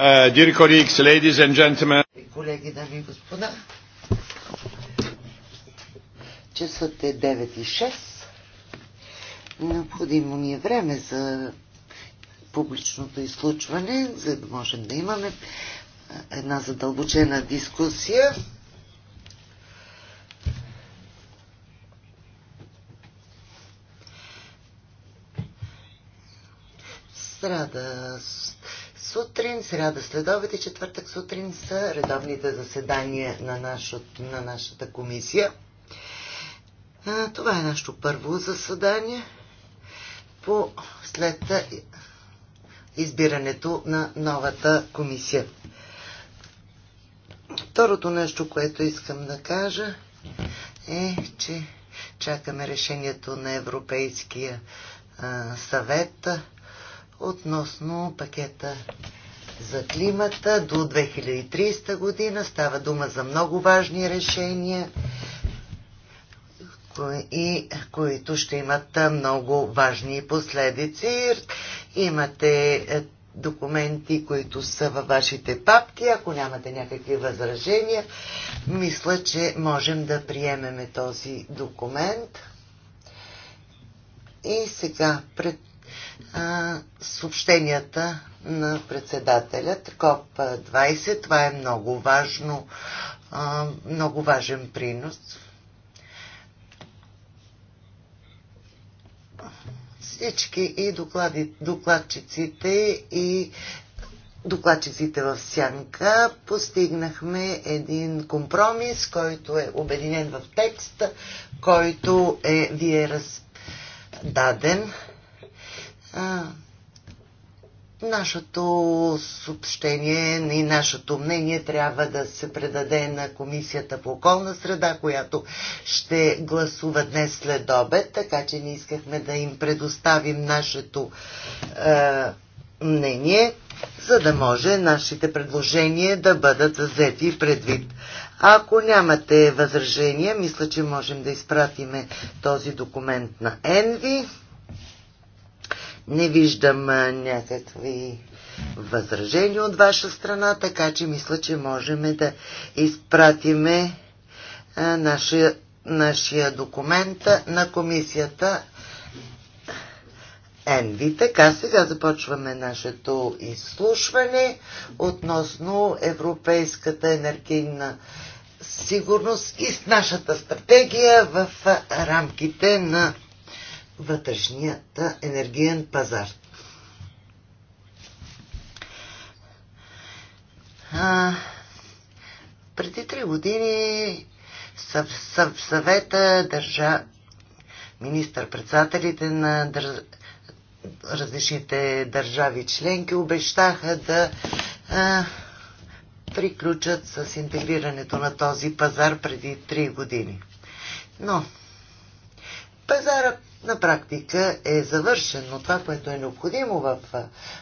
Uh, dear colleagues, ladies and gentlemen. Колеги, дами и господа, часът е 9 и 6. Необходимо ни е време за публичното изслучване, за да можем да имаме една задълбочена дискусия. Страда с сутрин, сряда следобед и четвъртък сутрин са редовните заседания на, нашот, на нашата комисия. А, това е нашето първо заседание по след избирането на новата комисия. Второто нещо, което искам да кажа е, че чакаме решението на Европейския а, съвет относно пакета за климата до 2030 година. Става дума за много важни решения и които ще имат много важни последици. Имате е, документи, които са във вашите папки. Ако нямате някакви възражения, мисля, че можем да приемеме този документ. И сега пред, съобщенията на председателя КОП-20. Това е много важно, а, много важен принос. Всички и доклади, докладчиците и докладчиците в сянка постигнахме един компромис, който е обединен в текст, който е вие раз... раздаден а, нашето съобщение и нашето мнение трябва да се предаде на Комисията по околна среда, която ще гласува днес след обед, така че ние искахме да им предоставим нашето а, е, мнение, за да може нашите предложения да бъдат взети предвид. Ако нямате възражения, мисля, че можем да изпратиме този документ на Енви. Не виждам някакви възражения от ваша страна, така че мисля, че можем да изпратиме нашия, нашия документ на комисията Енви. Така, сега започваме нашето изслушване относно Европейската енергийна сигурност и с нашата стратегия в рамките на вътрешният енергиен пазар. А, преди три години съв, съв, съвета държа министър-председателите на дър... различните държави членки обещаха да а, приключат с интегрирането на този пазар преди 3 години. Но пазара на практика е завършен, но това, което е необходимо в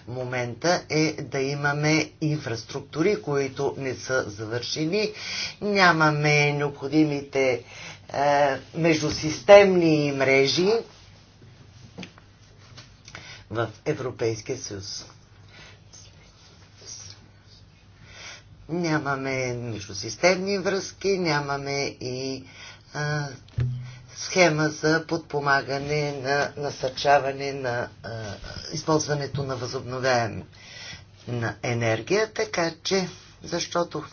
момента е да имаме инфраструктури, които не са завършени, нямаме необходимите е, междусистемни мрежи в Европейския съюз. Нямаме междусистемни връзки, нямаме и е, схема за подпомагане на насърчаване на а, използването на възобновяем на енергия, така че, защото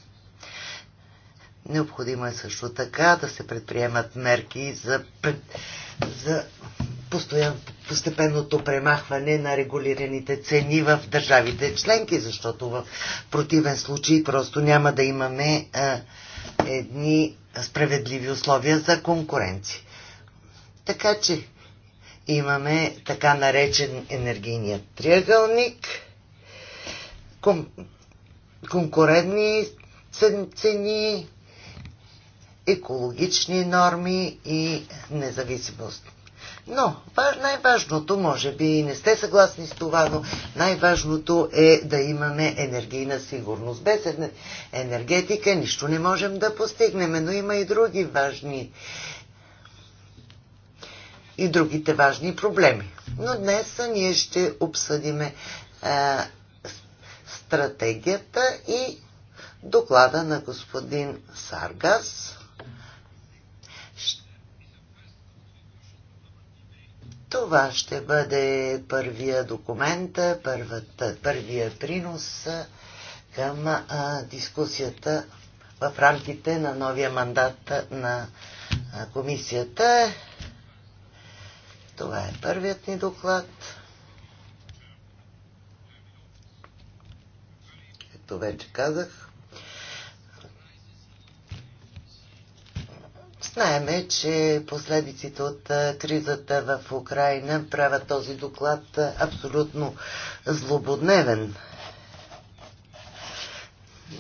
необходимо е също така да се предприемат мерки за, за постоян, постепенното премахване на регулираните цени в държавите членки, защото в противен случай просто няма да имаме а, едни справедливи условия за конкуренция. Така че имаме така наречен енергийният триъгълник, кон, конкурентни цени, екологични норми и независимост. Но най-важното, може би и не сте съгласни с това, но най-важното е да имаме енергийна сигурност. Без енергетика нищо не можем да постигнем, но има и други важни и другите важни проблеми. Но днес ние ще обсъдиме а, стратегията и доклада на господин Саргас. Това ще бъде първия документ, първата, първия принос към а, дискусията в рамките на новия мандат на а, комисията. Това е първият ни доклад. Както вече казах, Знаеме, че последиците от кризата в Украина правят този доклад абсолютно злободневен.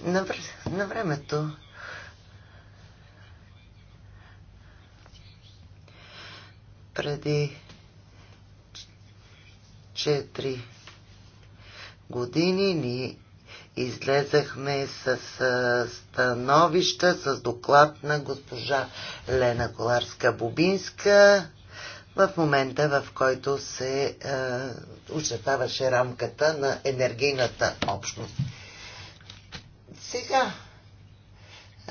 На, на времето преди 4 години ни излезахме с становища, с доклад на госпожа Лена Коларска-Бубинска в момента, в който се е, очертаваше рамката на енергийната общност. Сега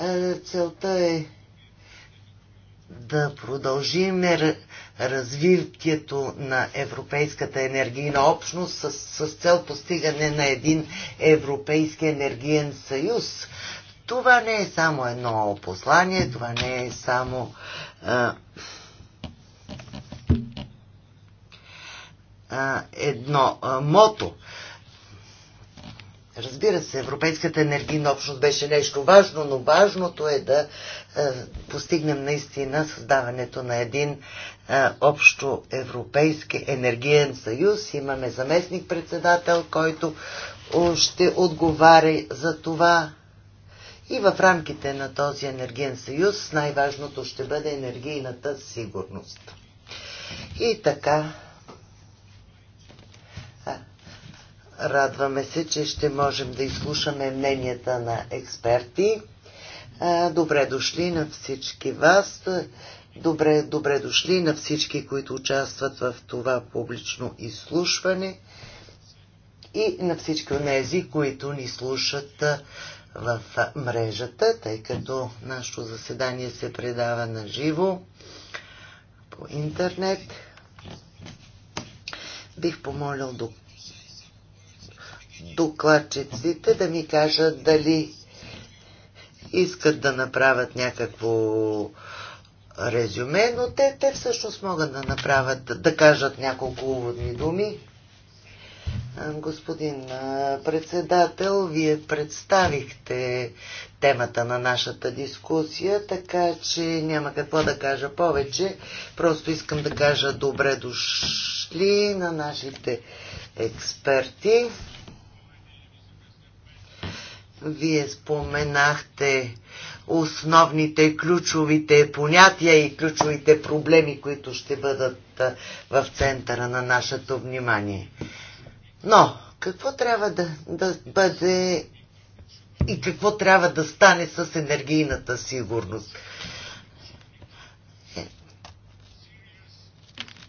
е, целта е да продължим развитието на Европейската енергийна общност с, с цел постигане на един Европейски енергиен съюз. Това не е само едно послание, това не е само. А, едно мото. Разбира се, Европейската енергийна общност беше нещо важно, но важното е да е, постигнем наистина създаването на един е, общо европейски енергиен съюз. Имаме заместник-председател, който ще отговаря за това. И в рамките на този енергиен съюз най-важното ще бъде енергийната сигурност. И така, Радваме се, че ще можем да изслушаме мненията на експерти. Добре дошли на всички вас. Добре, добре дошли на всички, които участват в това публично изслушване и на всички от тези, които ни слушат в мрежата, тъй като нашето заседание се предава на живо по интернет. Бих помолил докладчиците да ми кажат дали искат да направят някакво резюме, но те, те всъщност могат да направят, да кажат няколко уводни думи. Господин председател, вие представихте темата на нашата дискусия, така че няма какво да кажа повече. Просто искам да кажа добре дошли на нашите експерти. Вие споменахте основните, ключовите понятия и ключовите проблеми, които ще бъдат в центъра на нашето внимание. Но, какво трябва да, да бъде и какво трябва да стане с енергийната сигурност?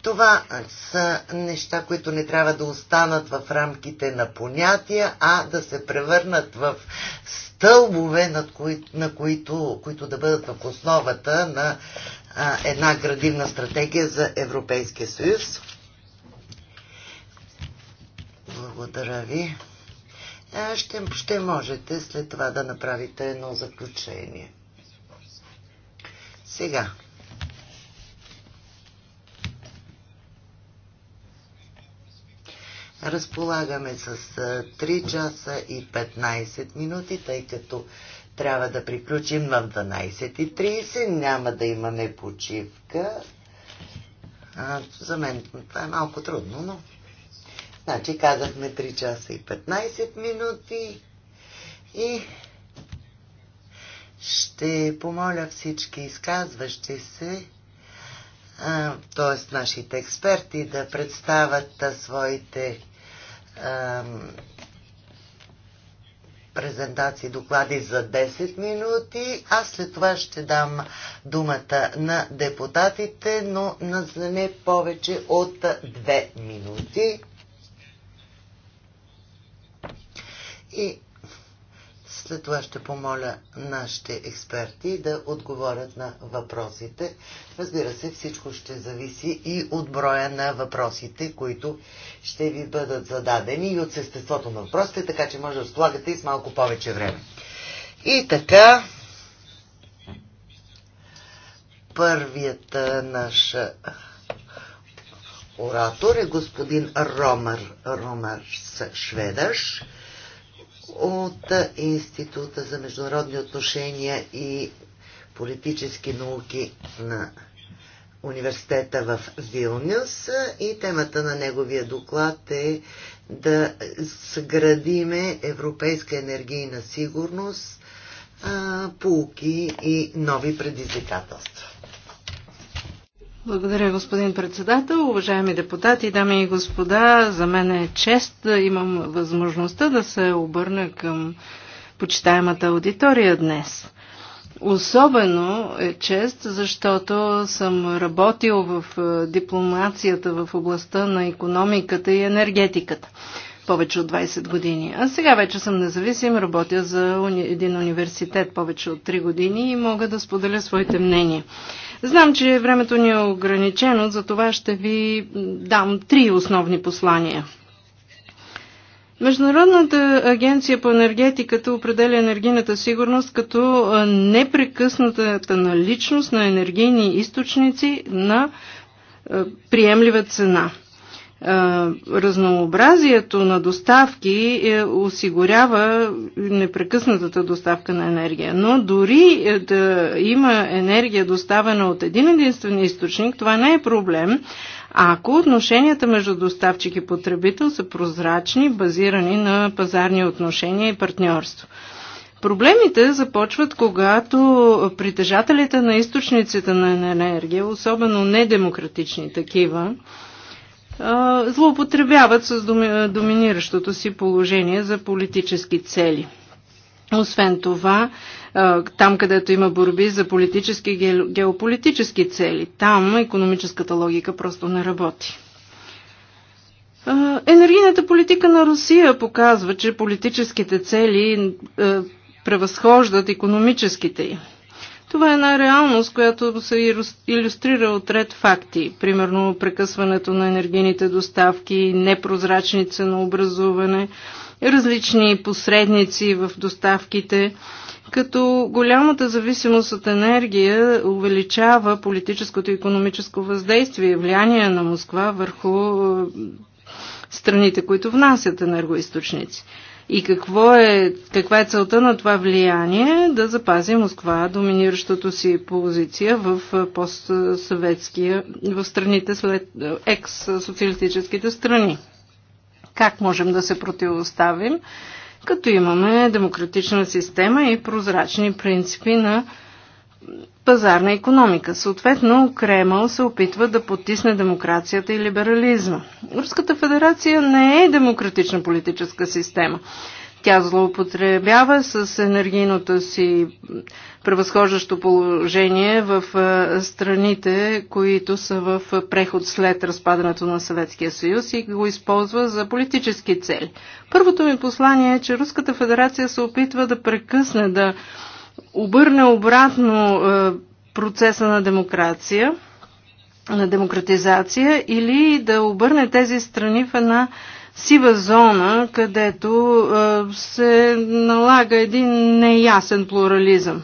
Това са неща, които не трябва да останат в рамките на понятия, а да се превърнат в стълбове, на които, на които, които да бъдат в основата на а, една градивна стратегия за Европейския съюз. Благодаря ви. Ще, ще можете след това да направите едно заключение. Сега, Разполагаме с 3 часа и 15 минути, тъй като трябва да приключим в 12.30. Няма да имаме почивка. А, за мен това е малко трудно, но... Значи казахме 3 часа и 15 минути и ще помоля всички изказващи се, т.е. нашите експерти, да представят своите презентации, доклади за 10 минути. Аз след това ще дам думата на депутатите, но на не повече от 2 минути. И след това ще помоля нашите експерти да отговорят на въпросите. Разбира се, всичко ще зависи и от броя на въпросите, които ще ви бъдат зададени и от съществото на въпросите, така че може да разполагате и с малко повече време. И така, първият наш оратор е господин Ромер Ромар Шведаш от Института за международни отношения и политически науки на университета в Вилнюс и темата на неговия доклад е да съградиме европейска енергийна сигурност, пулки и нови предизвикателства. Благодаря, господин председател. Уважаеми депутати, дами и господа, за мен е чест да имам възможността да се обърна към почитаемата аудитория днес. Особено е чест, защото съм работил в дипломацията в областта на економиката и енергетиката повече от 20 години. А сега вече съм независим, работя за един университет повече от 3 години и мога да споделя своите мнения. Знам, че времето ни е ограничено, за това ще ви дам три основни послания. Международната агенция по енергетиката определя енергийната сигурност като непрекъснатата наличност на енергийни източници на приемлива цена – разнообразието на доставки е, осигурява непрекъснатата доставка на енергия. Но дори е, да има енергия доставена от един единствен източник, това не е проблем, ако отношенията между доставчик и потребител са прозрачни, базирани на пазарни отношения и партньорство. Проблемите започват, когато притежателите на източниците на енергия, особено недемократични такива, злоупотребяват с доминиращото си положение за политически цели. Освен това, там където има борби за политически и геополитически цели, там економическата логика просто не работи. Енергийната политика на Русия показва, че политическите цели превъзхождат економическите й. Това е една реалност, която се иллюстрира от ред факти. Примерно прекъсването на енергийните доставки, непрозрачни ценообразуване, различни посредници в доставките, като голямата зависимост от енергия увеличава политическото и економическо въздействие и влияние на Москва върху е, страните, които внасят енергоисточници. И какво е, каква е целта на това влияние? Да запази Москва доминиращата си позиция в постсъветския, в страните след екс-социалистическите страни. Как можем да се противоставим, като имаме демократична система и прозрачни принципи на пазарна економика. Съответно, Кремъл се опитва да потисне демокрацията и либерализма. Руската федерация не е демократична политическа система. Тя злоупотребява с енергийното си превъзхождащо положение в страните, които са в преход след разпадането на Съветския съюз и го използва за политически цели. Първото ми послание е, че Руската федерация се опитва да прекъсне, да обърне обратно е, процеса на демокрация, на демократизация или да обърне тези страни в една сива зона, където е, се налага един неясен плурализъм.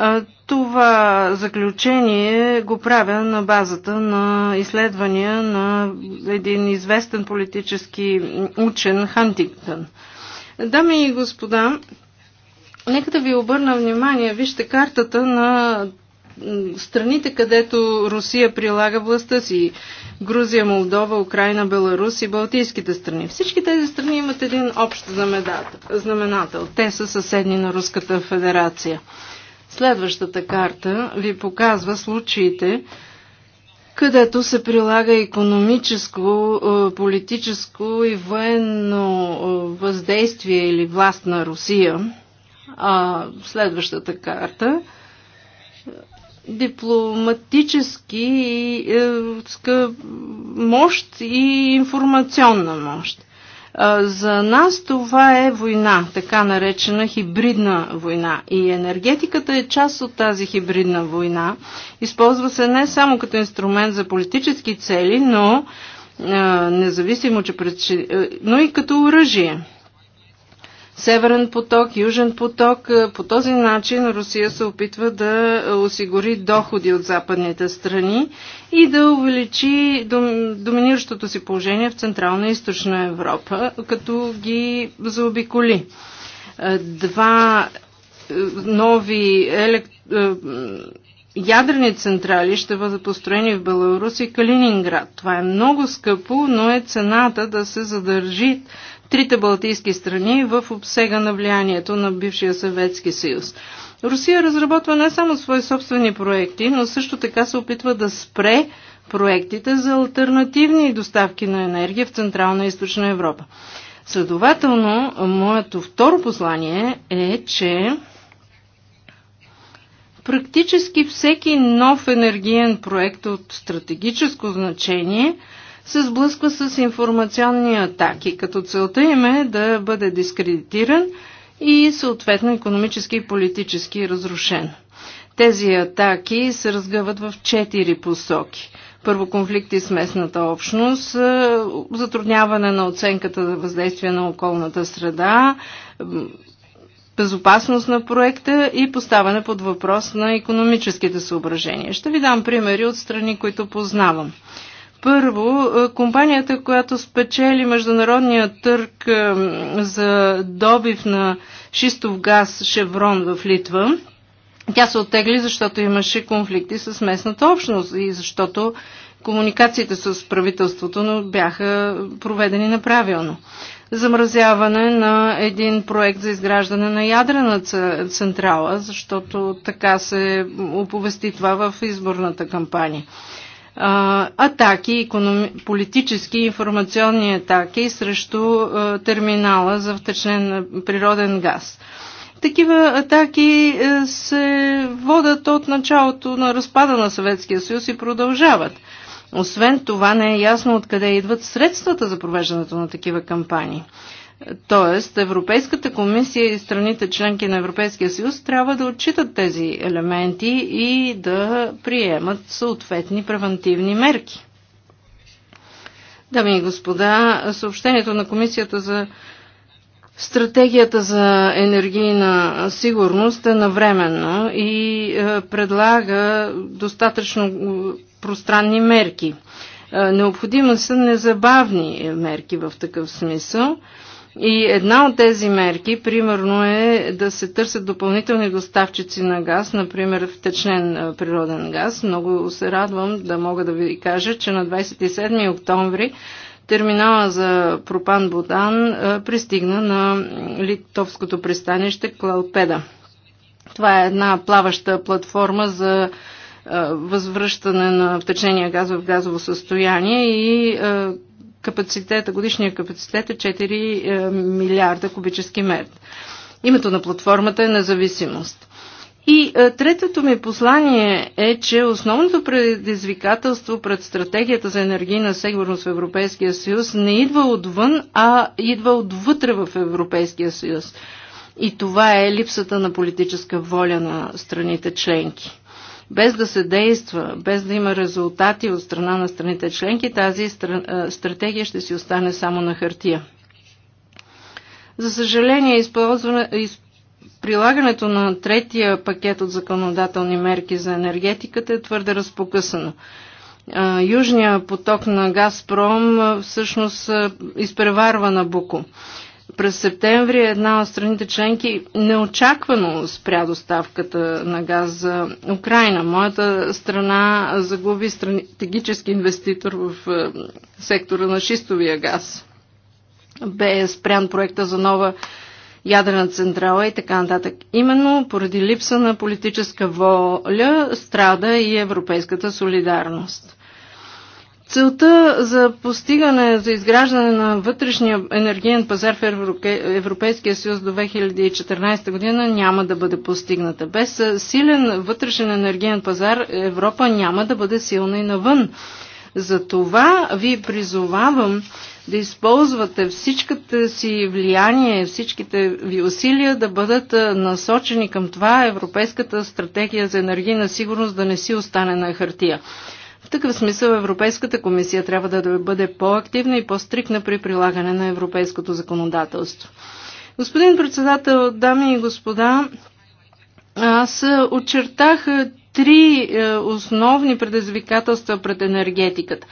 Е, това заключение го правя на базата на изследвания на един известен политически учен Хантингтън. Дами и господа, Нека да ви обърна внимание, вижте картата на страните, където Русия прилага властта си. Грузия, Молдова, Украина, Беларус и Балтийските страни. Всички тези страни имат един общ знаменател. Те са съседни на Руската федерация. Следващата карта ви показва случаите, където се прилага економическо, е, политическо и военно е, въздействие или власт на Русия а, следващата карта дипломатически е, мощ и информационна мощ. За нас това е война, така наречена хибридна война. И енергетиката е част от тази хибридна война. Използва се не само като инструмент за политически цели, но независимо, че пред... Е, но и като оръжие. Северен поток, Южен поток. Е, по този начин Русия се опитва да осигури доходи от западните страни и да увеличи доминиращото си положение в Централна и Източна Европа, като ги заобиколи. Е, два е, нови елект... ядрени централи ще бъдат построени в Беларус и Калининград. Това е много скъпо, но е цената да се задържи трите балтийски страни в обсега на влиянието на бившия Съветски съюз. Русия разработва не само свои собствени проекти, но също така се опитва да спре проектите за альтернативни доставки на енергия в Централна и Източна Европа. Следователно, моето второ послание е, че практически всеки нов енергиен проект от стратегическо значение – се сблъсква с информационни атаки, като целта им е да бъде дискредитиран и съответно економически и политически разрушен. Тези атаки се разгъват в четири посоки. Първо конфликти с местната общност, е, затрудняване на оценката за въздействие на околната среда, безопасност на проекта и поставяне под въпрос на економическите съображения. Ще ви дам примери от страни, които познавам. Първо, е, компанията, която спечели международния търг е, за добив на шистов газ Шеврон в Литва, тя се оттегли, защото имаше конфликти с местната общност и защото комуникациите с правителството бяха проведени направилно. Замразяване на един проект за изграждане на ядрена централа, защото така се оповести това в изборната кампания атаки, политически и информационни атаки срещу терминала за втечнен природен газ. Такива атаки е, се водат от началото на разпада на Съветския съюз и продължават. Освен това не е ясно откъде идват средствата за провеждането на такива кампании. Тоест, Европейската комисия и страните членки на Европейския съюз трябва да отчитат тези елементи и да приемат съответни превентивни мерки. Дами и господа, съобщението на комисията за Стратегията за енергийна сигурност е навременно и е, предлага достатъчно пространни мерки. Е, необходими са незабавни мерки в такъв смисъл. И една от тези мерки, примерно, е да се търсят допълнителни доставчици на газ, например втечнен е, природен газ. Много се радвам да мога да ви кажа, че на 27 октомври терминала за пропан Бодан е, пристигна на литовското пристанище Клалпеда. Това е една плаваща платформа за е, възвръщане на втечнения газ в газово състояние и капацитета, годишния капацитет е 4 е, милиарда кубически метра. Името на платформата е независимост. И е, третото ми послание е, че основното предизвикателство пред стратегията за енергийна сигурност в Европейския съюз не идва отвън, а идва отвътре в Европейския съюз. И това е липсата на политическа воля на страните членки без да се действа, без да има резултати от страна на страните членки, тази стратегия ще си остане само на хартия. За съжаление, прилагането на третия пакет от законодателни мерки за енергетиката е твърде разпокъсано. Южния поток на Газпром всъщност изпреварва на Буко. През септември една от страните членки неочаквано спря доставката на газ за Украина. Моята страна загуби стратегически инвеститор в е, сектора на шистовия газ. Бе спрян проекта за нова ядрена централа и така нататък. Именно поради липса на политическа воля страда и европейската солидарност. Целта за постигане, за изграждане на вътрешния енергиен пазар в Европейския съюз до 2014 година няма да бъде постигната. Без силен вътрешен енергиен пазар Европа няма да бъде силна и навън. Затова ви призовавам да използвате всичката си влияние, всичките ви усилия да бъдат насочени към това Европейската стратегия за енергийна сигурност да не си остане на хартия. В такъв смисъл Европейската комисия трябва да бъде по-активна и по-стрикна при прилагане на европейското законодателство. Господин председател, дами и господа, аз очертах три основни предизвикателства пред енергетиката.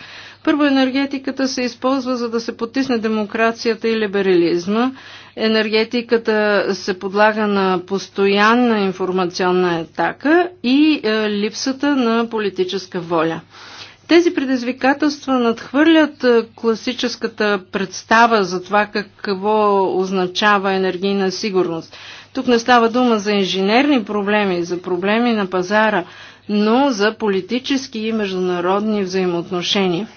Първо, енергетиката се използва за да се потисне демокрацията и либерализма. Енергетиката се подлага на постоянна информационна атака и липсата на политическа воля. Тези предизвикателства надхвърлят е, класическата представа за това какво означава енергийна сигурност. Тук не става дума за инженерни проблеми, за проблеми на пазара, но за политически и международни взаимоотношения.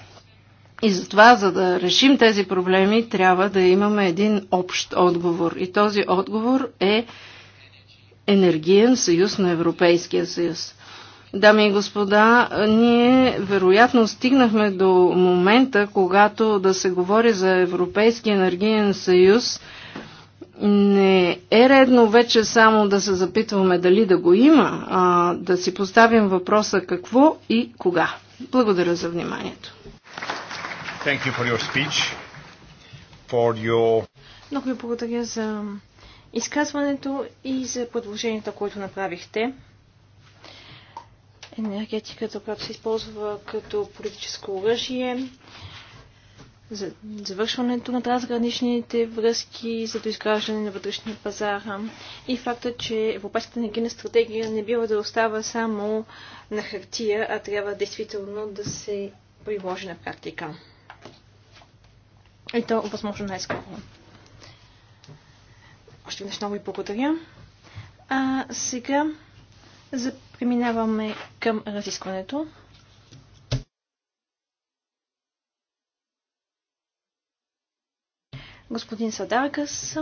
И затова, за да решим тези проблеми, трябва да имаме един общ отговор. И този отговор е енергиен съюз на Европейския съюз. Дами и господа, ние вероятно стигнахме до момента, когато да се говори за Европейски енергиен съюз. Не е редно вече само да се запитваме дали да го има, а да си поставим въпроса какво и кога. Благодаря за вниманието. Thank you for your speech, for your... Много ви благодаря за изказването и за предложението, което направихте енергетиката, която се използва като политическо оръжие, за завършването на трансграничните връзки, за доизграждане на вътрешния пазар и факта, че Европейската енергийна стратегия не бива да остава само на хартия, а трябва действително да се приложи на практика. И то възможно най-скоро. Още веднъж много ви благодаря. А сега за Преминаваме към разискването. Господин Садаркас,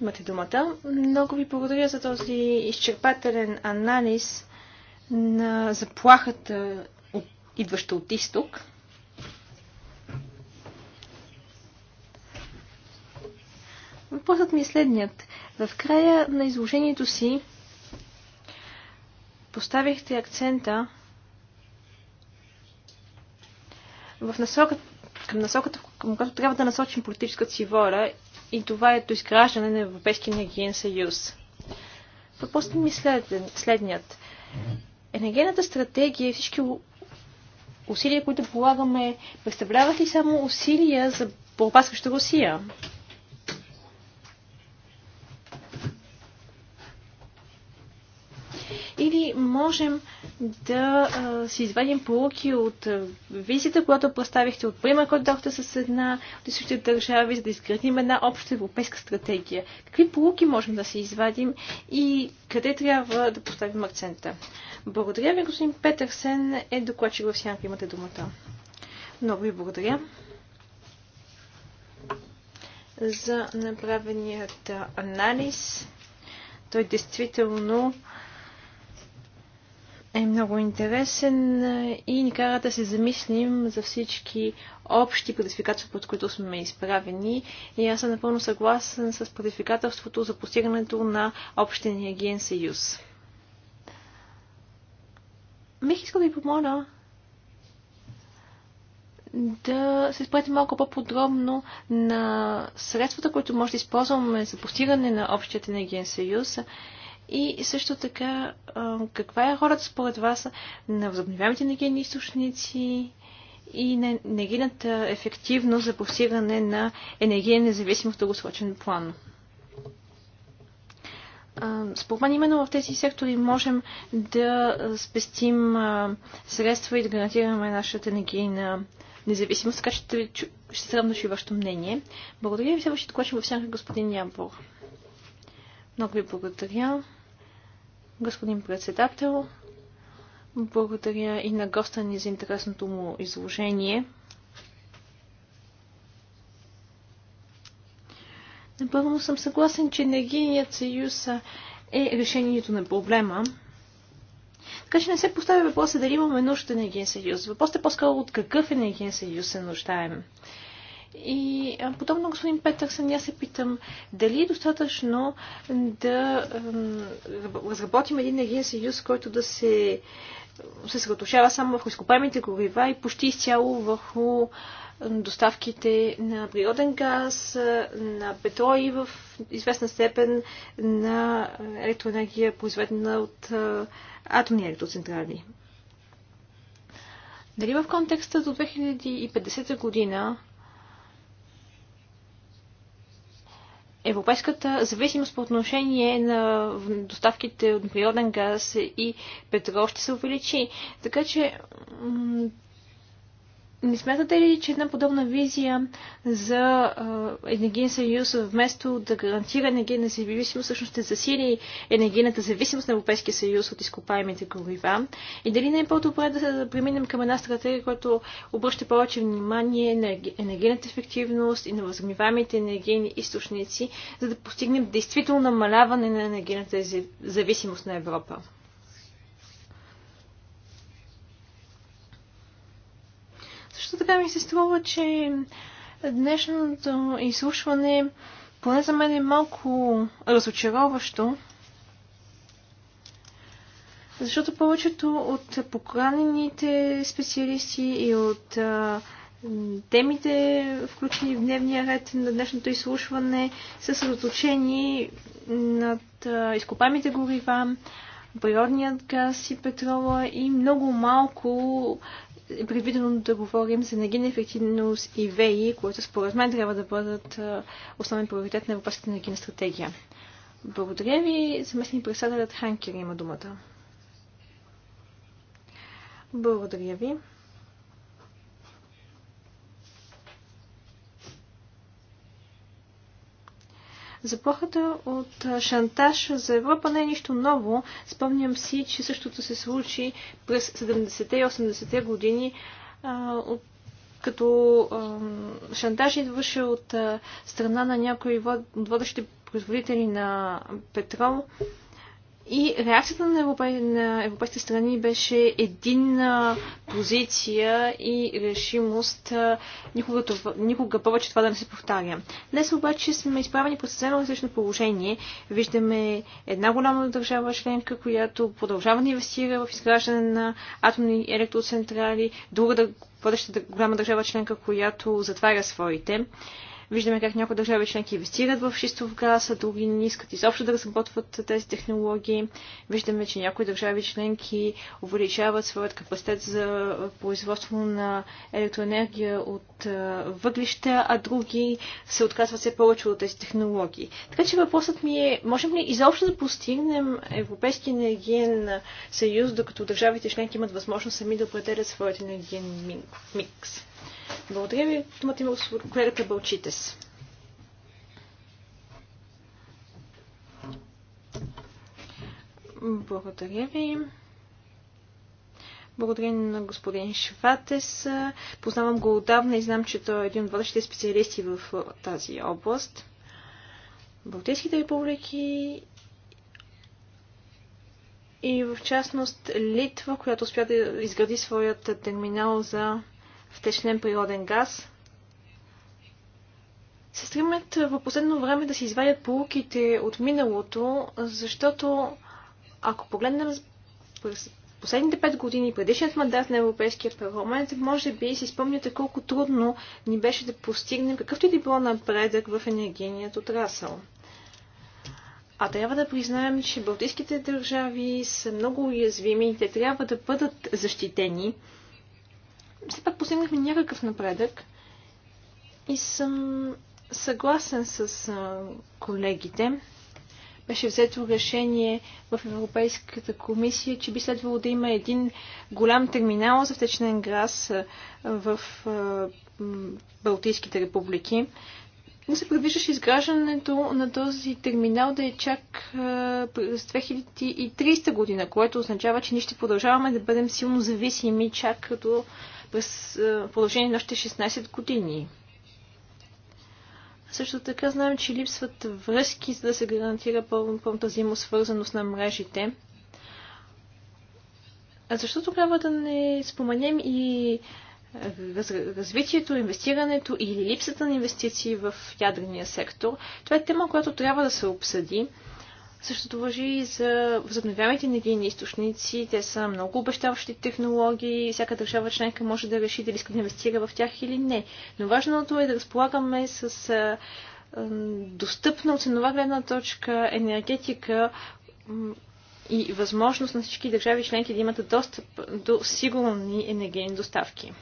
имате думата. Много ви благодаря за този изчерпателен анализ на заплахата, идваща от изток. Въпросът ми е следният. В края на изложението си поставихте акцента в насока, към насоката, към която трябва да насочим политическата си воля и това е до изграждане на Европейския енергиен съюз. Въпросът ми е след, следният. Енергийната стратегия и всички усилия, които полагаме, представляват ли само усилия за борба срещу Русия? или можем да а, си извадим полуки от визита, която представихте, от пример, който дохте с една от същите държави, за да изградим една обща европейска стратегия. Какви полуки можем да се извадим и къде трябва да поставим акцента? Благодаря ви, господин Петърсен е докладчик в Сянка. Имате думата. Много ви благодаря за направеният анализ. Той действително е много интересен и ни кара да се замислим за всички общи предизвикателства, под които сме изправени. И аз съм напълно съгласен с предизвикателството за постигането на общия енергиен съюз. Бих искал да ви помоля да се спрете малко по-подробно на средствата, които може да използваме за постигане на общият енергиен съюз и също така, каква е хората според вас на възобновяемите енергийни източници и на енергийната ефективност за постигане на енергийна независимост в дългосрочен план? Според мен именно в тези сектори можем да спестим средства и да гарантираме нашата енергийна независимост, така че ще се радвам и вашето мнение. Благодаря ви, следващия доклад ще го господин Ябор. Много ви благодаря господин председател. Благодаря и на госта ни за интересното му изложение. Напълно съм съгласен, че енергийният съюз е решението на проблема. Така че не се поставя въпроса дали имаме нужда от енергиен съюз. Въпросът е по-скоро от какъв енергиен съюз се нуждаем. И подобно господин Петърсън, аз се питам дали е достатъчно да разработим един енергиен съюз, който да се съсредоточава само върху изкопаемите горива и почти изцяло върху доставките на природен газ, на петро и в известна степен на електроенергия, произведена от атомни електроцентрали. Дали в контекста до 2050 година Европейската зависимост по отношение на доставките от природен газ и петрол ще се увеличи. Така че не смятате ли, че една подобна визия за енергиен съюз, вместо да гарантира енергийна зависимост, всъщност ще засили енергийната зависимост на Европейския съюз от изкопаемите горива? И дали не е по-добре да преминем към една стратегия, която обръща повече внимание на енергийната ефективност и на възмиваемите енергийни източници, за да постигнем действително намаляване на енергийната зависимост на Европа? Също така ми се струва, че днешното изслушване поне за мен е малко разочароващо, защото повечето от поканените специалисти и от а, темите, включени в дневния ред на днешното изслушване, са съсредоточени над а, изкопамите горива, природният газ и петрола и много малко е предвидено да говорим за енергийна ефективност и ВЕИ, които според мен трябва да бъдат основен приоритет на Европейската енергийна стратегия. Благодаря ви. заместни председателят Ханкер има думата. Благодаря ви. Заплахата от шантаж за Европа не е нищо ново. Спомням си, че същото се случи през 70-те и 80-те години като шантаж идваше от страна на някои от водещи производители на петрол. И реакцията на, европе... на европейските страни беше единна позиция и решимост никога, това... никога повече това да не се повтаря. Днес обаче сме изправени по съвсем различно положение. Виждаме една голяма държава членка, която продължава да инвестира в изграждане на атомни електроцентрали, друга да, бъдеща голяма държава членка, която затваря своите. Виждаме как някои държави членки инвестират в шистов газ, а други не искат изобщо да разработват тези технологии. Виждаме, че някои държави членки увеличават своят капацитет за производство на електроенергия от въглища, а други се отказват все повече от тези технологии. Така че въпросът ми е, можем ли изобщо да постигнем Европейски енергиен съюз, докато държавите членки имат възможност сами да определят своят енергиен микс? Благодаря ви. Думата има колегата Балчитес. Благодаря ви. Благодаря на господин Шватес. Познавам го отдавна и знам, че той е един от водещите специалисти в тази област. Балтийските републики и в частност Литва, която успя да изгради своят терминал за втечнен природен газ, се стремят в последно време да се извадят полуките от миналото, защото ако погледнем през последните пет години, предишният мандат на Европейския парламент, може би си спомняте колко трудно ни беше да постигнем какъвто и да било напредък в енергийният отрасъл. А трябва да признаем, че балтийските държави са много уязвими и те трябва да бъдат защитени, все пак постигнахме някакъв напредък и съм съгласен с колегите. Беше взето решение в Европейската комисия, че би следвало да има един голям терминал за втечнен газ в Балтийските републики. Не се предвиждаше изграждането на този терминал да е чак през 2030 година, което означава, че ние ще продължаваме да бъдем силно зависими чак до през е, продължение на още 16 години. Също така знаем, че липсват връзки, за да се гарантира пълната взаимосвързаност на мрежите. А защо тогава да не споменем и раз, развитието, инвестирането или липсата на инвестиции в ядрения сектор? Това е тема, която трябва да се обсъди. Същото въжи и за възобновяемите енергийни източници. Те са много обещаващи технологии. Всяка държава членка може да реши дали иска да инвестира в тях или не. Но важното е да разполагаме с достъпна от ценова гледна точка енергетика и възможност на всички държави членки да имат достъп до сигурни енергийни доставки.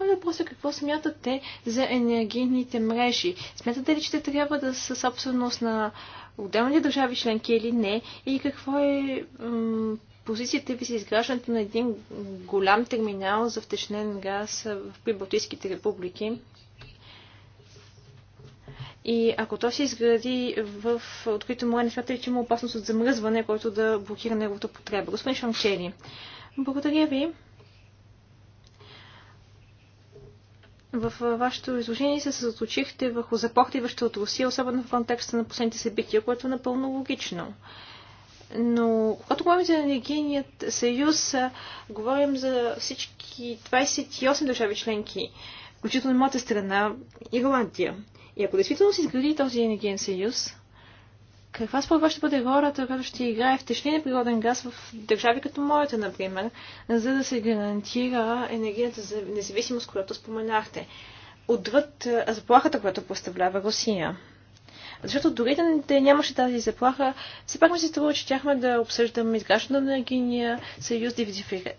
Но въпрос е какво смятате за енергийните мрежи? Смятате ли, че те трябва да са собственост на отделни държави членки или не? И какво е позицията ви с изграждането на един голям терминал за втечнен газ в Прибалтийските републики? И ако то се изгради в открито море, не смятате ли, че има опасност от замръзване, който да блокира неговата потреба? Господин Шанчели, благодаря ви. в вашето изложение се съсредоточихте върху заплахата, от Русия, особено в контекста на последните събития, което е напълно логично. Но когато говорим за енергийният съюз, говорим за всички 28 държави членки, включително моята страна, Ирландия. И ако действително се изгради този енергиен съюз, каква според вас ще бъде ролята, която ще играе в течния природен газ в държави като моята, например, за да се гарантира енергийната независимост, която споменахте, отвъд заплахата, която представлява Русия? Защото дори да нямаше тази заплаха, все пак ми се струва, че тяхме да обсъждаме изграждането на енергийния съюз,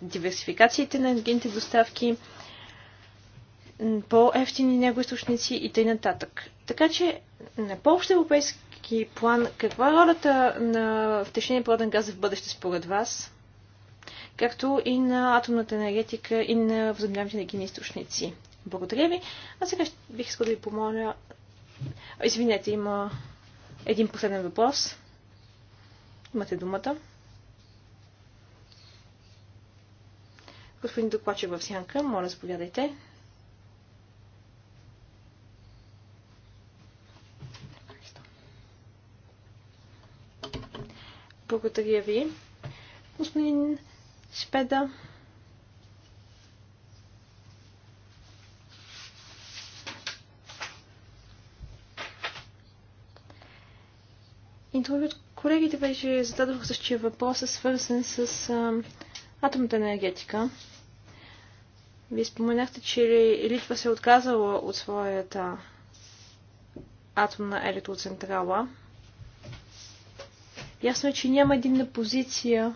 диверсификациите на енергийните доставки, по-ефтини него източници и т.н. Така че на по-общ европейски стратегически план, каква е ролята на втечнение природен газ в бъдеще според вас? както и на атомната енергетика и на възобновяемите енергийни източници. Благодаря ви. А сега бих искал да ви помоля. Извинете, има един последен въпрос. Имате думата. Господин докладчик в сянка, моля, заповядайте. Благодаря ви. Господин Шпеда. Интервю от колегите вече зададох същия въпрос, е свързан с а, атомната енергетика. Вие споменахте, че Литва се е отказала от своята атомна електроцентрала. Ясно е, че няма единна позиция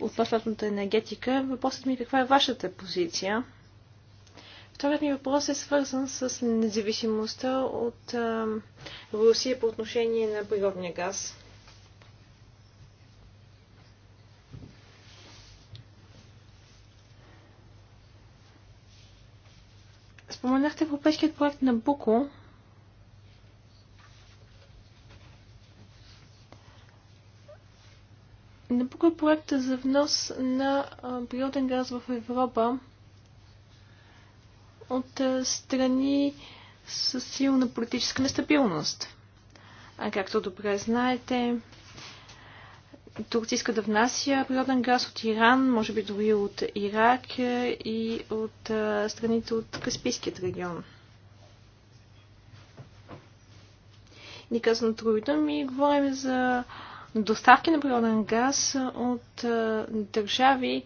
от относната енергетика. Въпросът ми е каква е вашата позиция. Вторият ми въпрос е свързан с независимостта от а, Русия по отношение на природния газ. Споменахте европейският проект на Буко, Напук е проекта за внос на природен газ в Европа от страни с силна политическа нестабилност. А както добре знаете, Турция иска да внася природен газ от Иран, може би дори от Ирак и от страните от Каспийският регион. Ни на другите ми, говорим за доставки на природен газ от държави,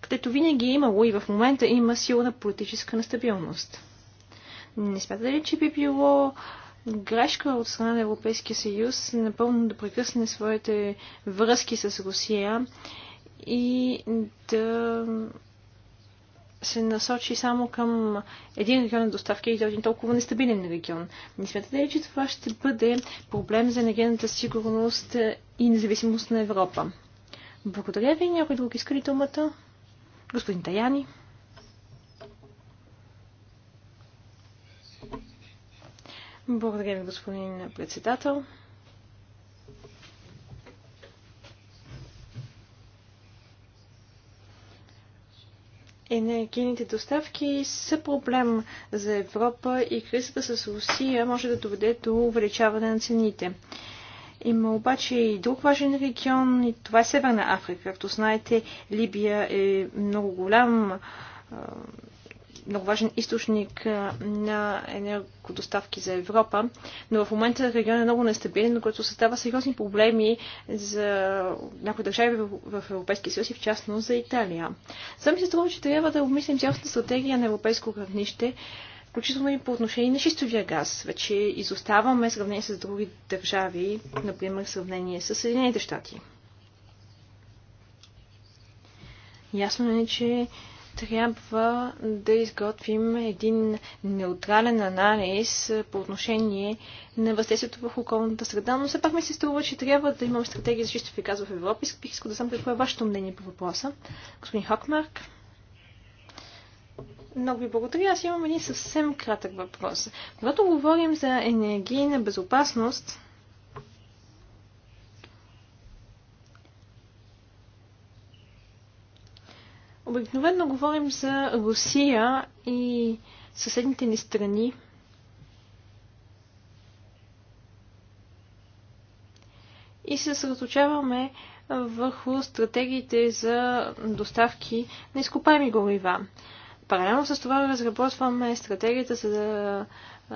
където винаги е имало и в момента има силна политическа нестабилност. Не смятате ли, че би било грешка от страна на Европейския съюз напълно да прекъсне своите връзки с Русия и да се насочи само към един регион на доставки и е един толкова нестабилен регион. Не смятате ли, че това ще бъде проблем за енергийната сигурност и независимост на Европа? Благодаря ви. Някой друг иска ли думата? Господин Таяни. Благодаря ви, господин председател. енергийните доставки са проблем за Европа и кризата с Русия може да доведе до увеличаване на цените. Има обаче и друг важен регион и това е Северна Африка. Както знаете, Либия е много голям много важен източник на енергодоставки за Европа, но в момента регион е много нестабилен, което създава сериозни проблеми за някои държави в Европейския съюз и в частност за Италия. Сами се струва, че трябва да обмислим цялостна стратегия на европейско равнище, включително и по отношение на шистовия газ. Вече изоставаме в сравнение с други държави, например в сравнение с Съединените щати. Ясно е, че трябва да изготвим един неутрален анализ по отношение на въздействието върху околната среда, но все пак ми се струва, че трябва да имаме стратегия за чистов газ в Европа. Бих искал да знам какво е вашето мнение по въпроса. Господин Хокмарк. Много ви благодаря. Аз имам един съвсем кратък въпрос. Когато говорим за енергийна безопасност, Обикновено говорим за Русия и съседните ни страни. И се съсредоточаваме върху стратегиите за доставки на изкопаеми горива. Паралелно с това разработваме стратегията за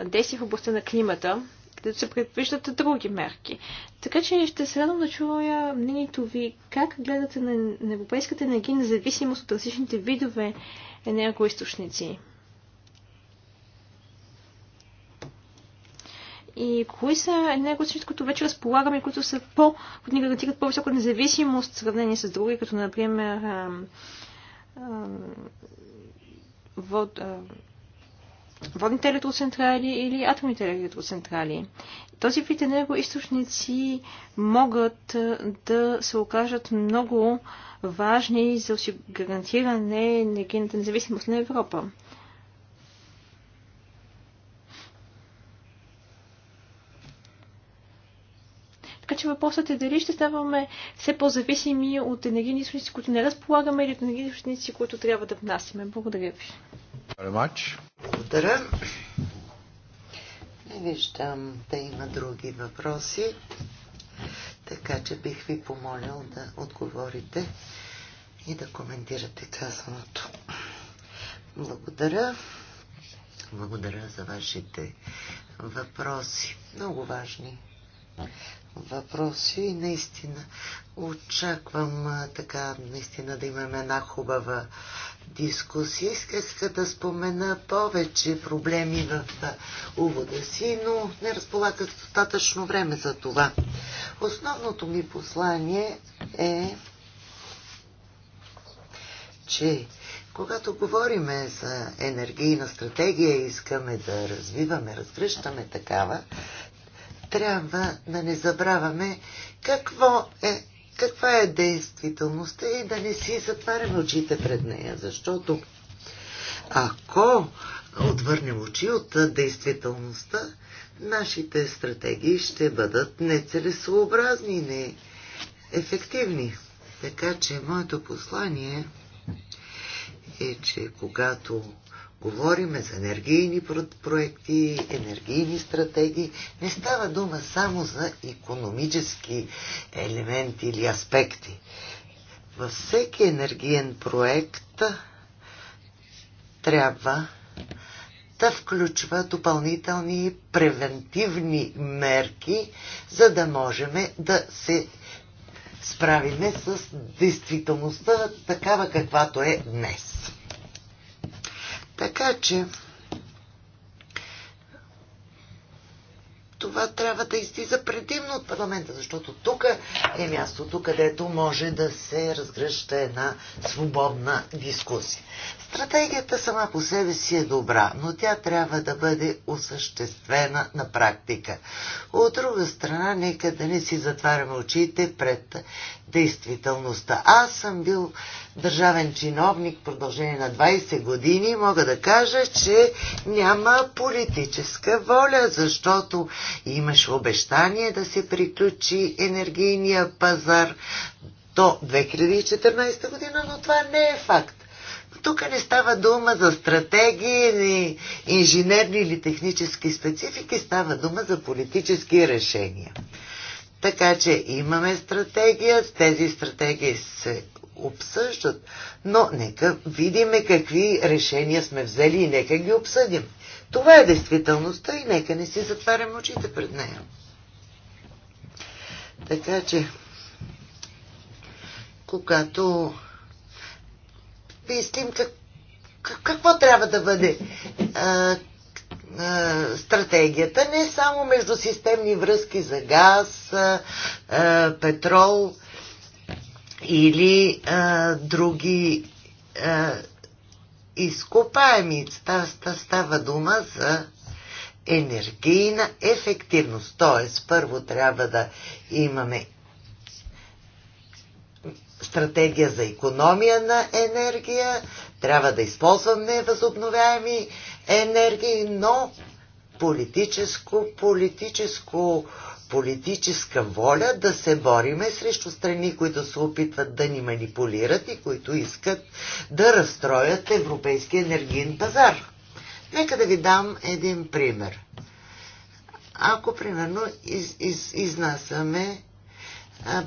действие в областта на климата където се предвиждат други мерки. Така че ще се радвам да чуя мнението ви как гледате на, на европейската енергия зависимост от различните видове енергоисточници. И кои са енергоисточници, които вече разполагаме, които са по, които ни гарантират по-висока независимост в сравнение с други, като например ам, ам, вод, ам, водните електроцентрали или атомните електроцентрали. Този вид енергоисточници могат да се окажат много важни за гарантиране на енергийната независимост на Европа. обаче въпросът е дали ще ставаме все по-зависими от енергийни източници, които не разполагаме или от енергийни източници, които трябва да внасяме. Благодаря ви. Благодаря. Не виждам да има други въпроси, така че бих ви помолил да отговорите и да коментирате казаното. Благодаря. Благодаря за вашите въпроси. Много важни въпроси и наистина очаквам така наистина да имаме една хубава дискусия. Исках да спомена повече проблеми в увода си, но не разполагах достатъчно време за това. Основното ми послание е, че когато говориме за енергийна стратегия и искаме да развиваме, разгръщаме такава, трябва да не забравяме какво е, каква е действителността и да не си затваряме очите пред нея, защото ако отвърнем очи от действителността, нашите стратегии ще бъдат нецелесообразни не ефективни. Така че моето послание е, че когато говориме за енергийни проекти, енергийни стратегии. Не става дума само за економически елементи или аспекти. Във всеки енергиен проект трябва да включва допълнителни превентивни мерки, за да можем да се справиме с действителността такава каквато е днес. Така че това трябва да излиза предимно от парламента, защото тук е мястото, където може да се разгръща една свободна дискусия. Стратегията сама по себе си е добра, но тя трябва да бъде осъществена на практика. От друга страна, нека да не си затваряме очите пред действителността. Аз съм бил държавен чиновник в продължение на 20 години и мога да кажа, че няма политическа воля, защото имаш обещание да се приключи енергийния пазар до 2014 година, но това не е факт. Тук не става дума за стратегии, инженерни или технически специфики, става дума за политически решения. Така че имаме стратегия, тези стратегии се обсъждат, но нека видиме какви решения сме взели и нека ги обсъдим. Това е действителността и нека не си затваряме очите пред нея. Така че, когато мислим как, какво трябва да бъде, е, стратегията, не само между системни връзки за газ, е, е, петрол или други изкопаеми. Става дума за енергийна ефективност. Тоест, първо трябва да имаме стратегия за економия на енергия, трябва да използваме възобновяеми енергии, но политическо, политическо, политическа воля да се бориме срещу страни, които се опитват да ни манипулират и които искат да разстроят европейски енергиен пазар. Нека да ви дам един пример. Ако, примерно, из, из, изнасяме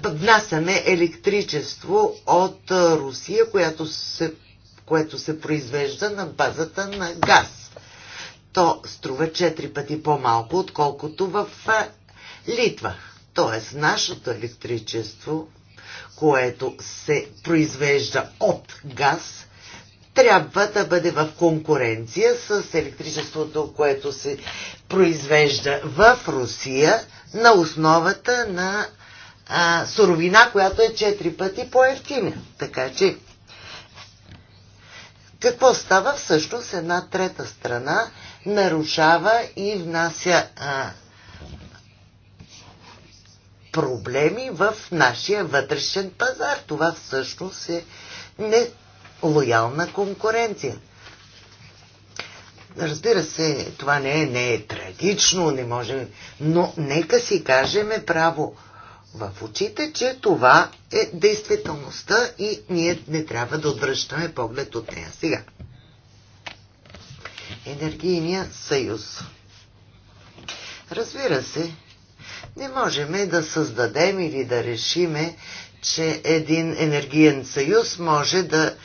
внасяме електричество от Русия, която се, което се произвежда на базата на газ. То струва 4 пъти по-малко, отколкото в Литва. Тоест, нашето електричество, което се произвежда от газ, трябва да бъде в конкуренция с електричеството, което се произвежда в Русия на основата на а, суровина, която е 4 пъти по-ефтина. Така че, какво става всъщност една трета страна нарушава и внася а, проблеми в нашия вътрешен пазар. Това всъщност е нелоялна конкуренция. Разбира се, това не е, не е трагично, не можем, но нека си кажеме право в очите, че това е действителността и ние не трябва да отвръщаме поглед от нея. Сега. Енергийния съюз. Разбира се, не можем да създадем или да решиме, че един енергиен съюз може да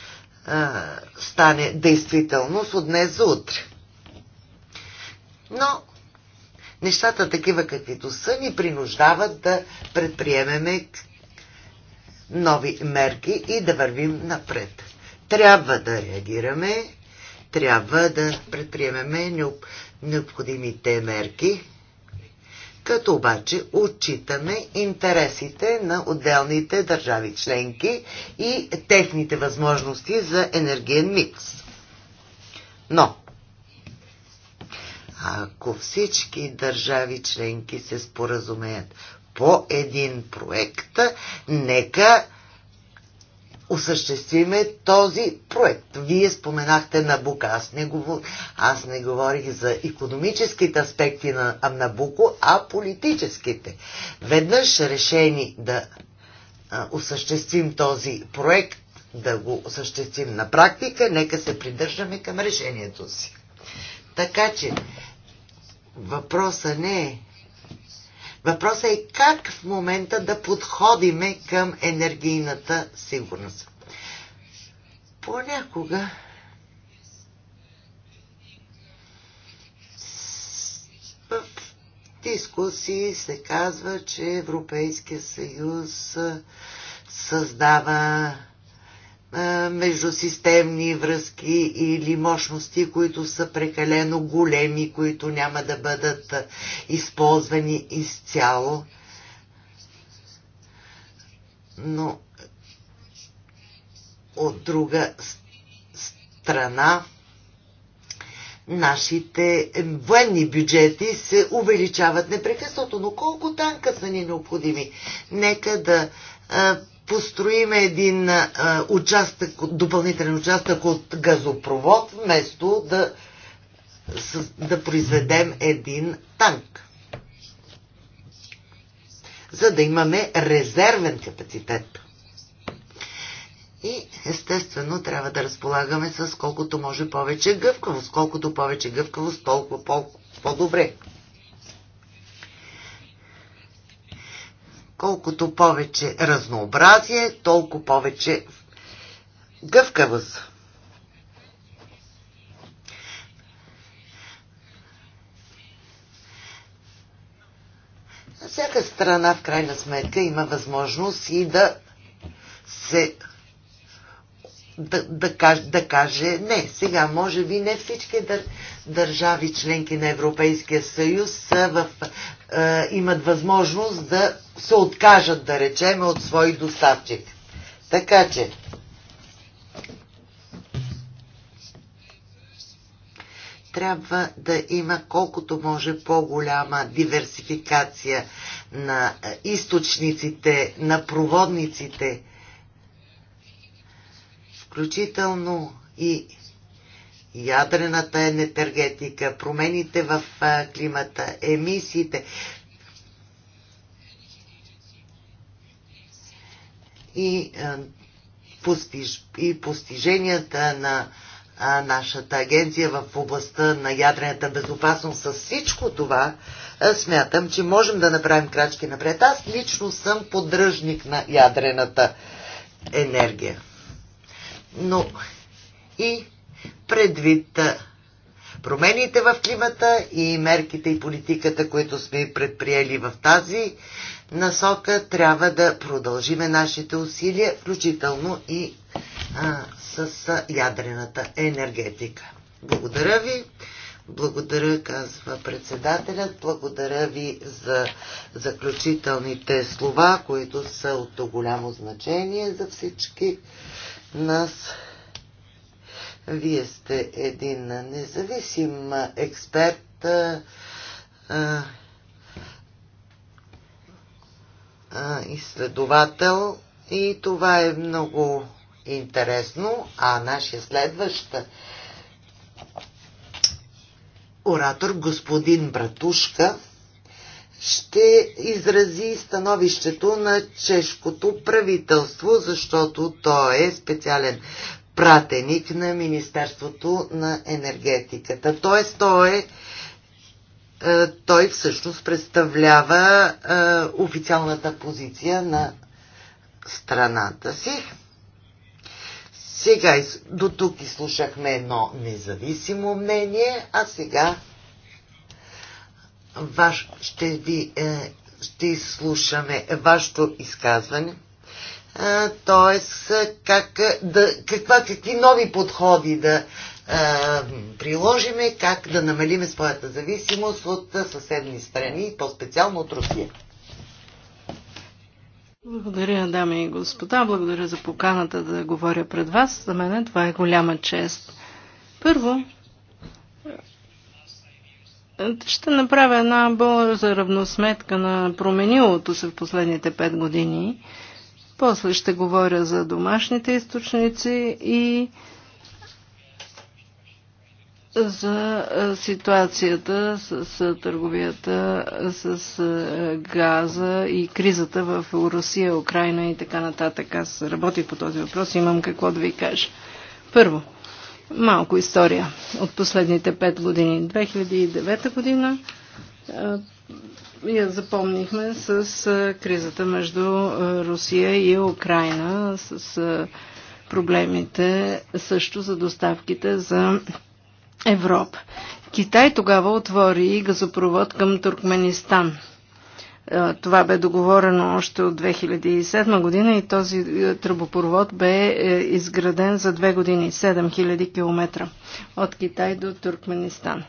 а, стане действителност от днес за утре. Но нещата такива каквито са ни принуждават да предприемеме нови мерки и да вървим напред. Трябва да реагираме, трябва да предприемеме необходимите мерки, като обаче отчитаме интересите на отделните държави членки и техните възможности за енергиен микс. Но, ако всички държави членки се споразумеят по един проект, нека осъществиме този проект. Вие споменахте Набука. Аз не, говор... Аз не говорих за економическите аспекти на Набуко, а политическите. Веднъж решени да а, осъществим този проект, да го осъществим на практика, нека се придържаме към решението си. Така че Въпроса не е. Въпросът е как в момента да подходиме към енергийната сигурност. Понякога в дискусии се казва, че Европейския съюз създава междусистемни връзки или мощности, които са прекалено големи, които няма да бъдат използвани изцяло. Но от друга страна, нашите военни бюджети се увеличават непрекъснато, но колко танка са ни необходими? Нека да построиме един а, участък, допълнителен участък от газопровод, вместо да, с, да произведем един танк. За да имаме резервен капацитет. И естествено трябва да разполагаме с колкото може повече гъвкавост. Колкото повече гъвкавост, толкова по-добре. По Колкото повече разнообразие, толкова повече гъвкавост. На всяка страна в крайна сметка има възможност и да се да, да, каже, да каже не. Сега, може би не всички дър, държави членки на Европейския съюз са в, е, имат възможност да се откажат, да речеме, от свой доставчик. Така че, трябва да има колкото може по-голяма диверсификация на е, източниците, на проводниците, включително и ядрената енергетика, промените в е, климата, емисиите. и, е, постиж, и постиженията на е, нашата агенция в областта на ядрената безопасност с всичко това, е, смятам, че можем да направим крачки напред. Аз лично съм поддръжник на ядрената енергия. Но и предвид промените в климата и мерките и политиката, които сме предприели в тази насока трябва да продължиме нашите усилия, включително и а, с ядрената енергетика. Благодаря ви. Благодаря, казва председателят. Благодаря ви за заключителните слова, които са от голямо значение за всички нас. Вие сте един независим експерт. А, а, а, изследовател и това е много интересно. А нашия следващ оратор, господин Братушка, ще изрази становището на чешкото правителство, защото той е специален пратеник на Министерството на енергетиката. Т.е. той е е, той всъщност представлява е, официалната позиция на страната си. Сега до тук изслушахме едно независимо мнение, а сега ваш, ще, ви, е, ще изслушаме вашето изказване. Е, тоест, Как, да, каква, какви нови подходи да приложиме, как да намалиме своята зависимост от съседни страни, по-специално от Русия. Благодаря, дами и господа. Благодаря за поканата да говоря пред вас. За мен това е голяма чест. Първо, ще направя една бърза равносметка на променилото се в последните пет години. После ще говоря за домашните източници и за ситуацията с, търговията с газа и кризата в Русия, Украина и така нататък. Аз работих по този въпрос и имам какво да ви кажа. Първо, малко история от последните пет години. 2009 година я запомнихме с кризата между Русия и Украина, с проблемите също за доставките за Европа. Китай тогава отвори газопровод към Туркменистан. Е, това бе договорено още от 2007 година и този е, тръбопровод бе е, изграден за две години, 7000 км от Китай до Туркменистан.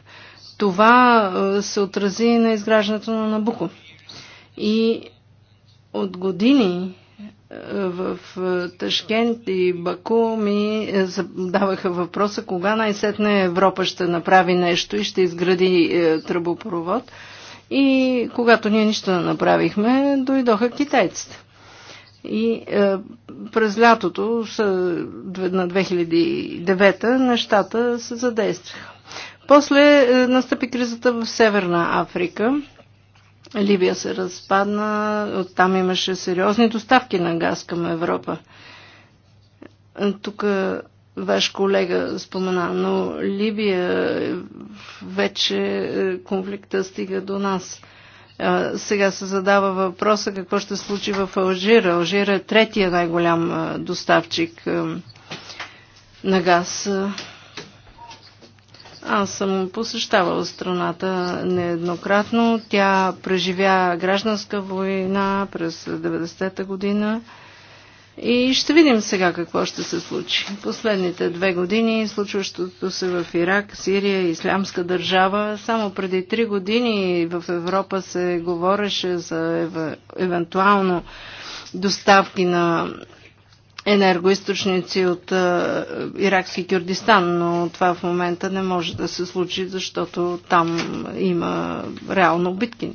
Това се отрази на изграждането на Набуко. И от години в е, Ташкент и Баку ми е, задаваха въпроса кога най-сетне Европа ще направи нещо и ще изгради е, тръбопровод. И когато ние нищо не направихме, дойдоха китайците. И през лятото на 2009 нещата се задействаха. После настъпи кризата в Северна Африка Либия се разпадна, оттам имаше сериозни доставки на газ към Европа. Тук е, ваш колега спомена, но Либия вече е, конфликта стига до нас. Сега се задава въпроса какво ще случи в Алжира. Алжира е третия най-голям е, доставчик на газ аз съм посещавала страната нееднократно. Тя преживя гражданска война през 90-та година. И ще видим сега какво ще се случи. Последните две години, случващото се в Ирак, Сирия, Ислямска държава, само преди три години в Европа се говореше за ев... евентуално доставки на енергоисточници от Иракски Кюрдистан, но това в момента не може да се случи, защото там има реално битки.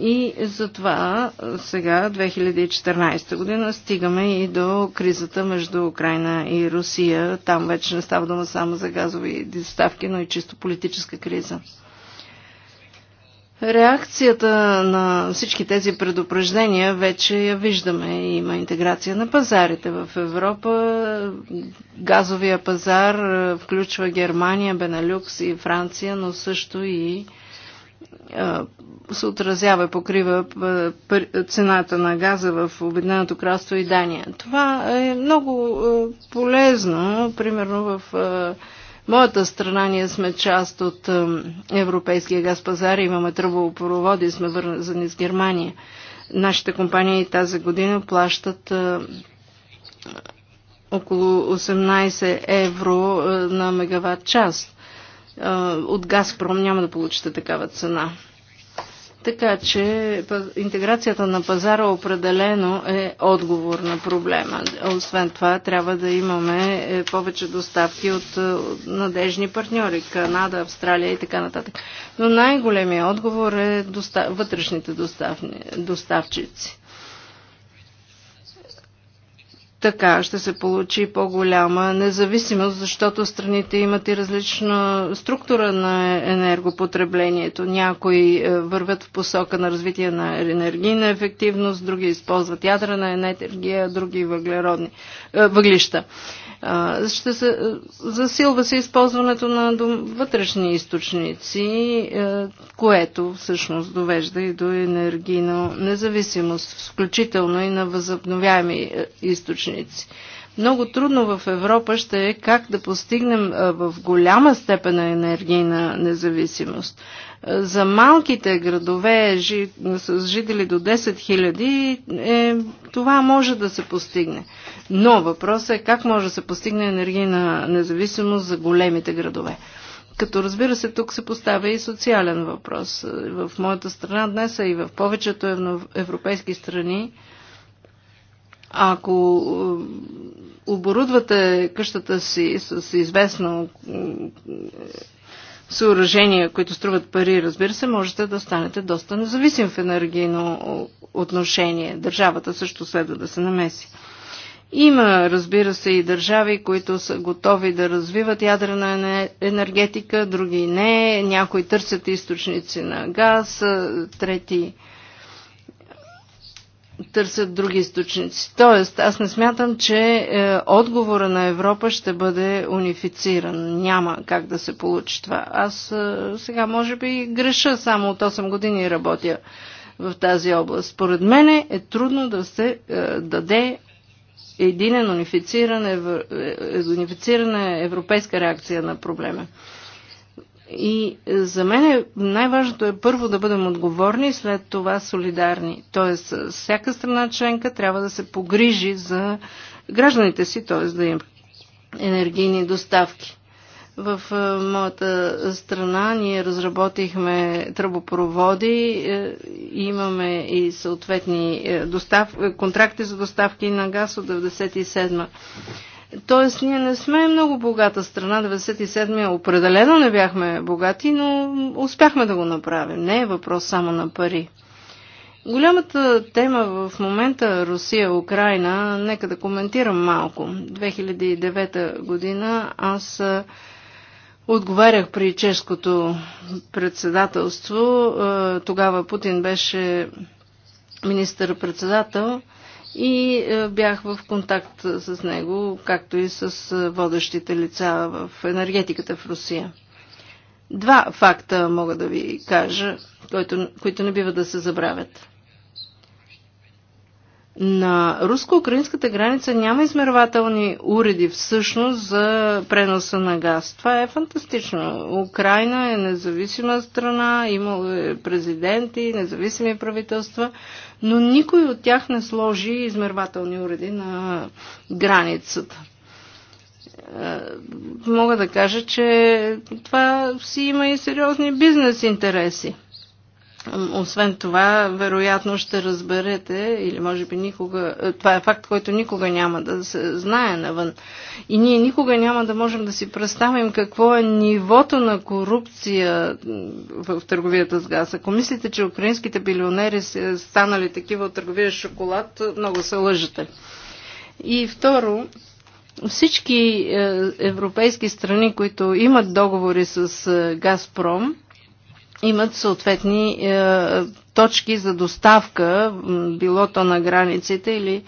И затова сега, 2014 година, стигаме и до кризата между Украина и Русия. Там вече не става дума само за газови доставки, но и чисто политическа криза. Реакцията на всички тези предупреждения вече я виждаме. Има интеграция на пазарите в Европа. Газовия пазар е, включва Германия, Беналюкс и Франция, но също и е, се отразява и покрива е, цената на газа в Обединеното кралство и Дания. Това е много полезно, примерно в моята страна ние сме част от европейския газ пазар, имаме тръбопроводи и сме вързани с Германия. Нашите компании тази година плащат е, около 18 евро е, на мегаватт час. Е, от Газпром няма да получите такава цена. Така че интеграцията на пазара определено е отговор на проблема. Освен това, трябва да имаме е, повече доставки от е, надежни партньори Канада, Австралия и така нататък. Но най-големият отговор е доста... вътрешните доставни... доставчици. Така ще се получи по-голяма независимост, защото страните имат и различна структура на енергопотреблението. Някои е, вървят в посока на развитие на енергийна ефективност, други използват ядрена енергия, други въглеродни, е, въглища. Ще се, засилва се използването на вътрешни източници, е, което всъщност довежда и до енергийна независимост, включително и на възобновяеми е, източници. Много трудно в Европа ще е как да постигнем е, в голяма степен енергийна независимост. За малките градове с жители до 10 000 е, това може да се постигне. Но въпросът е как може да се постигне енергийна независимост за големите градове. Като разбира се, тук се поставя и социален въпрос. В моята страна днес, а и в повечето европейски страни, ако е, оборудвате къщата си с известно е, съоръжения, които струват пари, разбира се, можете да станете доста независим в енергийно отношение. Държавата също следва да се намеси. Има, разбира се, и държави, които са готови да развиват ядрена енергетика, други не. Някои търсят източници на газ, трети търсят други източници. Тоест, аз не смятам, че е, отговора на Европа ще бъде унифициран. Няма как да се получи това. Аз е, сега може би греша, само от 8 години работя в тази област. Според мене е трудно да се е, даде единен, унифициран, ев... Е, унифицирана европейска реакция на проблема. И за мен е, най-важното е първо да бъдем отговорни, след това солидарни. Тоест, всяка страна членка трябва да се погрижи за гражданите си, т.е. да има енергийни доставки. В е, моята страна ние разработихме тръбопроводи, е, имаме и съответни е, достав... контракти за доставки на газ от 97 Тоест, ние не сме много богата страна. 97-я определено не бяхме богати, но успяхме да го направим. Не е въпрос само на пари. Голямата тема в момента Русия-Украина, нека да коментирам малко. 2009 година аз отговарях при чешското председателство. Е, тогава Путин беше министър-председател и е, бях в контакт с него, както и с е, водещите лица в енергетиката в Русия. Два факта мога да ви кажа, които не бива да се забравят. На руско-украинската граница няма измервателни уреди всъщност за преноса на газ. Това е фантастично. Украина е независима страна, има е, президенти, независими правителства, но никой от тях не сложи измервателни уреди на границата е, мога да кажа, че това си има и сериозни бизнес интереси. Освен това, вероятно ще разберете, или може би никога, е, това е факт, който никога няма да се знае навън. И ние никога няма да можем да си представим какво е нивото на корупция в търговията с газ. Ако мислите, че украинските билионери са станали такива от търговия с шоколад, много се лъжете. И второ, всички е, европейски страни, които имат договори с е, Газпром, имат съответни е, точки за доставка, било то на границите или е,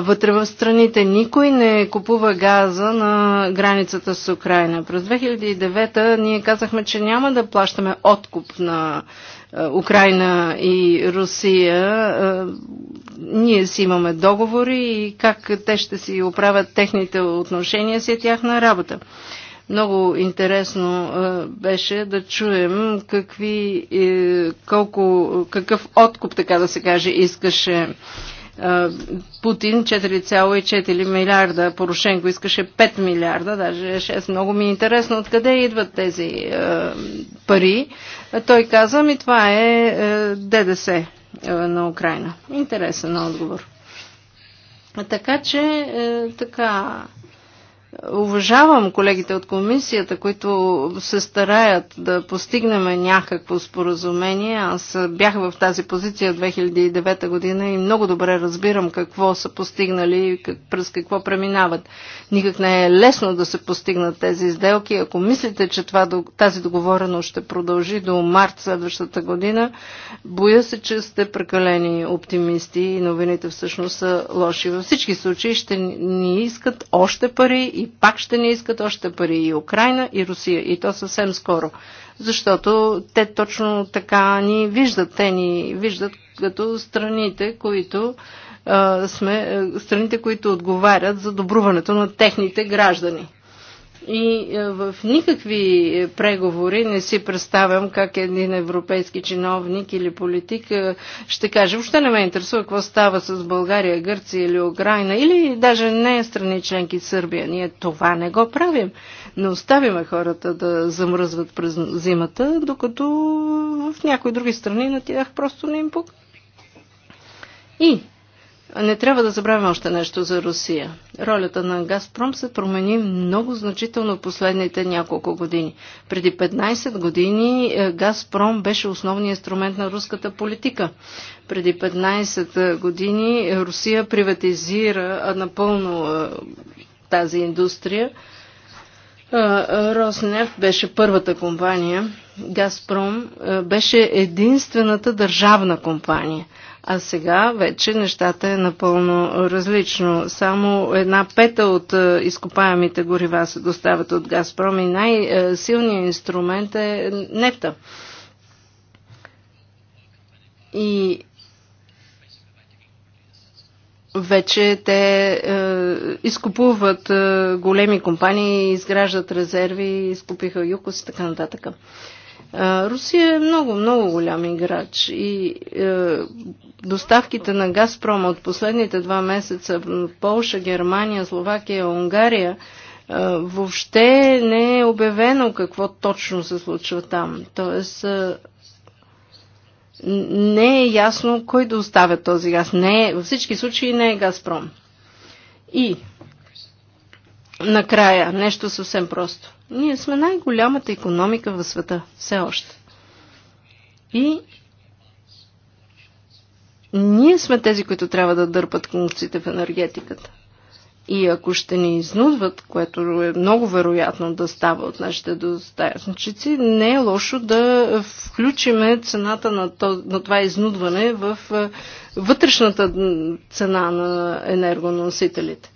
вътре в страните. Никой не купува газа на границата с Украина. През 2009 ние казахме, че няма да плащаме откуп на е, Украина и Русия. Е, ние си имаме договори и как те ще си оправят техните отношения си е тяхна работа. Е, много интересно беше да чуем какви, е, колко, какъв откуп, така да се каже, искаше Путин 4,4 милиарда, Порошенко искаше 5 милиарда, даже 6. Много ми е интересно откъде идват тези е, пари. Той каза ми това е, е ДДС е, на Украина. Интересен отговор. Така че, е, така, Уважавам колегите от комисията, които се стараят да постигнем някакво споразумение. Аз бях в тази позиция в 2009 година и много добре разбирам какво са постигнали и как, през какво преминават. Никак не е лесно да се постигнат тези изделки. Ако мислите, че това, тази договореност ще продължи до март следващата година, боя се, че сте прекалени оптимисти и новините всъщност са лоши. Във всички случаи ще ни искат още пари и пак ще не искат още пари и Украина, и Русия. И то съвсем скоро. Защото те точно така ни виждат. Те ни виждат като страните, които сме, страните, които отговарят за добруването на техните граждани. И е, в никакви е, преговори не си представям как един европейски чиновник или политик е, ще каже, въобще не ме интересува какво става с България, Гърция или Украина, или даже не страни членки Сърбия. Ние това не го правим. Не оставиме хората да замръзват през зимата, докато в някои други страни на тях просто не им пук. И не трябва да забравяме още нещо за Русия. Ролята на Газпром се промени много значително в последните няколко години. Преди 15 години е, Газпром беше основният инструмент на руската политика. Преди 15 е, години Русия приватизира напълно е, тази индустрия. Роснефт беше първата компания. Газпром беше единствената държавна компания. А сега вече нещата е напълно различно. Само една пета от е, изкопаемите горива се доставят от Газпром и най-силният инструмент е нефта. И вече те е, изкупуват е, големи компании, изграждат резерви, изкупиха ЮКОС и така нататък. Е, Русия е много, много голям играч и е, доставките на Газпром от последните два месеца в Полша, Германия, Словакия, Унгария е, въобще не е обявено какво точно се случва там. Тоест е, не е ясно кой да оставя този газ. Не е, във всички случаи не е Газпром. И накрая нещо съвсем просто ние сме най-голямата економика в света, все още. И ние сме тези, които трябва да дърпат конците в енергетиката. И ако ще ни изнудват, което е много вероятно да става от нашите доставчици, не е лошо да включиме цената на, то, на това изнудване в е, вътрешната цена на енергоносителите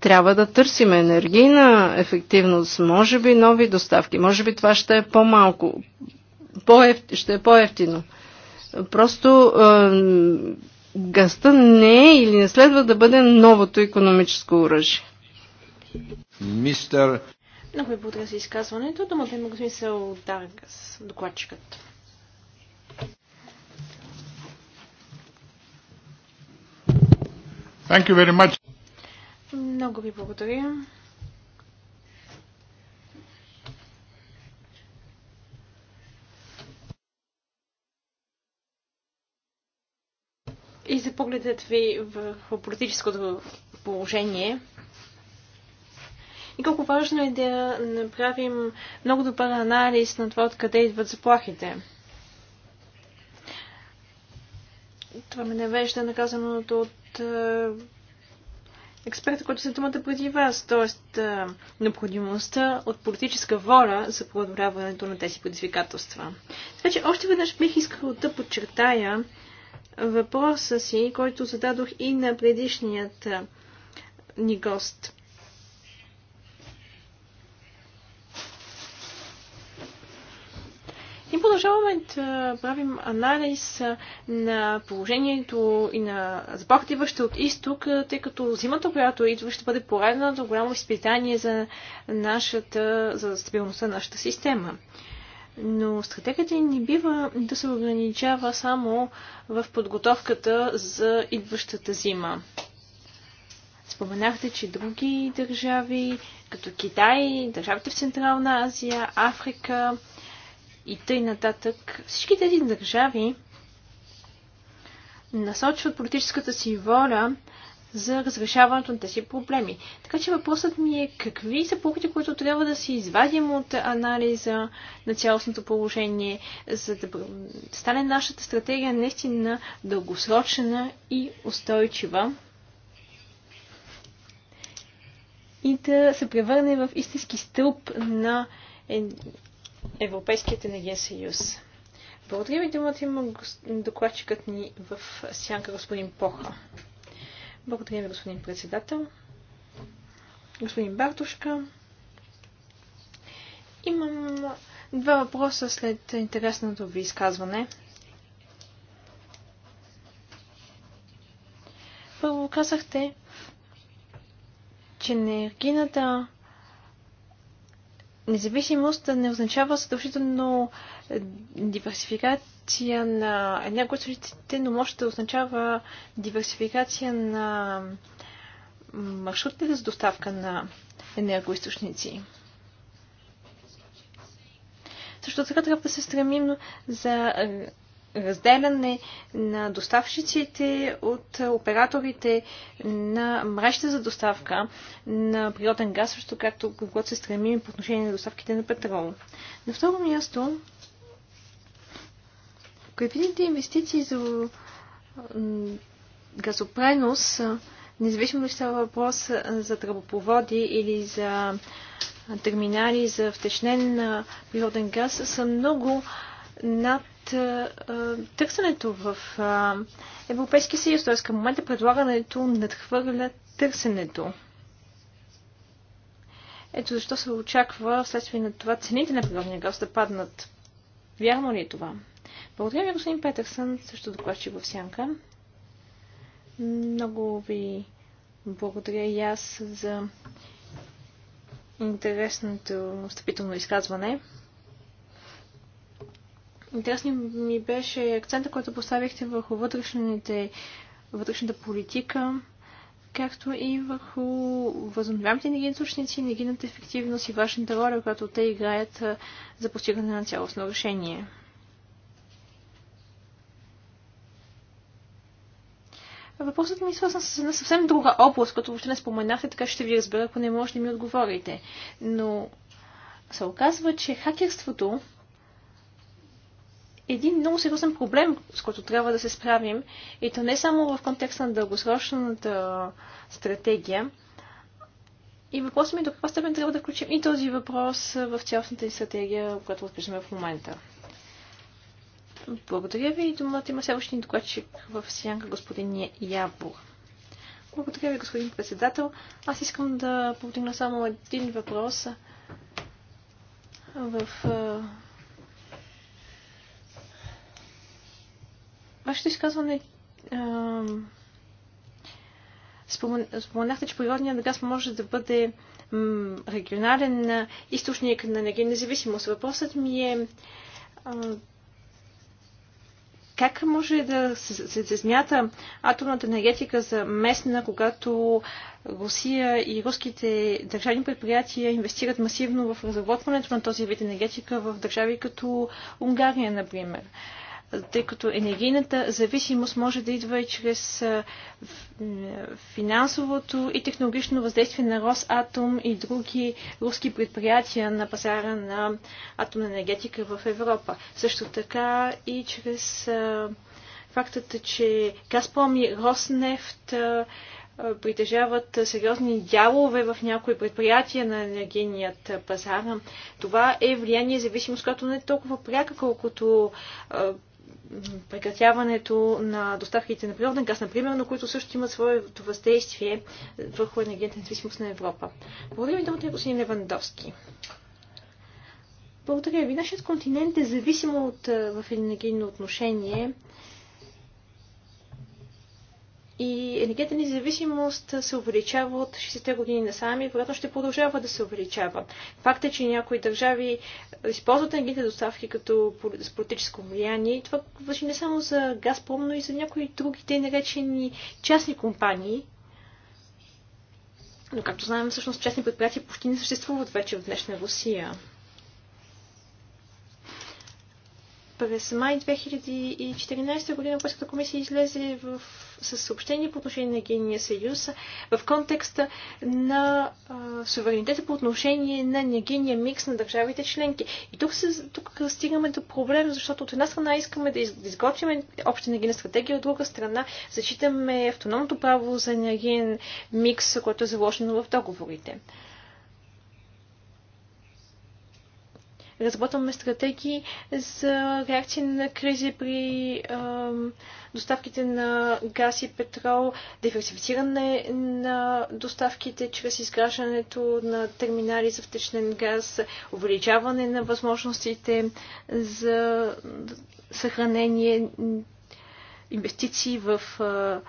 трябва да търсим енергийна ефективност, може би нови доставки, може би това ще е по-малко, по ще е по-ефтино. Просто е, гъста не е или не следва да бъде новото економическо оръжие. Мистер... Много ви благодаря за изказването. Думата има господин Сел Даргас, докладчикът. Thank you very much. Много ви благодаря. и за погледът ви в политическото положение. И колко важно е да направим много добър анализ на това откъде идват заплахите. Това ме навежда наказаното от е, експерта, който се думата преди вас, т.е. необходимостта от политическа воля за подобряването на тези предизвикателства. Така че още веднъж бих искал да подчертая въпроса си, който зададох и на предишният ни гост. продължаваме да правим анализ на положението и на заплахата, идваща от изток, тъй като зимата, която идва, ще бъде поредна до голямо изпитание за, нашата, за стабилността на нашата система. Но стратегията ни бива да се ограничава само в подготовката за идващата зима. Споменахте, че други държави, като Китай, държавите в Централна Азия, Африка, и тъй нататък, всички тези държави насочват политическата си воля за разрешаването на тези проблеми. Така че въпросът ми е какви са полките, които трябва да си извадим от анализа на цялостното положение, за да стане нашата стратегия наистина дългосрочна и устойчива и да се превърне в истински стълб на Европейският енергиен съюз. Благодаря ви думата има докладчикът ни в сянка господин Поха. Благодаря ви, господин председател. Господин Бартушка. Имам два въпроса след интересното ви изказване. Първо казахте, че енергийната Независимост не означава задължително е, диверсификация на една източниците, но може да означава диверсификация на маршрутите за доставка на енергоисточници. Също така трябва да се стремим за е, разделяне на доставчиците от операторите на мрежата за доставка на природен газ, също както когато се стремим по отношение на доставките на петрол. На второ място, предвидените инвестиции за газопренос, независимо ли става въпрос за тръбопроводи или за терминали за втечнен природен газ, са много над а, търсенето в а, Европейския съюз, т.е. към момента предлагането надхвърля търсенето. Ето защо се очаква вследствие на това цените на природния газ да паднат. Вярно ли е това? Благодаря ви, господин Петърсън, също докладчик в сянка. Много ви благодаря и аз за интересното встъпително изказване. Интересно ми беше акцента, който поставихте върху вътрешните, вътрешната политика, както и върху възобновяемите енергийни източници, енергийната ефективност и важната роля, която те играят за постигане на цялостно решение. Въпросът ми е свързан с една съвсем друга област, като въобще не споменахте, така ще ви разбера, ако не може да ми отговорите. Но се оказва, че хакерството един много сериозен проблем, с който трябва да се справим, и то не само в контекста на дългосрочната стратегия. И въпросът ми е до каква степен трябва да включим и този въпрос в цялостната ни стратегия, която отпишеме в момента. Благодаря ви и думата има следващия докладчик в сянка господин Ябор. Благодаря ви, господин председател. Аз искам да повдигна само един въпрос в Вашето изказване а, споменахте, че природният газ може да бъде регионален източник на енергийна независимост. Въпросът ми е а, как може да се, се, се смята атомната енергетика за местна, когато Русия и руските държавни предприятия инвестират масивно в разработването на този вид енергетика в държави като Унгария, например? А, тъй като енергийната зависимост може да идва и чрез финансовото и технологично въздействие на Росатом и други руски предприятия на пазара на атомна енергетика в Европа. Също така и чрез фактът, че Газпром и Роснефт притежават сериозни дялове в някои предприятия на енергийният пазар. Това е влияние и зависимост, която не е толкова пряка, колкото прекратяването на доставките на природен газ, например, на които също имат своето въздействие върху енергийната независимост на Европа. Благодаря ви, думата господин Левандовски. Благодаря ви. Нашият континент е зависим от, в енергийно отношение и енергията независимост се увеличава от 60-те години насам и вероятно ще продължава да се увеличава. Факт е, че някои държави използват енергийните доставки като с политическо влияние и това върши не само за Газпром, но и за някои други тъй наречени частни компании. Но както знаем, всъщност частни предприятия почти не съществуват вече в днешна Русия. През май 2014 година Европейската комисия излезе в, с съобщение по отношение на Енергийния съюз в контекста на а, суверенитета по отношение на негения микс на държавите членки. И тук, се, тук стигаме до проблем, защото от една страна искаме да, изготвим обща енергийна стратегия, от друга страна зачитаме автономното право за енергиен микс, което е заложено в договорите. разработваме стратегии за реакция на кризи при а, доставките на газ и петрол, диверсифициране на доставките чрез изграждането на терминали за втечнен газ, увеличаване на възможностите за съхранение, инвестиции в а,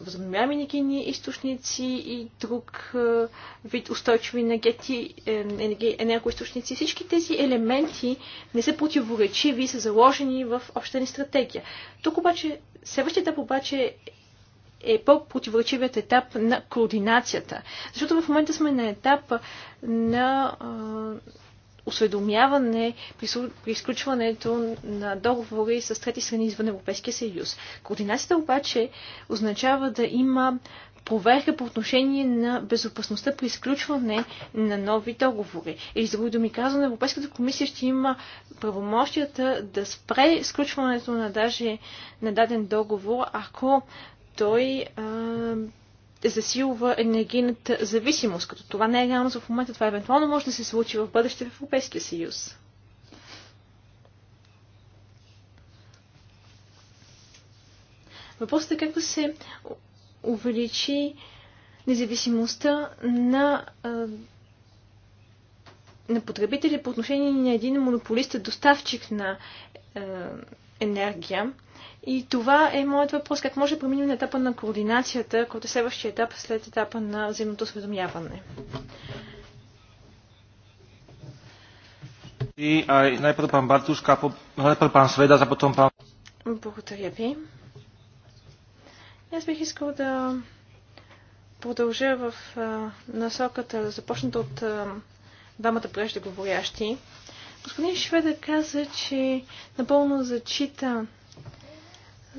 възобновяеми енергийни източници и друг вид устойчиви енергети, е, енергоисточници. Всички тези елементи не са противоречиви и са заложени в общата ни стратегия. Тук обаче, следващия етап обаче е по-противоречивият етап на координацията. Защото в момента сме на етап на осведомяване при изключването на договори с трети страни извън Европейския съюз. Координацията обаче означава да има проверка по отношение на безопасността при изключване на нови договори. Или за други думи казвам, Европейската комисия ще има правомощията да спре изключването на даже на даден договор, ако той а, засилва енергийната зависимост, като това не е реално в момента, това евентуално може да се случи в бъдеще в Европейския съюз. Въпросът е как да се увеличи независимостта на, на потребители по отношение на един монополист доставчик на енергия. И това е моят въпрос. Как може да променим на етапа на координацията, който е следващия етап след етапа на взаимното осведомяване? И най-първо пан най-първо пан Сведа, потом пан... Благодаря ви. Аз бих искал да продължа в а, насоката, започната от а, двамата преждеговорящи. говорящи Господин Шведа каза, че напълно зачита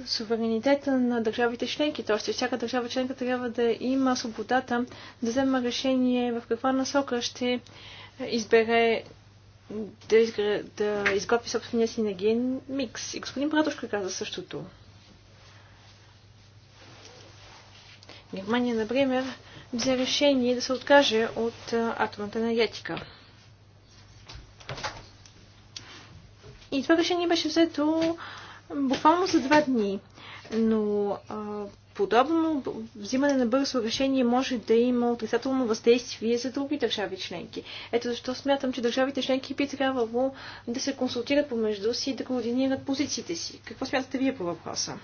суверенитета на държавите членки, т.е. всяка държава членка трябва да има свободата да взема решение в каква насока ще избере да, изгр... да изготви собствения си енергиен микс. И господин Братушка каза същото. Германия, например, взе решение да се откаже от атомната енергетика. И това решение беше взето буквално за два дни. Но а, подобно взимане на бързо решение може да има отрицателно въздействие за други държави членки. Ето защо смятам, че държавите членки би трябвало да се консултират помежду си и да координират позициите си. Какво смятате вие по въпроса?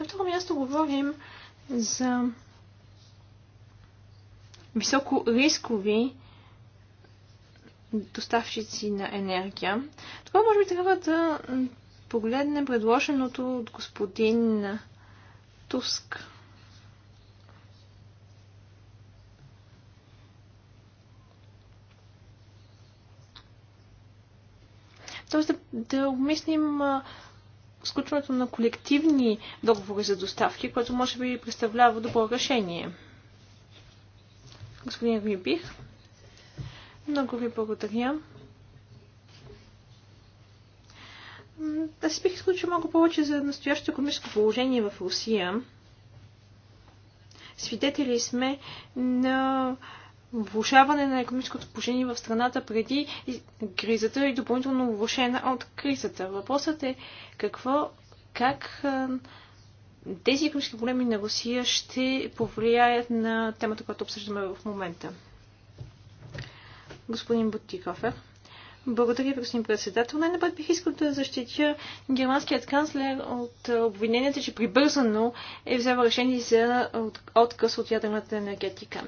На второ място говорим за високо рискови доставчици на енергия. Тогава може би трябва да погледнем предложеното от господин Туск. Тоест да, да обмислим сключването на колективни договори за доставки, което може би представлява добро решение. Господин Рибих. Много ви благодаря. Аз бих изключил малко повече за настоящото економическо положение в Русия. Свидетели сме на влушаване на економическото положение в страната преди кризата и допълнително влушена от кризата. Въпросът е какво, как тези економически проблеми на Русия ще повлияят на темата, която обсъждаме в момента господин Бутикофер. Благодаря, господин председател. Най-напред бих искал да защитя германският канцлер от обвиненията, че прибързано е взел решение за отказ от ядрената енергетика.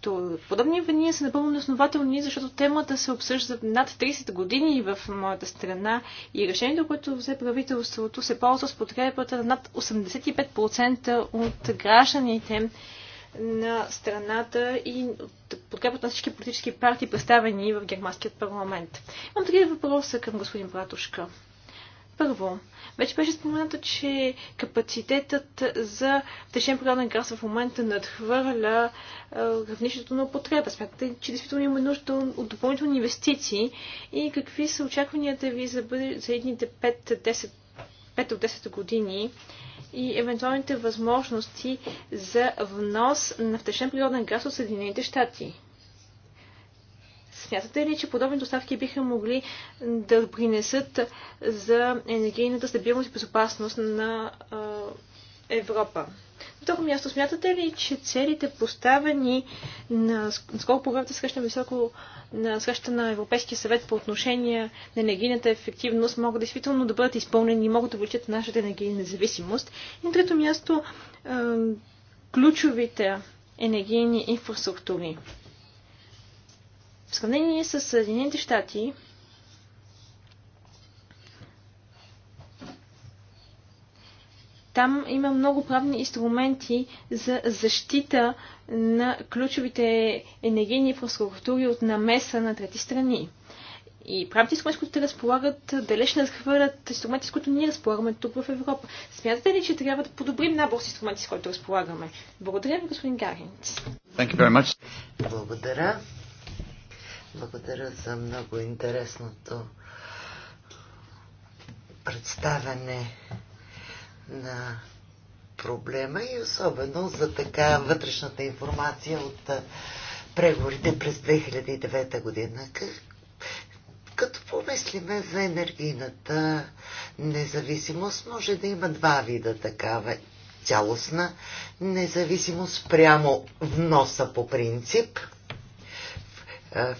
То, подобни обвинения са напълно основателни, защото темата се обсъжда над 30 години в моята страна и решението, което взе правителството, се ползва с подкрепата на над 85% от гражданите на страната и подкрепата на всички политически партии, представени в германският парламент. Имам три въпроса към господин Братушка. Първо, вече беше споменато, че капацитетът за течен природен газ в момента надхвърля е, равнището на употреба. Смятате, че действително има нужда от допълнителни инвестиции и какви са очакванията ви за, бъде, за едните 5, 10, 5 от 10 години и евентуалните възможности за внос на втечнен природен газ от Съединените щати. Смятате ли, че подобни доставки биха могли да принесат за енергийната стабилност и безопасност на Европа? друго място, смятате ли, че целите поставени на сколко програмата среща високо на среща на Европейския съвет по отношение на енергийната ефективност могат действително да бъдат изпълнени и могат да влечат нашата енергийна независимост? И на трето място, ключовите енергийни инфраструктури. В сравнение с Съединените щати, Там има много правни инструменти за защита на ключовите енергийни инфраструктури от намеса на трети страни. И правните инструменти, които те разполагат, далеч не разхвърлят инструменти, с които ние разполагаме тук в Европа. Смятате ли, че трябва да подобрим набор с инструменти, с които разполагаме? Благодаря ви, господин Гаринц. Благодаря. Благодаря за много интересното представяне на проблема и особено за така вътрешната информация от преговорите през 2009 година. Като помислиме за енергийната независимост, може да има два вида такава цялостна независимост прямо в носа по принцип,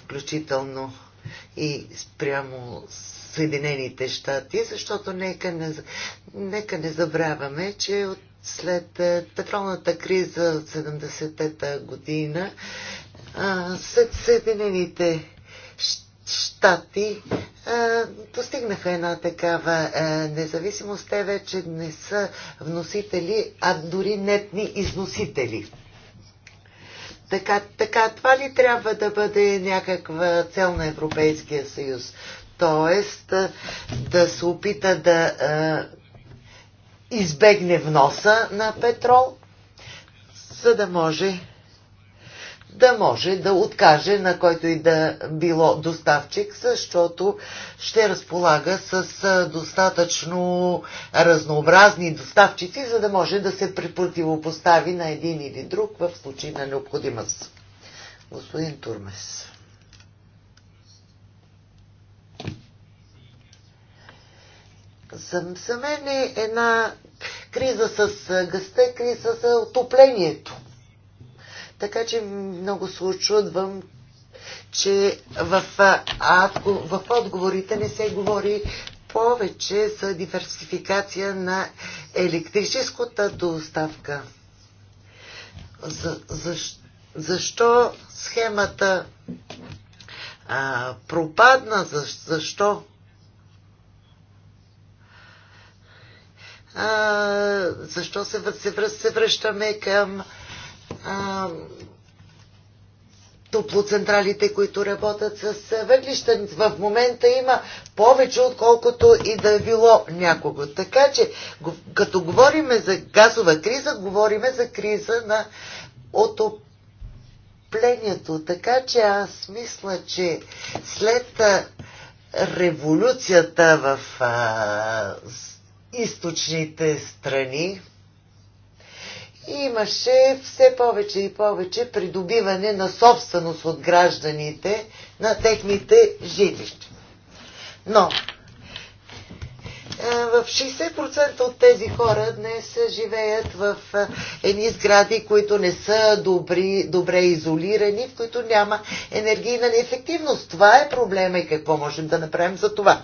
включително и спрямо Съединените щати, защото нека не, нека не забравяме, че от след е, петролната криза от 70-та година след Съединените щати постигнаха една такава е, независимост. Те вече не са вносители, а дори нетни износители. Така, така, това ли трябва да бъде някаква цел на Европейския съюз? т.е. да се опита да е, избегне вноса на петрол, за да може да може да откаже на който и да било доставчик, защото ще разполага с достатъчно разнообразни доставчици, за да може да се противопостави на един или друг в случай на необходимост. Господин Турмес. За, за мен е една криза с гъста, е криза с отоплението. Така че много се очудвам, че в, в отговорите не се говори повече за диверсификация на електрическата доставка. За, за, защо схемата а, пропадна? За, защо защо се, се, се връщаме към а, топлоцентралите, които работят с въглища. В момента има повече, отколкото и да е било някого. Така че, като говориме за газова криза, говориме за криза на отоплението. Така че аз мисля, че след революцията в а, източните страни имаше все повече и повече придобиване на собственост от гражданите на техните жилища. Но е, в 60% от тези хора днес живеят в е, едни сгради, които не са добри, добре изолирани, в които няма енергийна неефективност. Това е проблема и какво можем да направим за това.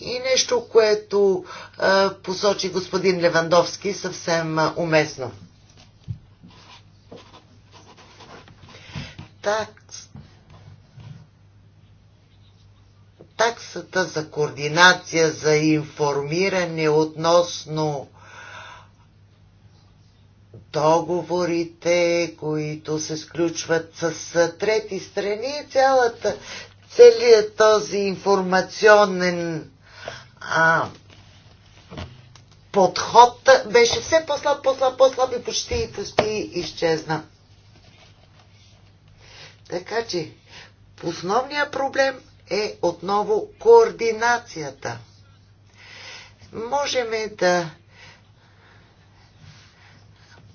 И нещо, което е, посочи господин Левандовски съвсем уместно. Так, таксата за координация, за информиране относно договорите, които се сключват с трети страни, цялата, целият този информационен а, подход беше все по-слаб, по-слаб, по-слаб и почти, почти изчезна. Така че, основният проблем – е отново координацията. Можеме да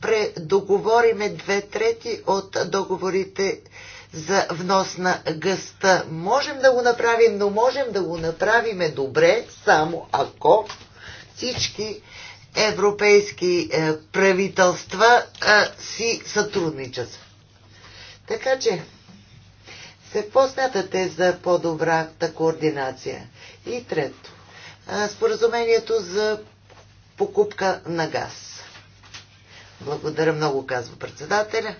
предоговориме две трети от договорите за внос на гъста. Можем да го направим, но можем да го направим добре, само ако всички европейски е, правителства е, си сътрудничат. Така че, какво смятате за по-добрата координация? И трето, споразумението за покупка на газ. Благодаря много, казва председателя.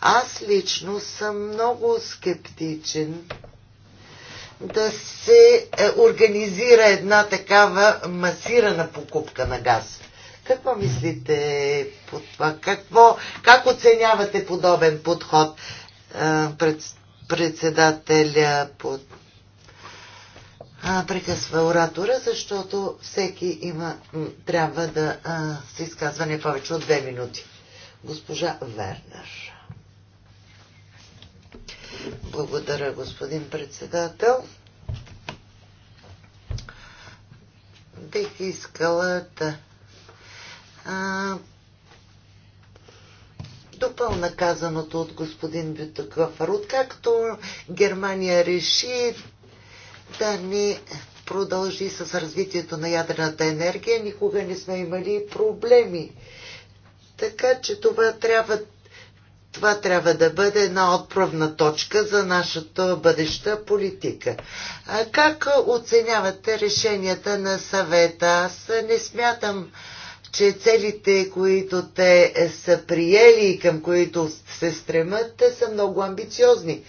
Аз лично съм много скептичен да се е, организира една такава масирана покупка на газ. Какво мислите по това? Какво, как оценявате подобен подход? Е, пред, председателя под прекъсва оратора, защото всеки има, трябва да се изказва не повече от две минути. Госпожа Вернер. Благодаря, господин председател. Бих искала да а, допълна казаното от господин Бютакофър. Откакто Германия реши да ни продължи с развитието на ядрената енергия, никога не сме имали проблеми. Така че това трябва, това трябва да бъде една отправна точка за нашата бъдеща политика. А как оценявате решенията на съвета? Аз не смятам, че целите, които те са приели и към които се стремат, те са много амбициозни.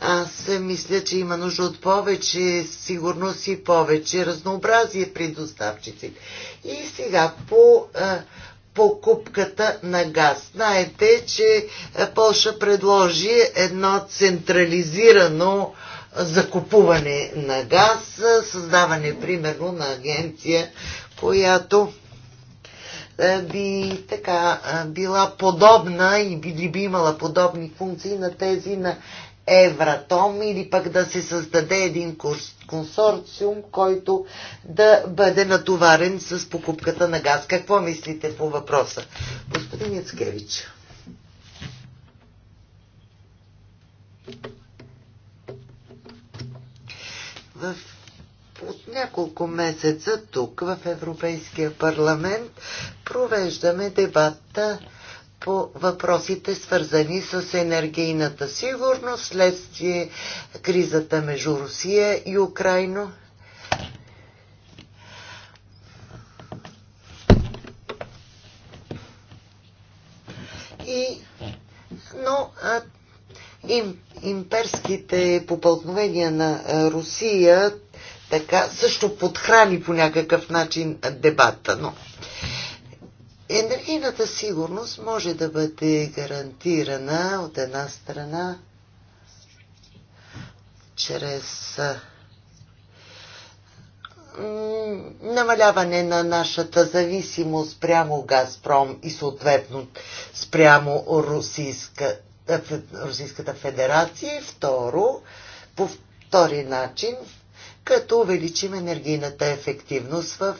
Аз мисля, че има нужда от повече сигурност и повече разнообразие при доставчици. И сега по покупката на газ. Знаете, че Польша предложи едно централизирано закупуване на газ, създаване примерно на агенция, която е, би така е, била подобна и би, би имала подобни функции на тези на Евратом или пък да се създаде един консорциум, който да бъде натоварен с покупката на газ. Какво мислите по въпроса? Господин Яцкевич. В от няколко месеца тук в Европейския парламент провеждаме дебата по въпросите свързани с енергийната сигурност следствие кризата между Русия и Украина. И, но а, им, имперските попълкновения на Русия така също подхрани по някакъв начин дебата. Но енергийната сигурност може да бъде гарантирана от една страна чрез намаляване на нашата зависимост прямо Газпром и съответно спрямо Русийска, Русийската федерация. Второ, по втори начин като увеличим енергийната ефективност в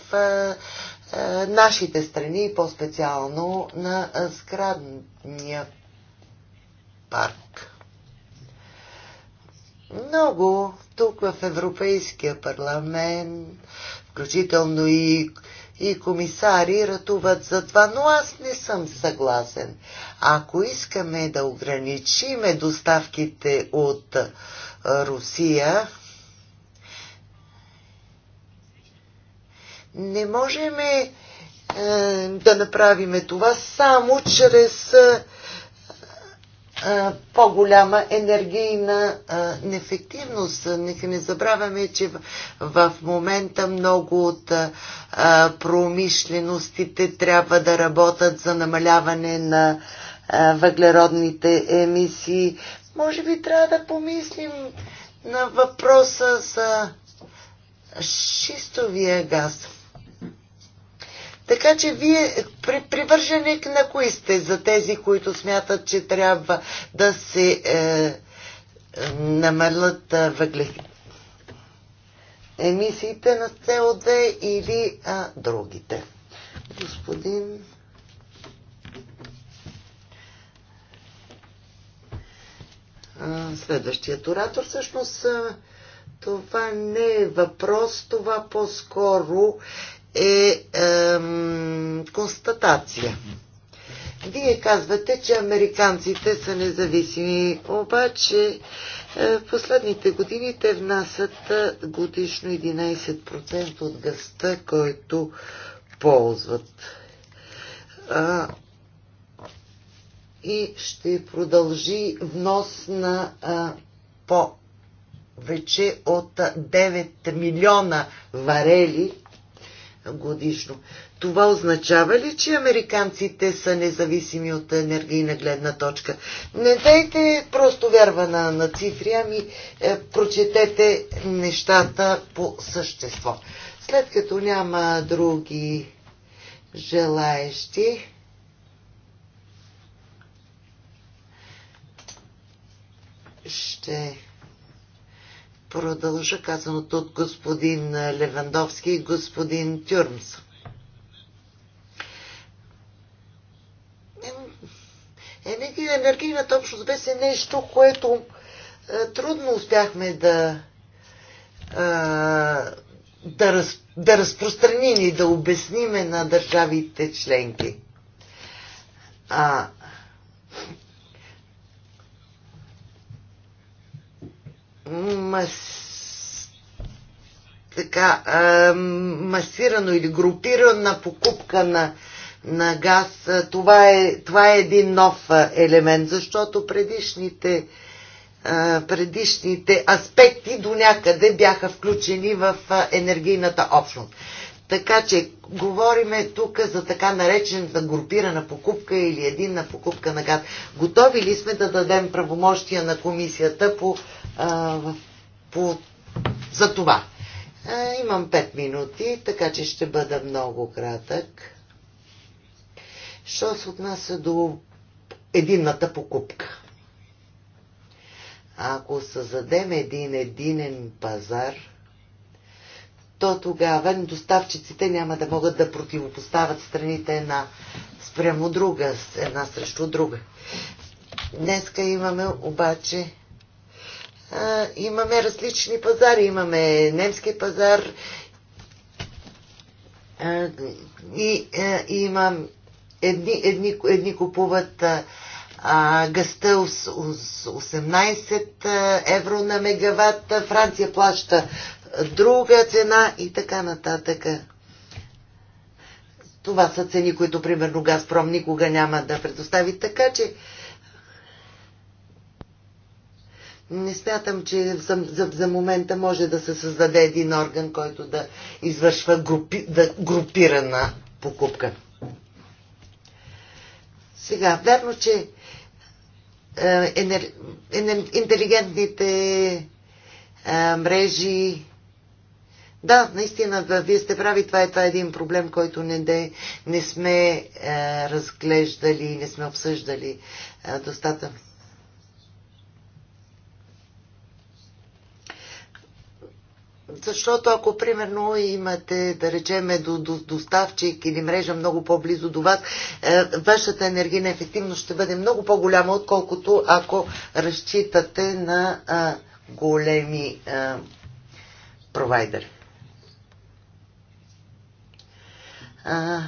нашите страни и по-специално на сградния парк. Много тук в Европейския парламент, включително и, и комисари, ратуват за това, но аз не съм съгласен. Ако искаме да ограничиме доставките от Русия, Не можем е, да направим това само чрез е, е по-голяма енергийна а, е, неефективност. Нека не забравяме, че в, в момента много от а, е, промишленостите трябва да работят за намаляване на а, въглеродните емисии. Може би трябва да помислим на въпроса за шистовия газ. Така че вие при, привърженик на кои сте за тези, които смятат, че трябва да се е, е, намалят е, въглехи емисиите на СО2 или а, другите. Господин Следващият оратор всъщност това не е въпрос, това по-скоро е, е констатация. Вие казвате, че американците са независими, обаче е, в последните години те внасят е, годишно 11% от гъста, който ползват. А, и ще продължи внос на а, е, вече от 9 милиона варели годишно. Това означава ли, че американците са независими от енергийна гледна точка? Не дайте просто вярва на, на цифри, ами е, прочетете нещата по същество. След като няма други желаещи, ще продължа казаното от господин Левандовски и господин Тюрмс. Енергийната общност беше нещо, което е, трудно успяхме да, да, раз, да разпространим и да обясниме на държавите членки. А, мас... така, а, масирано или групирана покупка на, на газ, това е, това е един нов елемент, защото предишните, а, предишните аспекти до някъде бяха включени в енергийната общност. Така че говориме тук за така наречената групирана покупка или единна покупка на газ. Готови ли сме да дадем правомощия на комисията по а, по, за това. А, имам 5 минути, така че ще бъда много кратък. Що се отнася до единната покупка? Ако създадем един единен пазар, то тогава доставчиците няма да могат да противопоставят страните една спрямо друга, една срещу друга. Днеска имаме обаче имаме различни пазари. Имаме немски пазар и, имам едни, едни, едни купуват гъста с 18 евро на мегаватт, Франция плаща друга цена и така нататък. Това са цени, които примерно Газпром никога няма да предостави, така че Не смятам, че за, за, за момента може да се създаде един орган, който да извършва групи, да, групирана покупка. Сега, верно, че е, енер, енер, интелигентните е, мрежи. Да, наистина, да, вие сте прави, това е, това е един проблем, който не, де, не сме е, разглеждали, не сме обсъждали е, достатъчно. Защото ако, примерно, имате, да речеме, до, до, доставчик или мрежа много по-близо до вас, е, вашата енергийна ефективност ще бъде много по-голяма, отколкото ако разчитате на е, големи е, провайдери. А,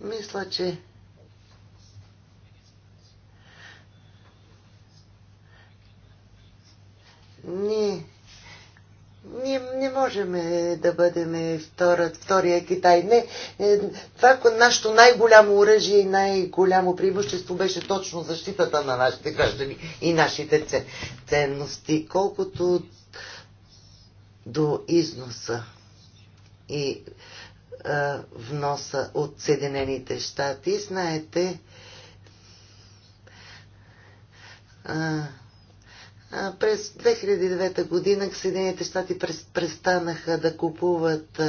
мисля, че Не. Ние не можем е, да бъдем е, втора, втория Китай. Не, е, това нашето най-голямо оръжие и най-голямо преимущество беше точно защитата на нашите граждани и нашите ценности, колкото до износа и а, вноса от Съединените щати. Знаете, а, през 2009 година Съединените щати престанаха да купуват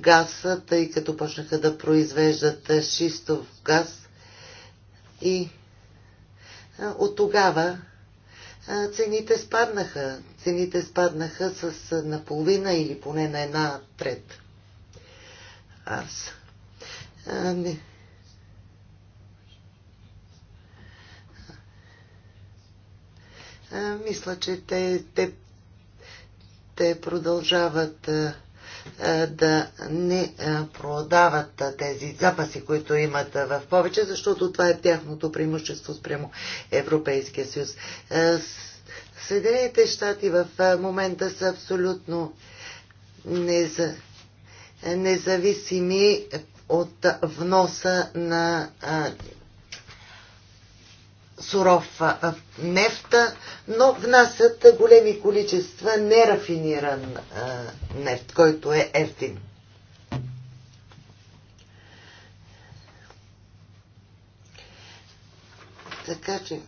газа, тъй като почнаха да произвеждат шистов газ и от тогава цените спаднаха. Цените спаднаха с наполовина или поне на една трет. Аз. А, не. мисля, че те, те, те продължават да не продават тези запаси, които имат в повече, защото това е тяхното преимущество спрямо Европейския съюз. Съединените щати в момента са абсолютно неза, независими от вноса на суров нефт, но внасят големи количества нерафиниран нефт, който е ефтин. Така че.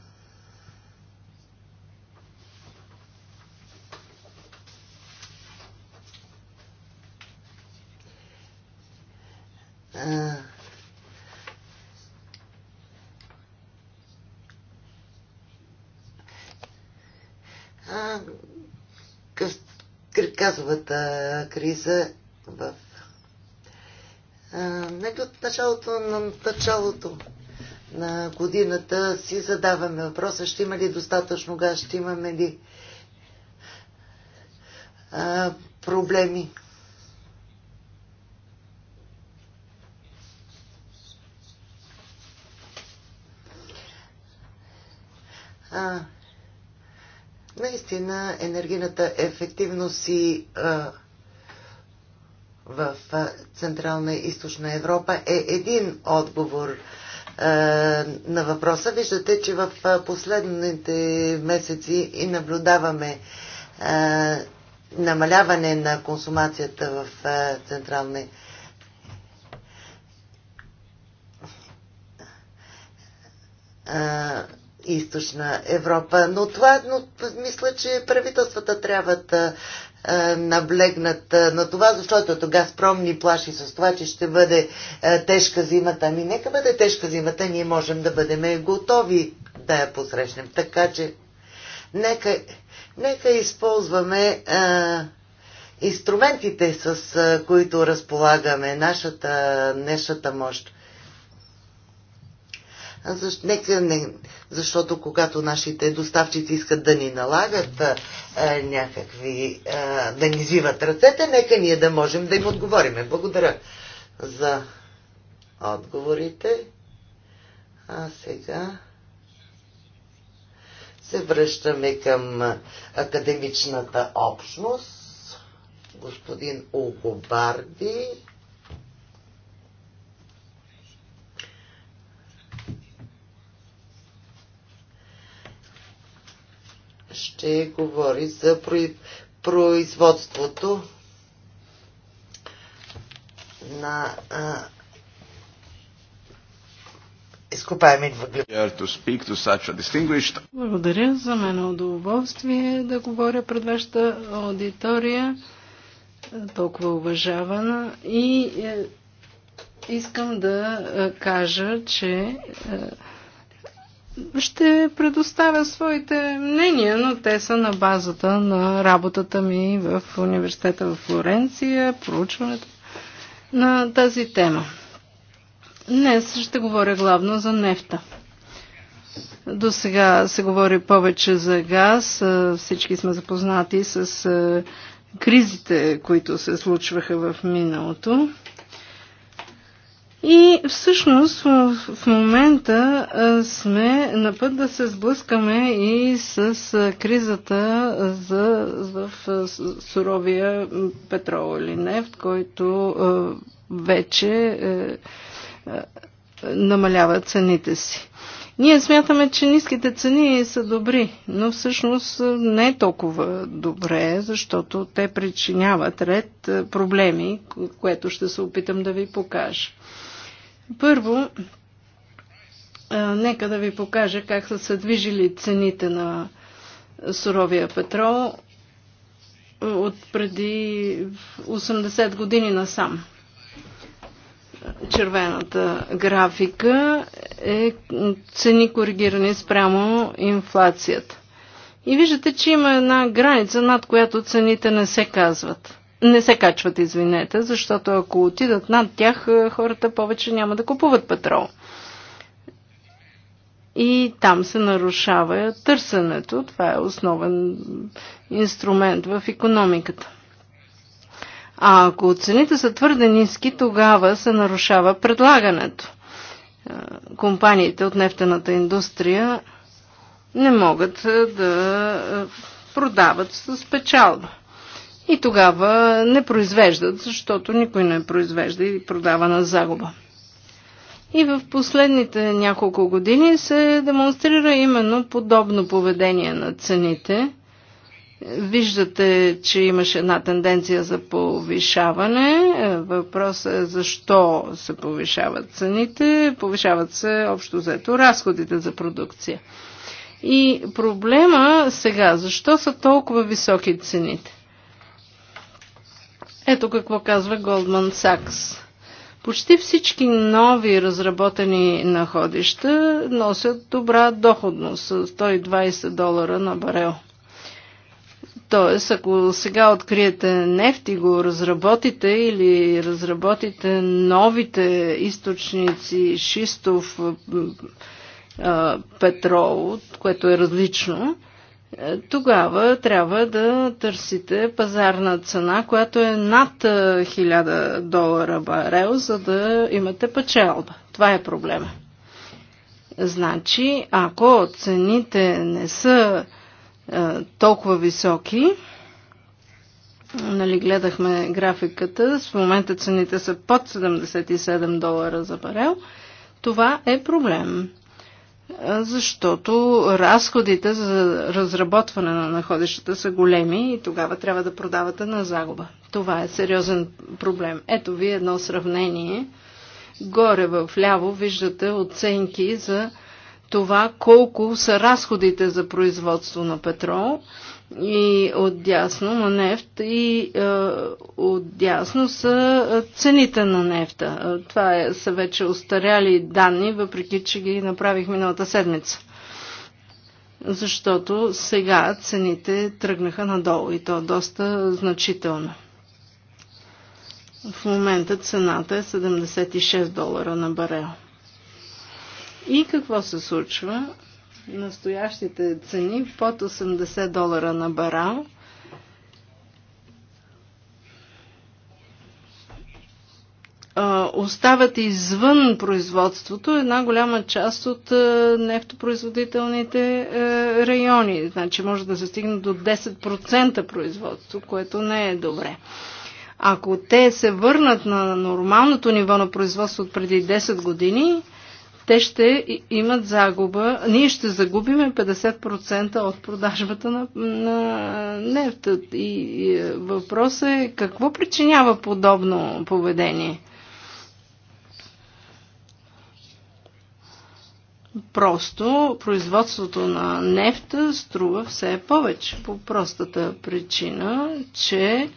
Uh... а, криза в нека от началото на началото на годината си задаваме въпроса, ще има ли достатъчно газ, ще имаме ли а, проблеми. А, Наистина енергийната ефективност и а, в Централна и Източна Европа е един отговор а, на въпроса. Виждате, че в последните месеци и наблюдаваме а, намаляване на консумацията в Централна а, източна Европа. Но това, но, мисля, че правителствата трябва да е, наблегнат е, на това, защото тогава Газпром ни плаши с това, че ще бъде е, тежка зимата. Ами нека бъде тежка зимата, ние можем да бъдем готови да я посрещнем. Така че нека, нека използваме а, инструментите, с а, които разполагаме, нашата, нашата мощ. Защ, нека не, защото когато нашите доставчици искат да ни налагат а, някакви, а, да ни зиват ръцете, нека ние да можем да им отговориме. Благодаря за отговорите. А сега се връщаме към академичната общност. Господин Огобарди ще говори за производството на изкопаеми въглеводороди. Благодаря. За мен е удоволствие да говоря пред вашата аудитория, толкова уважавана. И е, искам да е, кажа, че е, ще предоставя своите мнения, но те са на базата на работата ми в университета в Флоренция, проучването на тази тема. Днес ще говоря главно за нефта. До сега се говори повече за газ. Всички сме запознати с е, кризите, които се случваха в миналото. И всъщност в, в момента сме на път да се сблъскаме и с кризата за, в суровия петрол или нефт, който вече е, е, намалява цените си. Ние смятаме, че ниските цени са добри, но всъщност не е толкова добре, защото те причиняват ред проблеми, което ще се опитам да ви покажа. Първо, нека да ви покажа как са се движили цените на суровия петрол от преди 80 години насам. Червената графика е цени коригирани спрямо инфлацията. И виждате, че има една граница, над която цените не се казват не се качват, извинете, защото ако отидат над тях, е, хората повече няма да купуват петрол. И там се нарушава търсенето. Това е основен инструмент в економиката. А ако цените са твърде ниски, тогава се нарушава предлагането. Е, компаниите от нефтената индустрия не могат е, да продават с печалба и тогава не произвеждат, защото никой не произвежда и продава на загуба. И в последните няколко години се демонстрира именно подобно поведение на цените. Виждате, че имаше една тенденция за повишаване. Въпросът е защо се повишават цените. Повишават се общо взето разходите за продукция. И проблема сега, защо са толкова високи цените? Ето какво казва Goldman Sachs. Почти всички нови разработени находища носят добра доходност, 120 долара на барел. Тоест, ако сега откриете нефт и го разработите или разработите новите източници шистов петрол, което е различно, е, тогава трябва да търсите пазарна цена, която е над 1000 е, долара барел, за да имате печалба. Това е проблема. Значи, ако цените не са е, толкова високи, нали, гледахме графиката, в момента цените са под 77 долара за барел, това е проблем защото разходите за разработване на находищата са големи и тогава трябва да продавате на загуба. Това е сериозен проблем. Ето ви едно сравнение. Горе в ляво виждате оценки за това колко са разходите за производство на петрол и от дясно на нефт и е, дясно са цените на нефта. Е, това е, са вече устаряли данни, въпреки че ги направих миналата седмица. Защото сега цените тръгнаха надолу и то доста значително. В момента цената е 76 долара на барел. И какво се случва? настоящите цени под 80 долара на барал. остават извън производството една голяма част от нефтопроизводителните е, райони. Значи може да се стигне до 10% производство, което не е добре. Ако те се върнат на нормалното ниво на производство от преди 10 години, те ще имат загуба, ние ще загубиме 50% от продажбата на, на нефта. И, и е, въпросът е какво причинява подобно поведение? Просто производството на нефта струва все повече по простата причина, че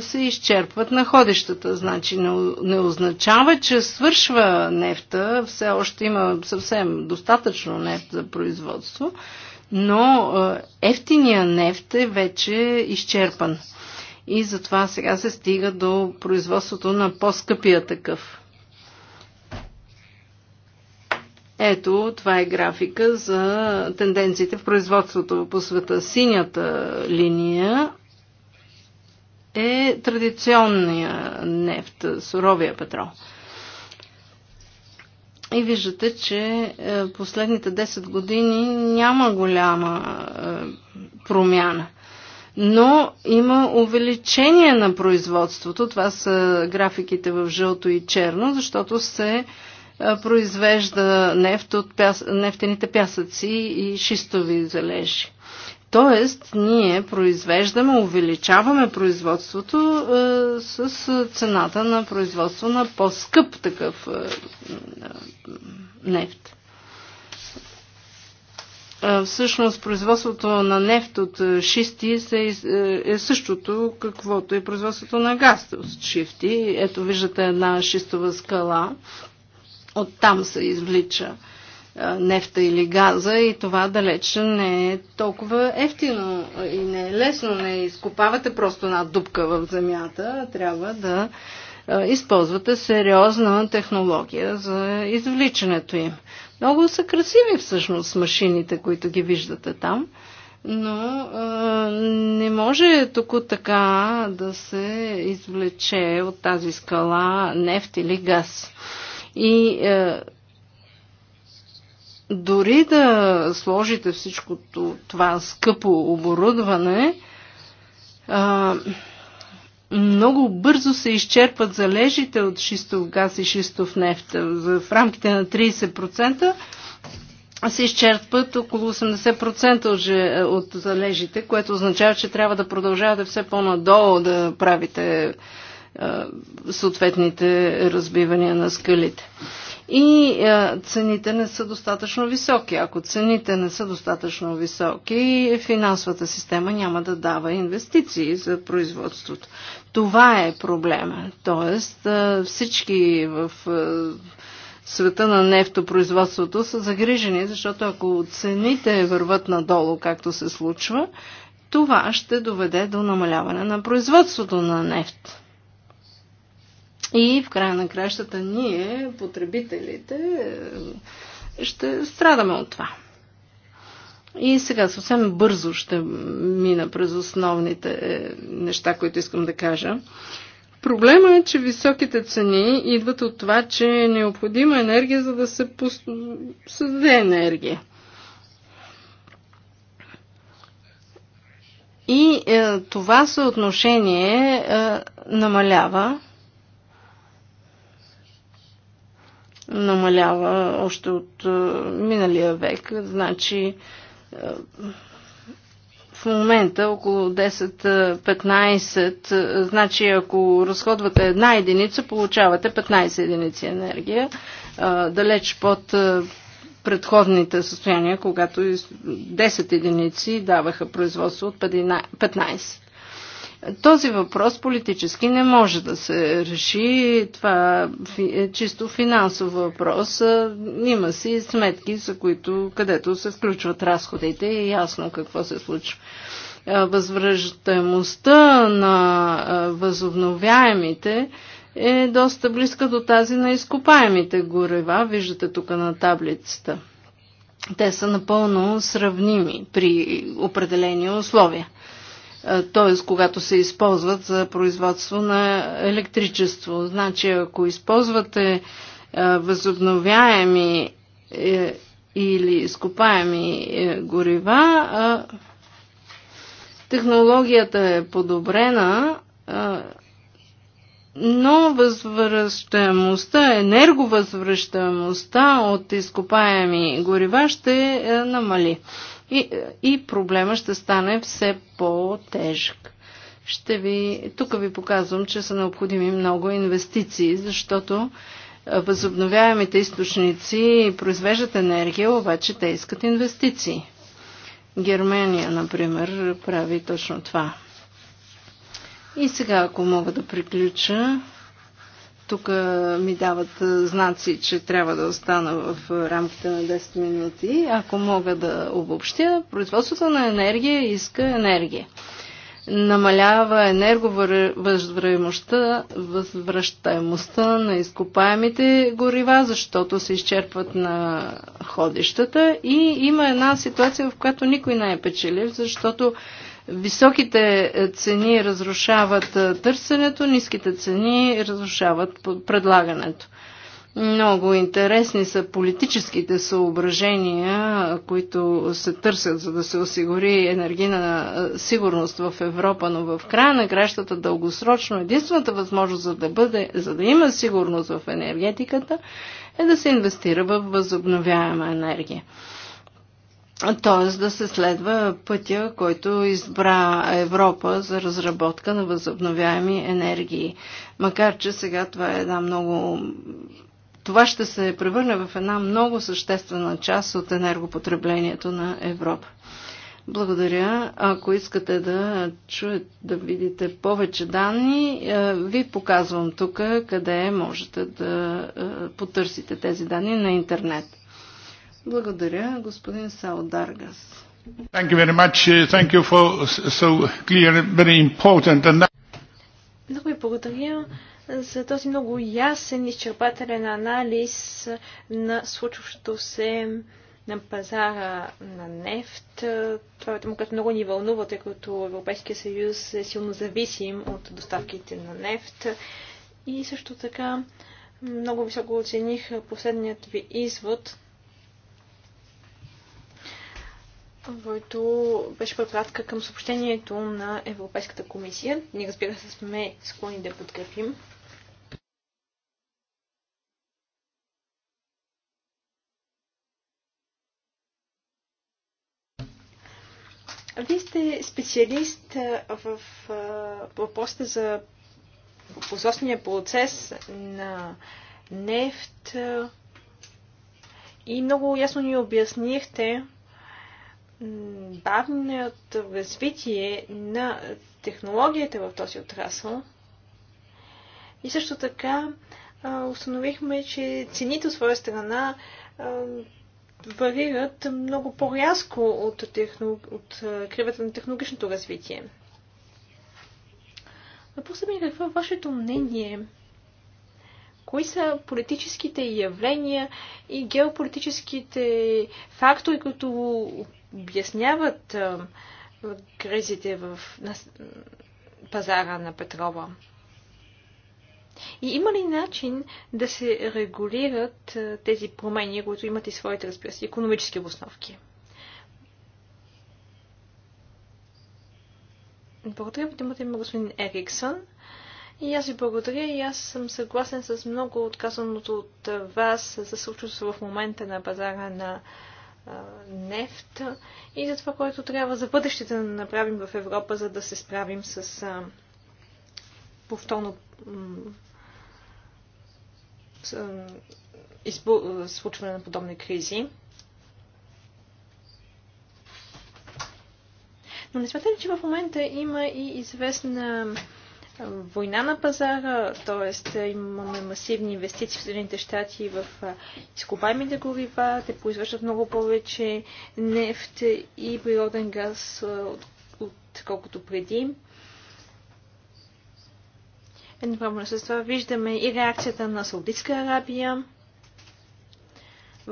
се изчерпват находищата. Значи не, не означава, че свършва нефта, все още има съвсем достатъчно нефт за производство, но ефтиния нефт е вече изчерпан. И затова сега се стига до производството на по-скъпия такъв. Ето, това е графика за тенденциите в производството по света. Синята линия е традиционния нефт, суровия петрол. И виждате, че е, последните 10 години няма голяма е, промяна. Но има увеличение на производството. Това са графиките в жълто и черно, защото се е, произвежда нефт от пяс... нефтените пясъци и шистови залежи. Тоест, ние произвеждаме, увеличаваме производството е, с цената на производство на по-скъп такъв е, е, нефт. Е, всъщност, производството на нефт от шисти е, е същото, каквото е производството на газ от шифти. Ето виждате една шистова скала. Оттам се извлича нефта или газа и това далеч не е толкова ефтино и не е лесно. Не изкопавате просто една дупка в земята, трябва да използвате сериозна технология за извличането им. Много са красиви всъщност машините, които ги виждате там, но е, не може тук така да се извлече от тази скала нефт или газ. И е, дори да сложите всичко това скъпо оборудване, а, много бързо се изчерпват залежите от шистов газ и шистов нефт. В рамките на 30% се изчерпват около 80% от залежите, което означава, че трябва да продължавате все по-надолу да правите съответните разбивания на скалите и е, цените не са достатъчно високи. Ако цените не са достатъчно високи, финансовата система няма да дава инвестиции за производството. Това е проблема. Тоест е, всички в е, света на нефтопроизводството са загрижени, защото ако цените върват надолу, както се случва, това ще доведе до намаляване на производството на нефт. И в края на кращата ние, потребителите, ще страдаме от това. И сега съвсем бързо ще мина през основните е, неща, които искам да кажа. Проблема е, че високите цени идват от това, че е необходима енергия, за да се създаде енергия. И е, това съотношение е, намалява намалява още от е, миналия век. Значи е, в момента около 10-15, е, значи ако разходвате една единица, получавате 15 единици енергия, далеч под предходните състояния, когато 10 единици даваха производство от 15. Този въпрос политически не може да се реши. Това е чисто финансов въпрос. Има си сметки, за които, където се включват разходите и е ясно какво се случва. Възвръщаемостта на възобновяемите е доста близка до тази на изкопаемите горева. Виждате тук на таблицата. Те са напълно сравними при определени условия. Е, т.е. когато се използват за производство на електричество. Значи, ако използвате е, възобновяеми е, или изкопаеми горива, технологията е подобрена, но възвръщаемостта, енерговъзвръщаемостта от изкопаеми горива ще намали и, и проблема ще стане все по-тежък. Ще ви, тук ви показвам, че са необходими много инвестиции, защото е, възобновяемите източници произвеждат енергия, обаче те искат инвестиции. Германия, например, прави точно това. И сега, ако мога да приключа, тук ми дават знаци, че трябва да остана в рамките на 10 минути. Ако мога да обобщя, производството на енергия иска енергия. Намалява енерговъзвръщаемостта възвръщаемостта на изкопаемите горива, защото се изчерпват на ходищата и има една ситуация, в която никой не е печелив, защото Високите е, цени разрушават е, търсенето, ниските цени разрушават предлагането. Много интересни са политическите съображения, които се търсят, за да се осигури енергийна е, сигурност в Европа, но в края на кращата дългосрочно единствената възможност за да, бъде, за да има сигурност в енергетиката е да се инвестира в възобновяема енергия т.е. да се следва пътя, който избра Европа за разработка на възобновяеми енергии. Макар, че сега това е една много... Това ще се превърне в една много съществена част от енергопотреблението на Европа. Благодаря. Ако искате да чуете, да видите повече данни, е, ви показвам тук къде можете да е, потърсите тези данни на интернет. Благодаря, господин Саударгас. Thank you very much. Uh, thank you for so clear very important. And много ви благодаря за този много ясен и изчерпателен анализ на случващото се на пазара на нефт. Това е тема, което много ни вълнува, тъй като Европейския съюз е силно зависим от доставките на нефт. И също така много високо оцених последният ви извод – който беше препратка към съобщението на Европейската комисия. Ние разбира се сме склонни да подкрепим. Вие сте специалист в въпросите за производствения процес на нефт и много ясно ни обяснихте, бавният развитие на технологията в този отрасъл. И също така установихме, че цените от своя страна варират много по-рязко от, техно... от кривата на технологичното развитие. Въпросът ми е какво е вашето мнение? Кои са политическите явления и геополитическите фактори, които обясняват кризите в пазара на петрола. И има ли начин да се регулират тези промени, които имат и своите, разбира се, економически обосновки? Благодаря ви, думата има господин Ериксън. И аз ви благодаря и аз съм съгласен с много отказаното от вас за случващото в момента на пазара на нефт и за това, което трябва за бъдещето да направим в Европа, за да се справим с повторно случване на подобни кризи. Но не смятате ли, че в момента има и известна война на пазара, т.е. имаме масивни инвестиции в Съединените щати в изкопаемите горива, те произвеждат много повече нефт и природен газ, отколкото преди. Едновременно с това виждаме и реакцията на Саудитска Арабия,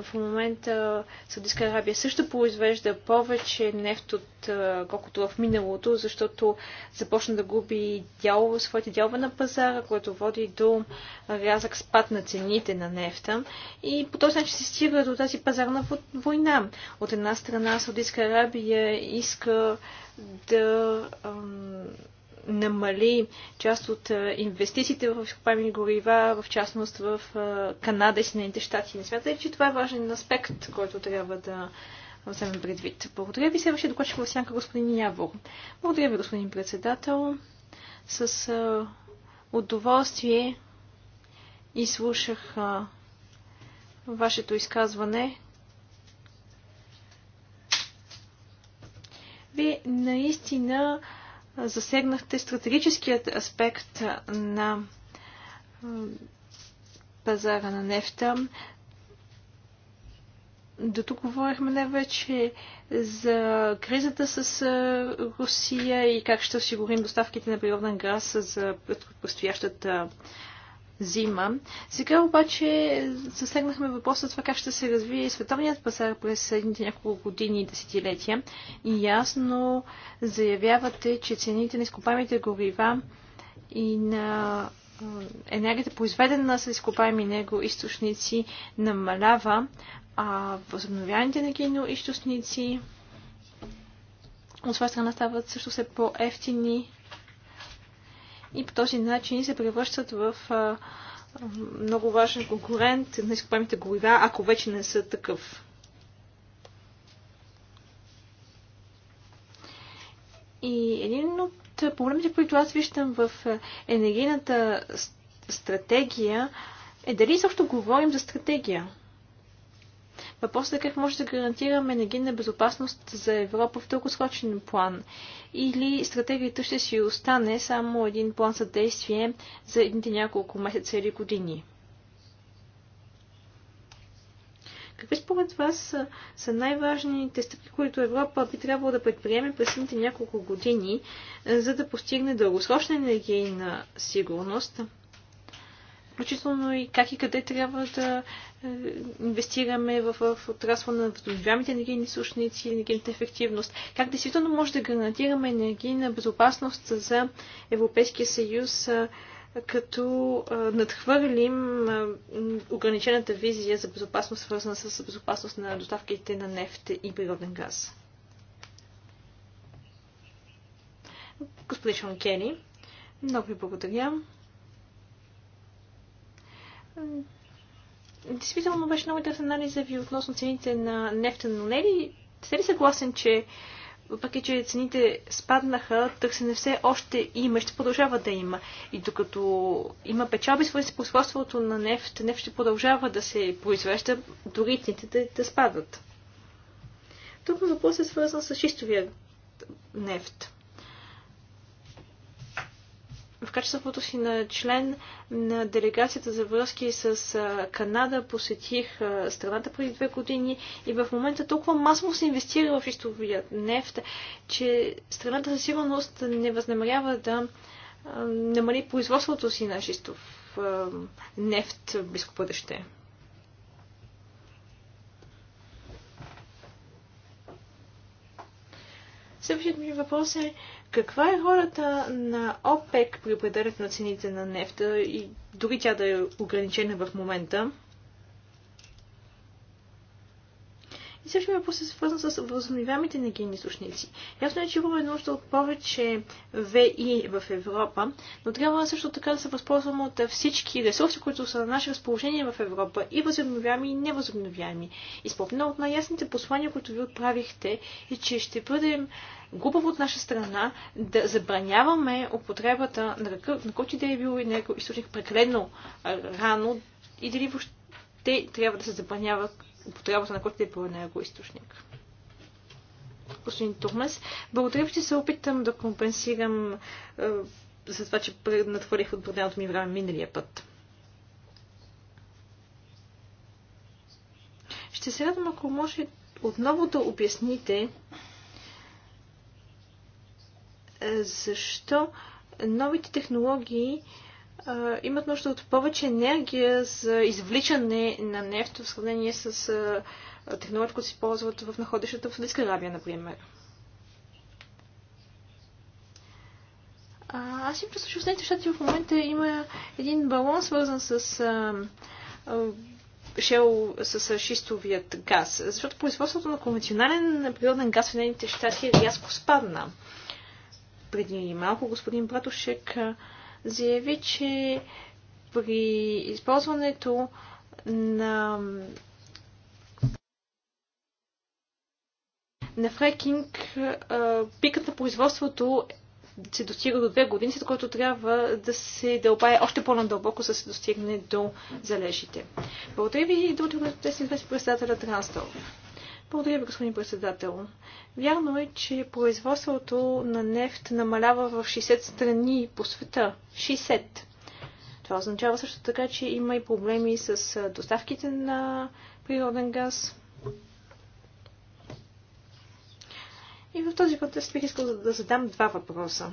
в момента Саудитска Арабия също произвежда повече нефт от колкото в миналото, защото започна да губи дял, своите дялове на пазара, което води до рязък спад на цените на нефта. И по този начин се стига до тази пазарна война. От една страна Саудитска Арабия иска да намали част от инвестициите в изкопаеми горива, в частност в Канада и Съединените щати. Не смятате ли, че това е важен аспект, който трябва да вземем предвид? Благодаря ви. Следващия докладчик в сянка господин Явор. Благодаря ви, господин председател. С удоволствие изслушах вашето изказване. Вие наистина засегнахте стратегическият аспект на пазара на нефта. До тук говорихме не вече за кризата с Русия и как ще осигурим доставките на природен газ за предстоящата зима. Сега обаче засегнахме въпроса за това как ще се развие световният пазар през следните няколко години и десетилетия. И ясно заявявате, че цените на изкопаемите горива и на енергията, произведена с изкопаеми него източници, намалява, а възобновяемите енергийно източници от своя страна стават също все по-ефтини и по този начин се превръщат в много важен конкурент на изкопаемите горива, ако вече не са такъв. И един от проблемите, които аз виждам в енергийната стратегия, е дали също говорим за стратегия. Въпросът е как може да гарантираме енергийна безопасност за Европа в дългосрочен план. Или стратегията ще си остане само един план за действие за едните няколко месеца или години. Какви според вас са най-важните стъпки, които Европа би трябвало да предприеме през следните няколко години, за да постигне дългосрочна енергийна сигурност, включително и как и къде трябва да е, инвестираме в, в отрасла на възобновяемите енергийни и енергийната ефективност, как действително може да гарантираме енергийна безопасност за Европейския съюз, е, като е, надхвърлим ограничената визия за безопасност, свързана с безопасност на доставките на нефт и природен газ. Господин Шон много ви благодаря. Действително беше много интересен за ви относно цените на нефта, но не ли сте ли съгласен, че въпреки, че цените спаднаха, търсене все още има, ще продължава да има. И докато има печалби, свързани с производството на нефт, нефт ще продължава да се произвежда, дори цените да, да спадат. Тук въпросът е свързан с чистовия нефт в качеството си на член на делегацията за връзки с Канада посетих страната преди две години и в момента толкова масово се инвестира в истовия нефт, че страната със сигурност не възнамерява да намали производството си на шистов нефт в близко бъдеще. Следващият ми въпрос е каква е ролята на ОПЕК при определят на цените на нефта и дори тя да е ограничена в момента? И също е въпрос е свързан с възобновяемите енергийни източници. Ясно е, че имаме нужда от повече ВИ в Европа, но трябва също така да се възползваме от всички ресурси, които са на наше разположение в Европа, и възобновяеми, и невъзобновяеми. И според едно от най-ясните послания, които ви отправихте, е, че ще бъдем глупаво от наша страна да забраняваме употребата на какъв, на който да е бил енергоисточник прекалено рано и дали въобще трябва да се забраняват употребата на който е по енергоисточник. Господин Турмес, благодаря, че се опитам да компенсирам е, за това, че надхвърлих отбраненото ми време миналия път. Ще се радвам, ако може отново да обясните е, защо новите технологии имат нужда от повече енергия за извличане на нефт в сравнение с технологията, които се ползват в находищата в Саудитска Арабия, например. А, аз им просто че в Съединените щати в момента има един балон, свързан с а, а, шел с шистовият газ. Защото производството на конвенционален природен газ в Съединените щати рязко спадна. Преди малко господин Братушек заяви, че при използването на на фрекинг пикът на производството се достига до две години, след което трябва да се дълбае още по-надълбоко, за да се достигне до залежите. Благодаря ви и до другото, председателя Транстъл. Благодаря ви, господин председател. Вярно е, че производството на нефт намалява в 60 страни по света. 60. Това означава също така, че има и проблеми с доставките на природен газ. И в този контекст бих искал да задам два въпроса.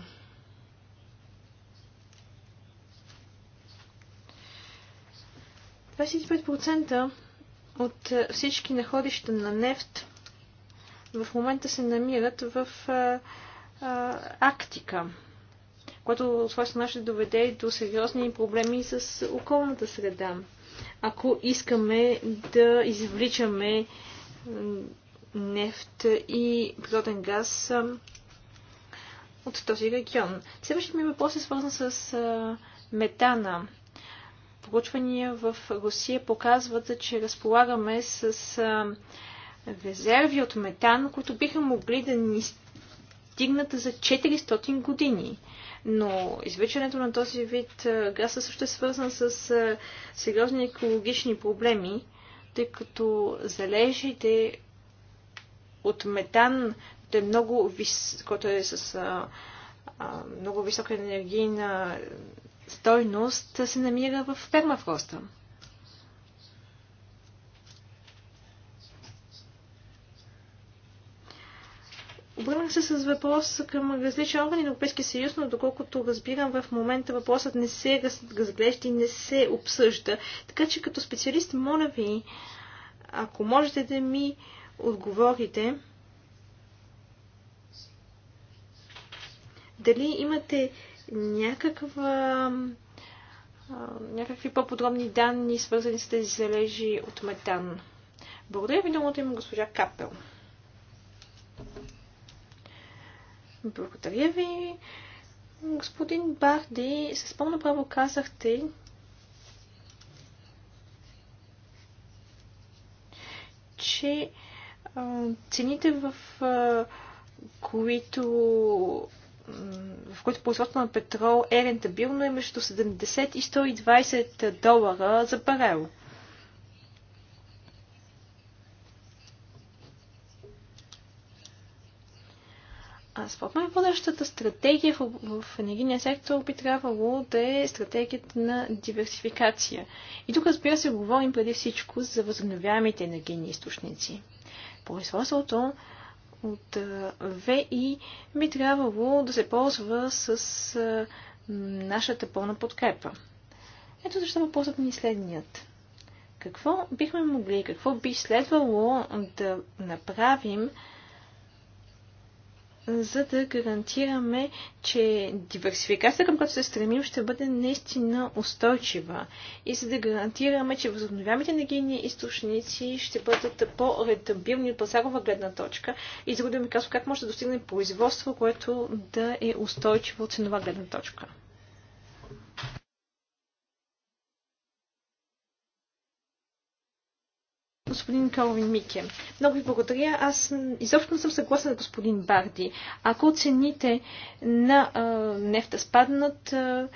процента от всички находища на нефт в момента се намират в а, а, Арктика, което от своя страна ще доведе до сериозни проблеми с околната среда. Ако искаме да извличаме нефт и природен газ от този регион. Следващият ми въпрос е свързан с метана. Проучвания в Русия показват, че разполагаме с резерви от метан, които биха могли да ни стигнат за 400 години. Но извичането на този вид газ също е свързан с сериозни екологични проблеми, тъй като залежите от метан, е много вис... който е с а, а, много висока енергийна стойност се намира в пермафроста. Обърнах се с въпрос към различни органи на Европейския съюз, но доколкото разбирам в момента въпросът не се разглежда и не се обсъжда. Така че като специалист, моля ви, ако можете да ми отговорите, дали имате някаква някакви по-подробни данни, свързани с тези залежи от метан. Благодаря ви, думата има госпожа Капел. Благодаря ви. Господин Барди, с пълно право казахте, че цените в които в които производството на петрол е рентабилно е между 70 и 120 долара за барел. А според мен водещата стратегия в, в енергийния сектор би трябвало да е стратегията на диверсификация. И тук, разбира се, говорим преди всичко за възобновяемите енергийни източници. Производството от ВИ би трябвало да се ползва с нашата пълна подкрепа. Ето защо въпросът ми е следният. Какво бихме могли, какво би следвало да направим, за да гарантираме, че диверсификацията, към която се стремим, ще бъде наистина устойчива и за да гарантираме, че възобновяемите енергийни източници ще бъдат по-ретабилни от пазарова гледна точка и за да ми казва как може да достигне производство, което да е устойчиво от ценова гледна точка. господин Калвин Мике. Много ви благодаря. Аз изобщо не съм съгласна с господин Барди. Ако цените на а, нефта спаднат, а,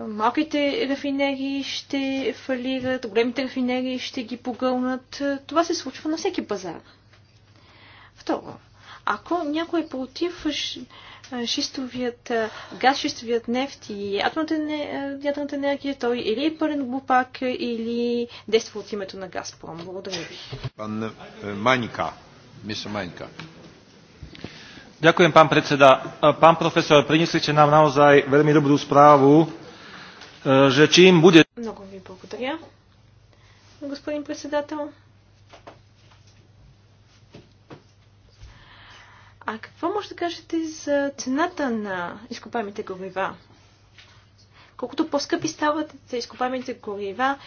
малките рафинерии ще фалират, големите рафинерии ще ги погълнат. Това се случва на всеки пазар. Второ, ако някой е против шистовият газ, шистовият нефт и ядната, енергия, той или е пълен глупак, или действа от името на Газпром. Благодаря ви. Пан Майника. Е, Мисля Маника. Ďakujem, pán predseda. Pán profesor, priniesli нам наозай naozaj veľmi dobrú správu, že čím bude... Много ви благодаря, господин председател. А какво може да кажете за цената на изкопаемите горива? Колкото по-скъпи стават за изкопаемите горива,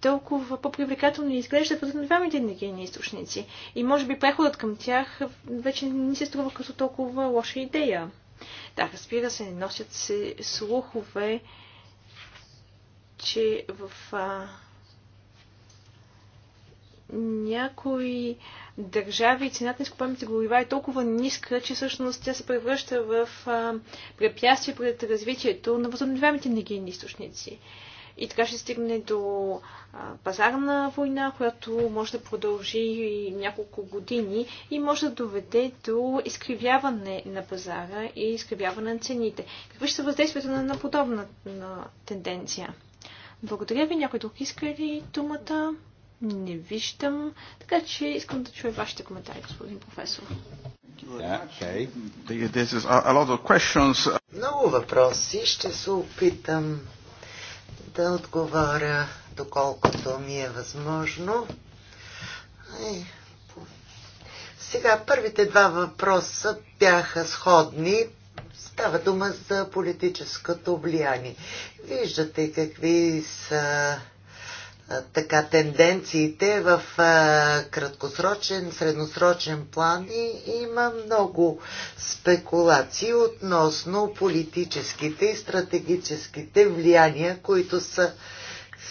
толкова по-привлекателно изглеждат възобновяемите енергийни източници. И може би преходът към тях вече не се струва като толкова лоша идея. Да, разбира се, носят се слухове, че в а, някои държави цената на изкопаемите горива е толкова ниска, че всъщност тя се превръща в препятствие пред развитието на възобновяемите енергийни източници. И така ще стигне до пазарна война, която може да продължи няколко години и може да доведе до изкривяване на пазара и изкривяване на цените. Какви ще са въздействията на подобна на тенденция? Благодаря ви. Някой друг иска ли думата? Не виждам. Така че искам да чуя вашите коментари, господин професор. Много въпроси. Ще се опитам да отговоря доколкото ми е възможно. сега първите два въпроса бяха сходни. Става дума за политическото влияние. Виждате какви са така тенденциите в а, краткосрочен, средносрочен план и има много спекулации относно политическите и стратегическите влияния, които са,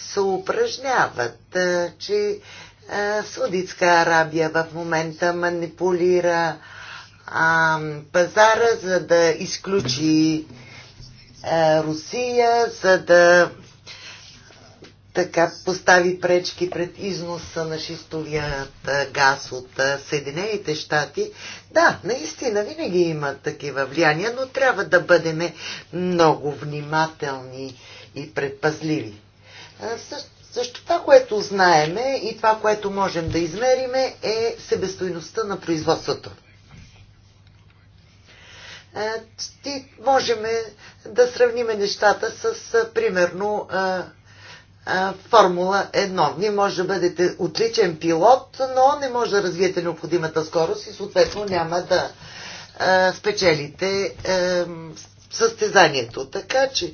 се упражняват, а, че а, Саудитска Арабия в момента манипулира а, пазара, за да изключи а, Русия, за да така постави пречки пред износа на шистовият газ от Съединените щати. Да, наистина винаги има такива влияния, но трябва да бъдем много внимателни и предпазливи. Също това, което знаеме и това, което можем да измериме е себестойността на производството можем да сравним нещата с, примерно, Формула 1. Вие може да бъдете отличен пилот, но не може да развиете необходимата скорост и съответно няма да а, спечелите а, състезанието. Така че,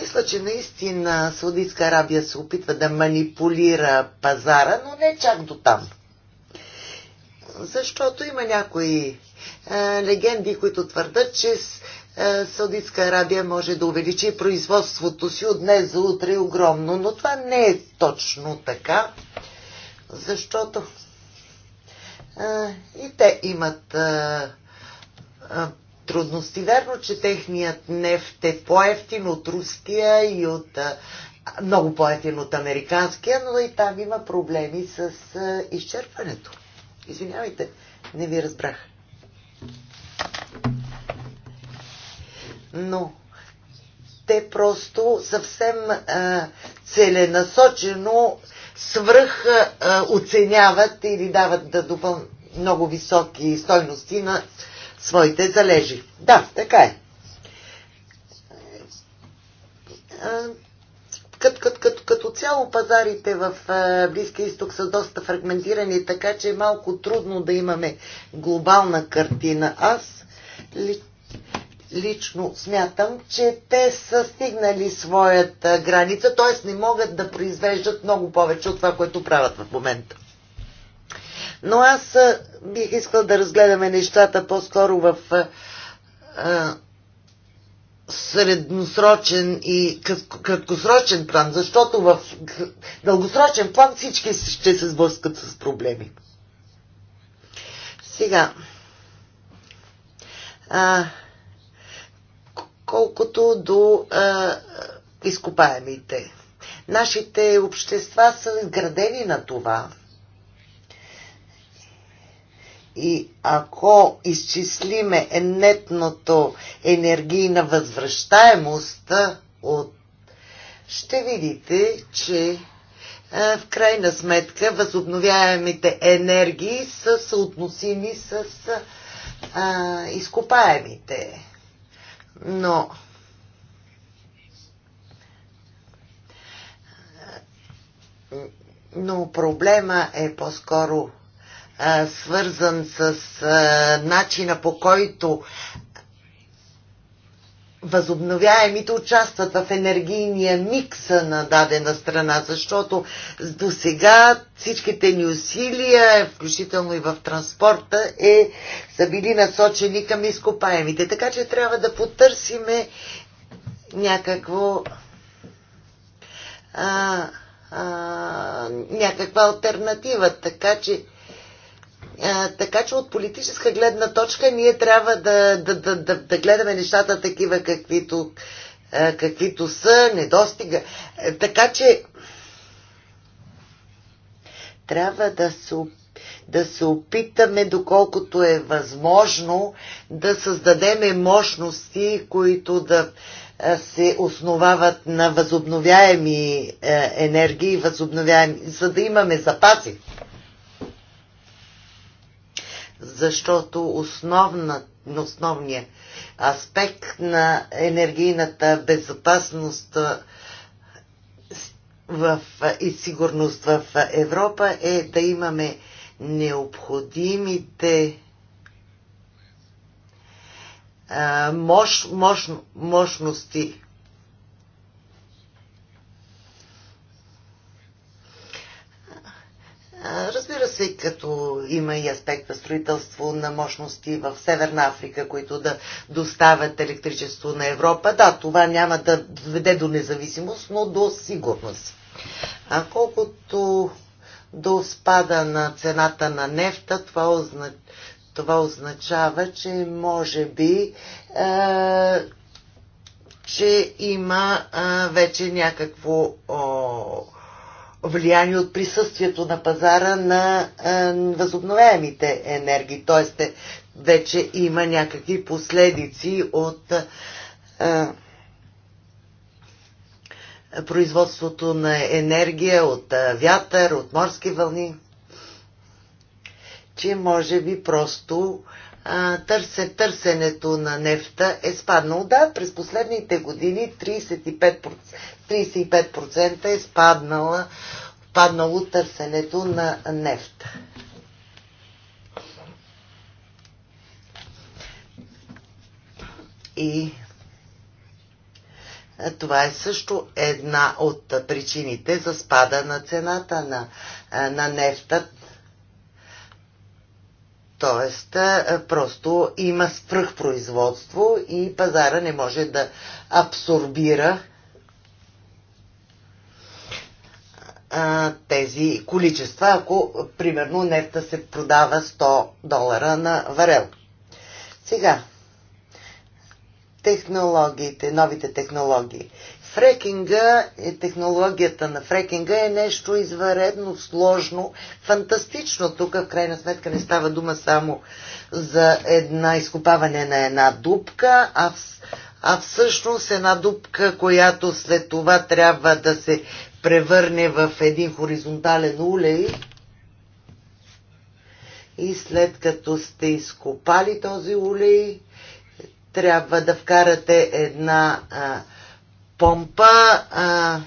мисля, че наистина Саудитска Арабия се опитва да манипулира пазара, но не чак до там. Защото има някои а, легенди, които твърдат, че е, Саудитска Арабия може да увеличи производството си от днес за утре огромно, но това не е точно така, защото е, и те имат е, трудности. Верно, че техният нефт е по-ефтин от руския и от много по-ефтин от американския, но и там има проблеми с изчерпването. Извинявайте, не ви разбрах но те просто съвсем а, целенасочено свръх а, оценяват или дават да допъл... много високи стойности на своите залежи. Да, така е. Като, като, като, като цяло пазарите в Близкия изток са доста фрагментирани, така че е малко трудно да имаме глобална картина. Аз ли, лично смятам, че те са стигнали своята граница, т.е. не могат да произвеждат много повече от това, което правят в момента. Но аз бих искал да разгледаме нещата по-скоро в а, средносрочен и краткосрочен план, защото в дългосрочен план всички ще се сблъскат с проблеми. Сега. А, колкото до а, изкопаемите. Нашите общества са изградени на това. И ако изчислиме нетното енергийна възвръщаемост от ще видите, че а, в крайна сметка възобновяемите енергии са съотносими с а, изкопаемите но но проблема е по-скоро свързан с а, начина по който възобновяемите участват в енергийния микс на дадена страна, защото до сега всичките ни усилия, включително и в транспорта, е, са били насочени към изкопаемите. Така че трябва да потърсиме някакво а, а, някаква альтернатива. Така че така че от политическа гледна точка ние трябва да, да, да, да, да гледаме нещата такива каквито, каквито са, недостига. Е, така че трябва да се, да се опитаме, доколкото е възможно, да създадеме мощности, които да се основават на възобновяеми е, енергии, възобновяеми, за да имаме запаси защото основна, основният аспект на енергийната безопасност в, и сигурност в Европа е да имаме необходимите мощ, мощ, мощности Разбира се, като има и аспект на строителство на мощности в Северна Африка, които да доставят електричество на Европа, да, това няма да доведе до независимост, но до сигурност. А колкото до спада на цената на нефта, това, озна... това означава, че може би е... че има е... вече някакво. О влияние от присъствието на пазара на е, възобновяемите енергии. Т.е. вече има някакви последици от е, производството на енергия, от е, вятър, от морски вълни, че може би просто е, търсе, търсенето на нефта е спаднало. Да, през последните години 35%, 35% е спаднало, паднало търсенето на нефта. И това е също една от причините за спада на цената на, на нефта Тоест, просто има свръхпроизводство и пазара не може да абсорбира тези количества, ако примерно нефта се продава 100 долара на варел. Сега, технологиите, новите технологии. Фрекинга, и е, технологията на фрекинга е нещо изваредно, сложно, фантастично. Тук в крайна сметка не става дума само за една изкопаване на една дупка, а, в, а всъщност една дупка, която след това трябва да се превърне в един хоризонтален улей. И след като сте изкопали този улей, трябва да вкарате една а, помпа а,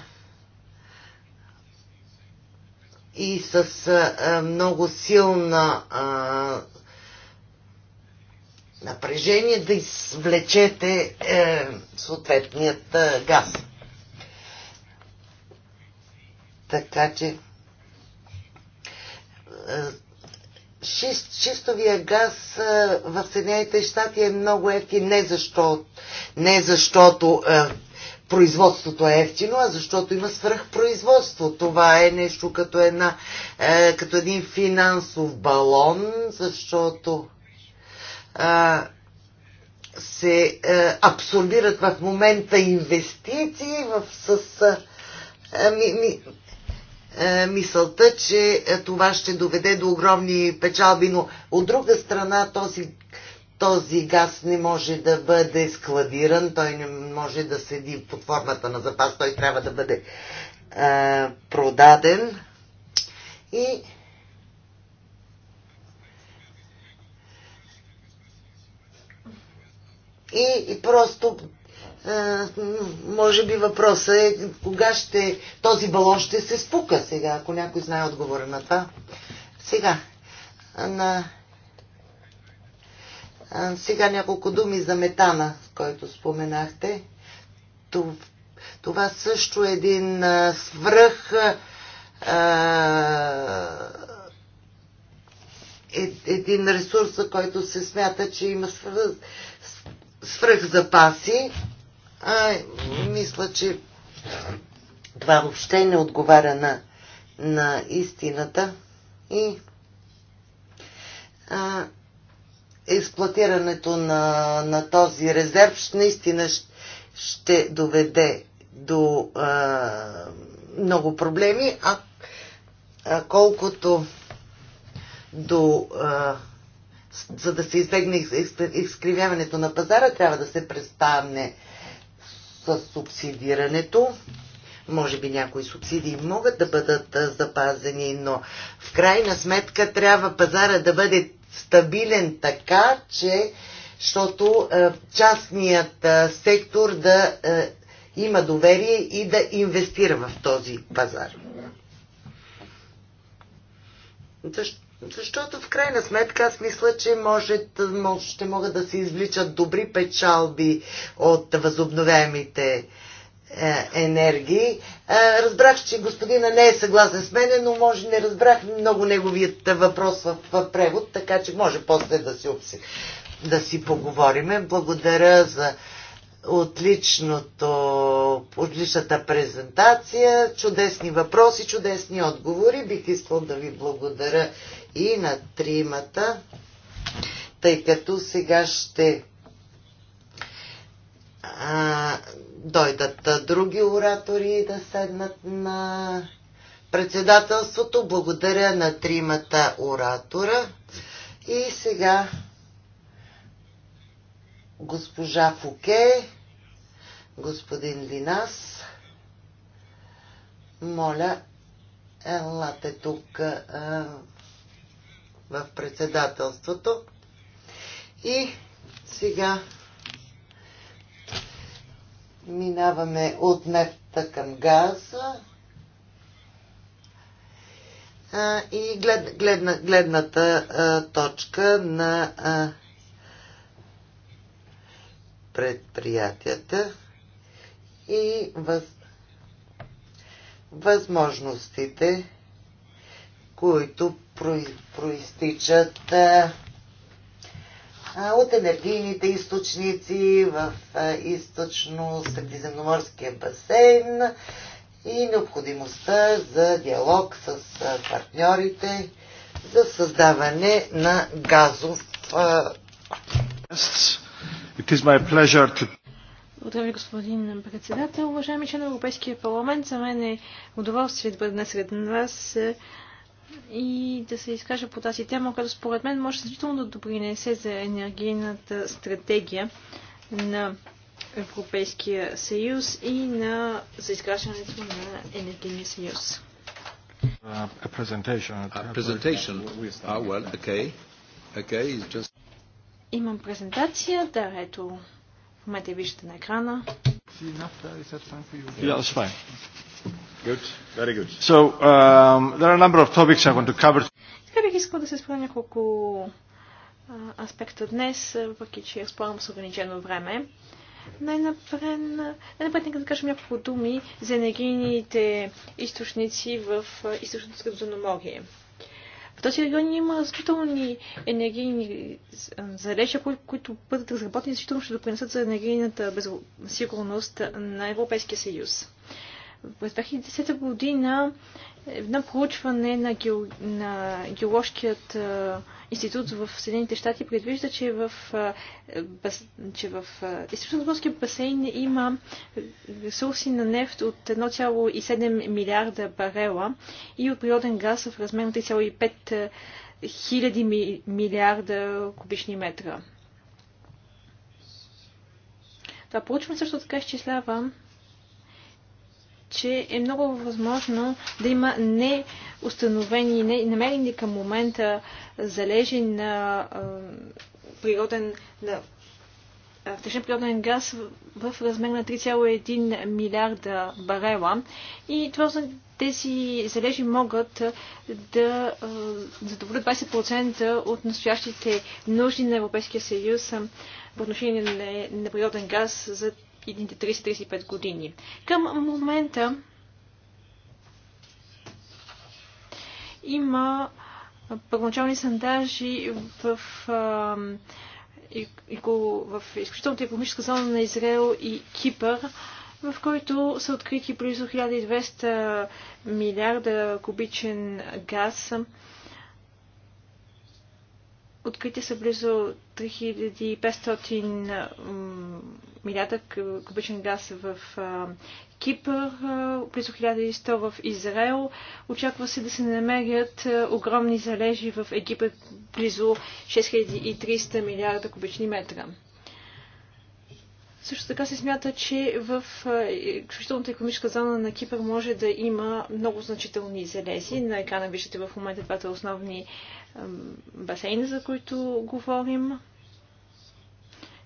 и с а, много силна а, напрежение да извлечете а, е, съответният а, газ. Така че шистовия газ в Съединените щати е много ефтин, не, защото, не защото производството е ефтино, а защото има свръхпроизводство. Това е нещо като, една, е, като един финансов балон, защото е, се е, абсорбират в момента инвестиции в, с е, ми, ми, е, мисълта, че това ще доведе до огромни печалби, но от друга страна този този газ не може да бъде складиран, той не може да седи под формата на запас, той трябва да бъде а, продаден. И И, и просто а, може би въпросът е кога ще този балон ще се спука сега, ако някой знае отговора на това. Сега, на сега няколко думи за метана, който споменахте. Това също е един свръх е, един ресурс, за който се смята, че има свръхзапаси. запаси. мисля, че това въобще не отговаря на, на истината. И а, експлуатирането на, на този резерв наистина ще доведе до а, много проблеми, а, а колкото до а, за да се избегне изкривяването на пазара, трябва да се представне с субсидирането. Може би някои субсидии могат да бъдат запазени, но в крайна сметка трябва пазара да бъде стабилен така, че защото е, частният е, сектор да е, има доверие и да инвестира в този пазар. Защо? Защото в крайна сметка аз мисля, че може, ще могат да се извличат добри печалби от възобновяемите е, енергии. Е, разбрах, че господина не е съгласен с мене, но може не разбрах много неговият въпрос в превод, така че може после да си, обси, да си поговориме. Благодаря за отличното, отличната презентация, чудесни въпроси, чудесни отговори. Бих искал да ви благодаря и на тримата, тъй като сега ще а, дойдат други оратори да седнат на председателството. Благодаря на тримата оратора. И сега госпожа Фуке, господин Линас, моля, елате тук а, в председателството. И сега Минаваме от нефта към газа. А, и глед, гледна, гледната а, точка на а, предприятията и въз, възможностите, които про, проистичат а, от енергийните източници в източно-средиземноморския басейн и необходимостта за диалог с партньорите за създаване на газов. It is my pleasure to благодаря ви, господин председател. Уважаеми член на Европейския парламент, за мен е удоволствие да бъда днес сред вас и да се изкаже по тази тема, която според мен може значително да допринесе за енергийната стратегия на Европейския съюз и на, за изграждането на енергийния съюз. Имам презентация, да, ето, в момента виждате на екрана. Yeah, that's fine. Good. Very good. So, um, there are a number of topics I want to cover. Сега бих искал да се спра няколко аспекта днес, въпреки че разполагам с ограничено време. Най-напред, най нека да кажем няколко думи за енергийните източници в източното Средоземноморие. В този регион има значителни енергийни залежи, които, бъдат разработени, защото ще допринесат за енергийната сигурност на Европейския съюз. През 2010 година едно проучване на, гео... на геоложкият е, институт в Съединените щати предвижда, че в, е, е, бас... че в Източно-Морския басейн има ресурси на нефт от 1,7 милиарда барела и от природен газ в размер на 3,5 хиляди милиарда кубични метра. Това проучване също така изчислява, че е много възможно да има неустановени, не намерени към момента залежи на природен, на втечен природен газ в, размер на 3,1 милиарда барела. И това тези залежи могат да задоволят 20% от настоящите нужди на Европейския съюз по отношение на природен газ за едните 30-35 години. Към момента има първоначални сандажи в, в, в изключителната економическа зона на Израел и Кипър, в който са открити близо 1200 милиарда кубичен газ, Открити са близо 3500 милиарда кубичен газ в Кипър, близо 1100 в Израел. Очаква се да се намерят огромни залежи в Египет, близо 6300 милиарда кубични метра. Също така се смята, че в изключителната економическа зона на Кипър може да има много значителни залези. На екрана виждате в момента двата основни басейна, за които говорим.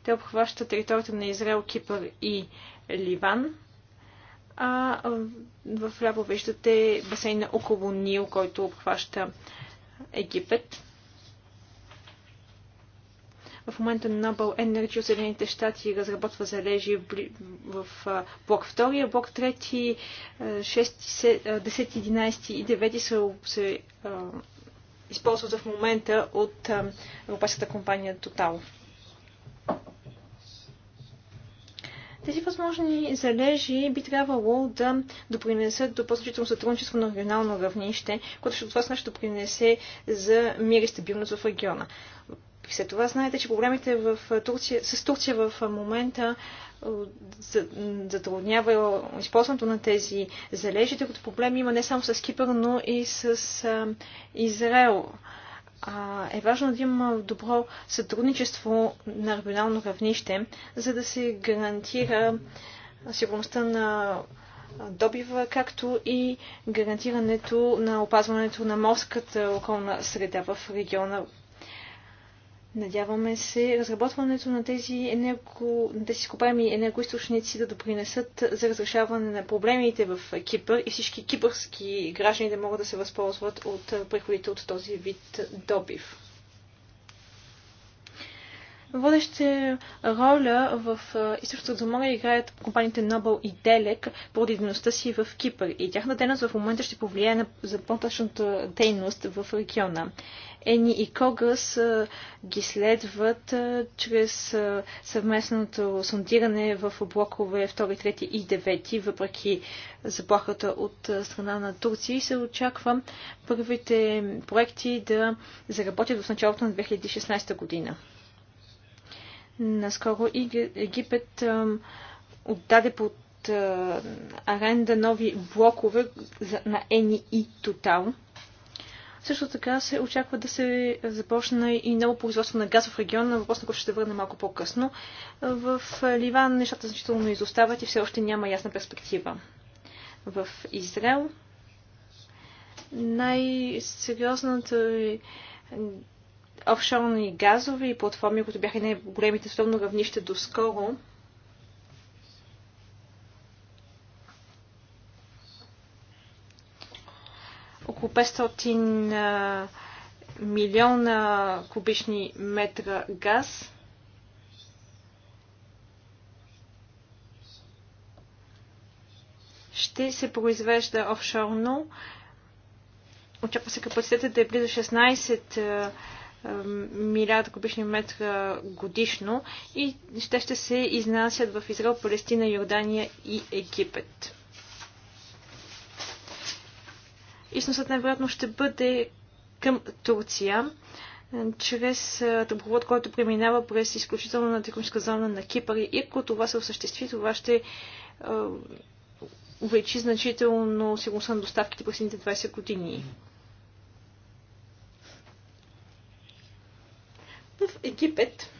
Те обхващат територията на Израел, Кипър и Ливан. А в ляво виждате басейна около Нил, който обхваща Египет. В момента Noble Energy от Съединените щати разработва залежи в блок 2, блок 3, 6, 10, 11 и 9 се използват в момента от европейската компания Total. Тези възможни залежи би трябвало да допринесат до по-значително сътрудничество на регионално равнище, което ще от вас ще значи допринесе за мир и стабилност в региона. След това знаете, че проблемите в Турция, с Турция в момента затруднява използването на тези залежи, тъй като проблеми има не само с Кипър, но и с Израел. е важно да има добро сътрудничество на регионално равнище, за да се гарантира сигурността на добива, както и гарантирането на опазването на морската околна среда в региона, Надяваме се разработването на тези, енерго, на тези изкопаеми енергоисточници да допринесат за разрешаване на проблемите в Кипър и всички кипърски граждани да могат да се възползват от приходите от този вид добив. Водеща роля в източното море играят компаниите Nobel и Делек поради дейността си в Кипър и тяхната дейност в момента ще повлияе на, за дейност в региона. Ени и КоГАс ги следват чрез съвместното сондиране в блокове 2, 3 и 9, въпреки заплахата от страна на Турция и се очаква първите проекти да заработят в началото на 2016 година. Наскоро Египет отдаде под аренда нови блокове на ЕНИ и Тотал. Също така се очаква да се започне и ново производство на газ в региона, въпрос на който ще се върна малко по-късно. В Ливан нещата значително изостават и все още няма ясна перспектива. В Израел най-сериозната офшорни газови платформи, които бяха най-големите световно равнище доскоро, около 500 милиона кубични метра газ. Ще се произвежда офшорно. Очаква се капацитетът да е близо 16 милиарда кубични метра годишно и ще ще се изнасят в Израел, Палестина, Йордания и Египет. Износът най-вероятно ще бъде към Турция е, чрез тръбопровод, е, който преминава през изключителната техническа зона на Кипър. И ако това се осъществи, това ще е, увеличи значително сигурността на доставките през 20 години. В Египет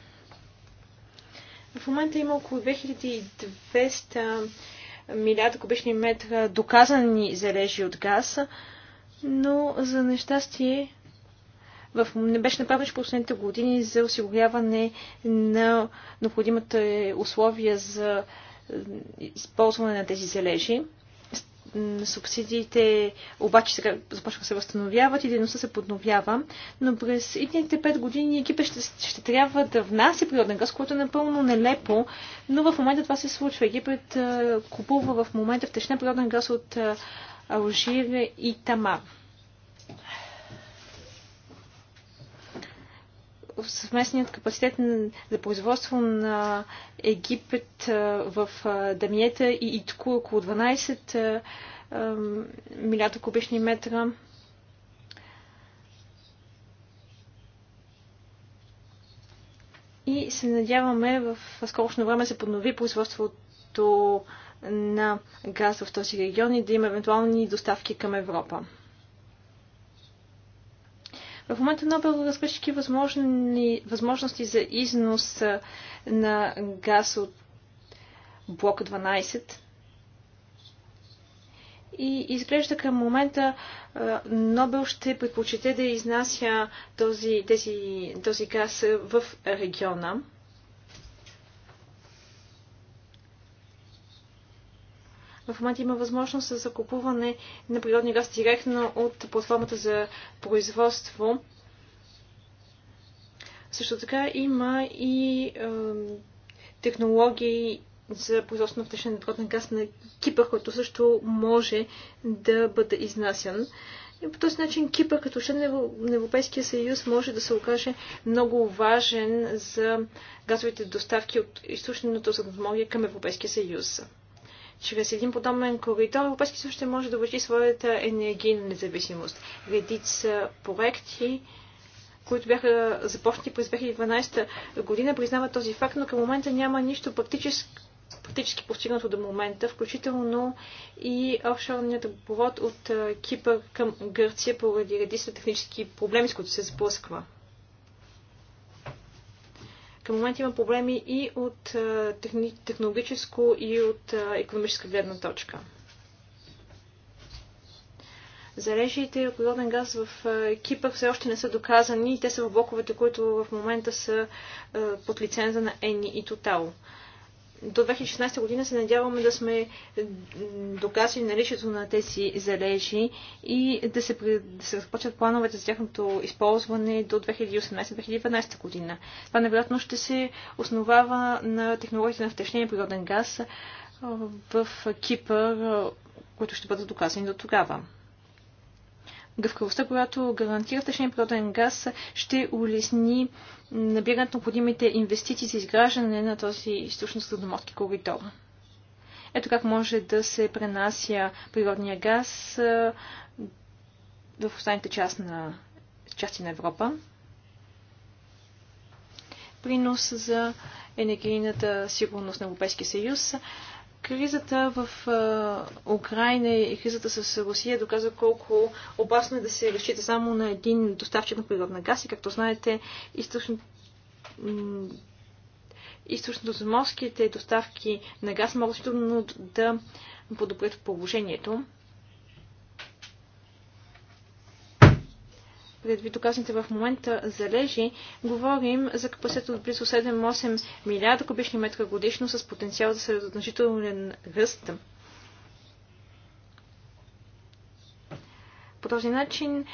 в момента има около 2200 милиарда кубични метра доказани залежи от газ, но за нещастие в, не беше направено в последните години за осигуряване на необходимите условия за е, използване на тези залежи. Субсидиите обаче сега започва да се възстановяват и дейността се подновява, но през идните пет години Египет ще, ще трябва да внася природен газ, което е напълно нелепо, но в момента това се случва. Египет е, купува в момента втечнен природен газ от е, Алжир и Тамар. съвместният капацитет за производство на Египет в Дамиета и Итку е около 12 милиарда кубични метра. И се надяваме в скорошно време се поднови производството на газ в този регион и да има евентуални доставки към Европа. В момента Нобел разглежда такива възможности за износ на газ от блок 12. И изглежда към момента Нобел ще предпочете да изнася този, тези, този газ в региона. В момента има възможност за закупуване на природни газ директно от платформата за производство. Също така има и е, технологии за производство на втечнен природен газ на Кипър, който също може да бъде изнасян. И по този начин Кипър като член на Европейския съюз може да се окаже много важен за газовите доставки от източното Средноморие към Европейския съюз. Чрез един подобен коридор Европейски съюз ще може да върши своята енергийна независимост. Редица проекти, които бяха започнати през 2012 година, признават този факт, но към момента няма нищо практически практически постигнато до момента, включително и офшорният повод от Кипър към Гърция поради редица технически проблеми, с които се сблъсква. Към момента има проблеми и от техни... технологическо, и от економическа гледна точка. Залежите от природен газ в екипа все още не са доказани и те са в блоковете, които в момента са под лиценза на Ени и Тотал до 2016 година се надяваме да сме доказали наличието на тези залежи и да се, да се разпочат плановете за тяхното използване до 2018-2012 година. Това невероятно ще се основава на технологията на втечнение природен газ в Кипър, които ще бъдат доказани до тогава. Гъвкавостта, която гарантира втечнение природен газ, ще улесни набират необходимите инвестиции за изграждане на този източно-средоморски коридор. Ето как може да се пренася природния газ в останалите част на, части на Европа. Принос за енергийната сигурност на Европейския съюз Кризата в Украина и кризата с Русия доказва колко опасно е да се разчита само на един доставчик на природна газ и както знаете, източно заморските доставки на газ могат да подобрят положението. предвид доказаните в момента залежи, говорим за капацитет от близо 7-8 милиарда кубични метра годишно с потенциал за средозначителен ръст. По този начин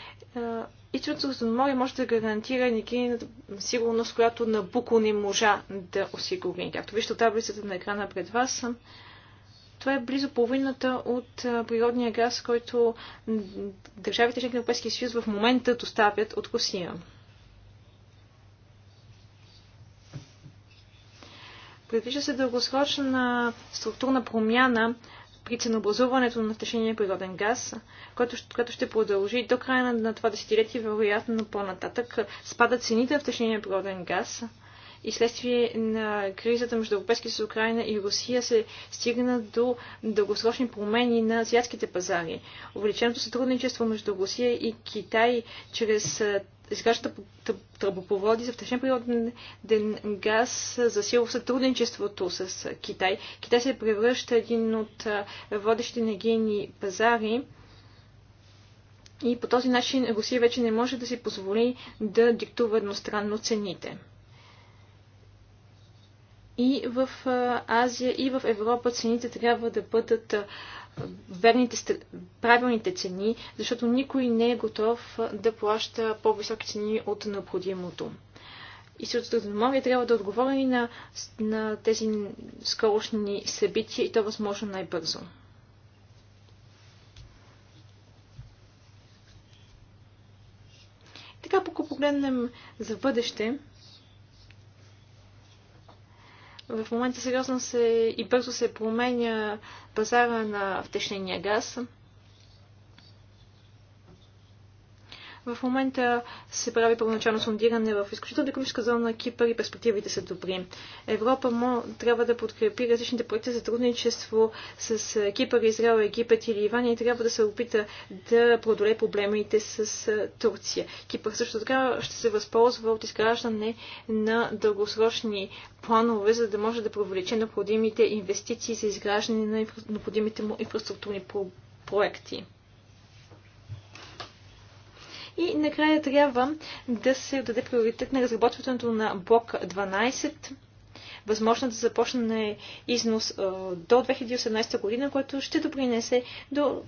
Източното море може да гарантира енергийната сигурност, която Набуко не можа да осигури. Както вижте от таблицата на екрана пред вас, това е близо половината от природния газ, който държавите членки на Европейския съюз в момента доставят от Русия. Предвижда се дългосрочна структурна промяна при ценообразуването на втешения природен газ, което, което ще продължи до края на, това десетилетие, вероятно по-нататък, спадат цените на втешения природен газ – и следствие на кризата между Европейския съюз, Украина и Русия се стигна до дългосрочни промени на азиатските пазари. Увеличеното сътрудничество между Русия и Китай чрез по тръбопроводи за втечен природен газ засилва сътрудничеството с Китай. Китай се превръща един от водещите енергийни пазари. И по този начин Русия вече не може да си позволи да диктува едностранно цените и в Азия, и в Европа цените трябва да бъдат верните, правилните цени, защото никой не е готов да плаща по-високи цени от необходимото. И Средиземноморие трябва да отговори на, на тези скорошни събития и то възможно най-бързо. Така, ако погледнем за бъдеще, в момента сериозно се и бързо се променя пазара на втечнения газ. В момента се прави първоначално сондиране в изключително економическа зона на Кипър и перспективите са добри. Европа му трябва да подкрепи различните проекти за трудничество с е, Кипър, Израел, Египет или Ивания, и трябва да се опита да продолее проблемите с е, Турция. Кипър също така ще се възползва от изграждане на дългосрочни планове, за да може да провлече необходимите инвестиции за изграждане на необходимите му инфраструктурни проекти. И накрая трябва да се даде приоритет на разработването на блок 12 възможно да започне износ до 2018 година, което ще допринесе до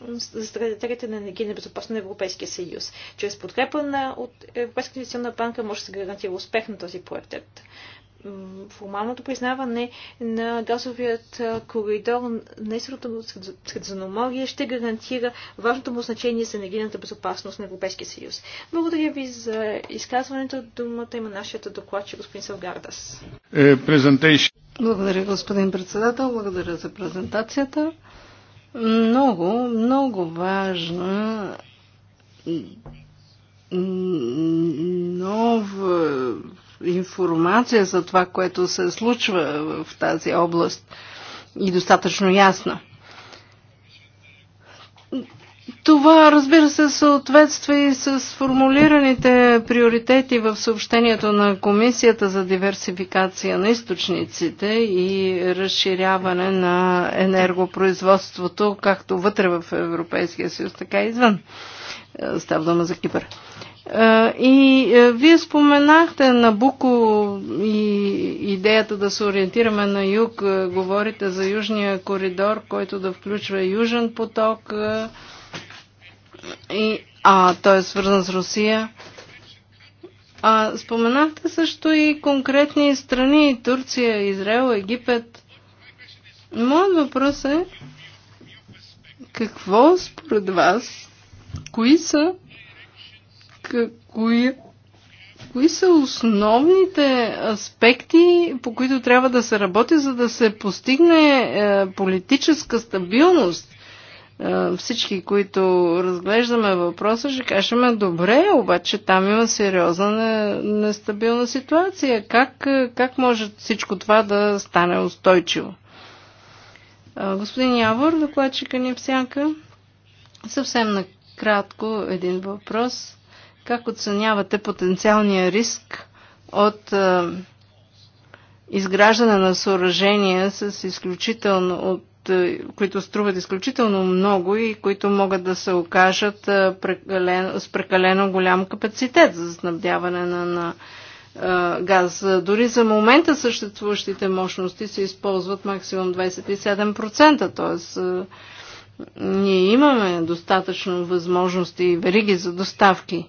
стратегията на енергийна безопасност на Европейския съюз. Чрез подкрепа на, от Европейската инвестиционна банка може да се гарантира успех на този проект формалното признаване на газовият коридор на източното Средиземноморие ще гарантира важното му значение за енергийната безопасност на Европейския съюз. Благодаря ви за изказването. Думата има нашата докладчик господин Салгардас. Е, Благодаря, господин председател. Благодаря за презентацията. Много, много важна нова информация за това, което се случва в тази област и достатъчно ясна. Това, разбира се, съответства и с формулираните приоритети в съобщението на Комисията за диверсификация на източниците и разширяване на енергопроизводството, както вътре в Европейския съюз, така и извън. Става дума за Кипър. Е, и е, вие споменахте Набуко и идеята да се ориентираме на юг. Е, говорите за Южния коридор, който да включва Южен поток, и, а той е свързан с Русия. А, споменахте също и конкретни страни Турция, Израел, Египет. Моят въпрос е какво според вас, кои са кои, кои са основните аспекти, по които трябва да се работи, за да се постигне е, политическа стабилност? Е, всички, които разглеждаме въпроса, ще кажем, добре, обаче там има сериозна нестабилна ситуация. Как, е, как може всичко това да стане устойчиво? Господин Явор, докладчика ни в сянка. Съвсем накратко един въпрос. Как оценявате потенциалния риск от а, е, изграждане на съоръжения с изключително от, а, е, които струват изключително много и които могат да се окажат а, е, прекален, с прекалено голям капацитет за снабдяване на, на газ. Дори за момента съществуващите мощности се използват максимум 27%, т.е. ние имаме достатъчно възможности и вериги за доставки.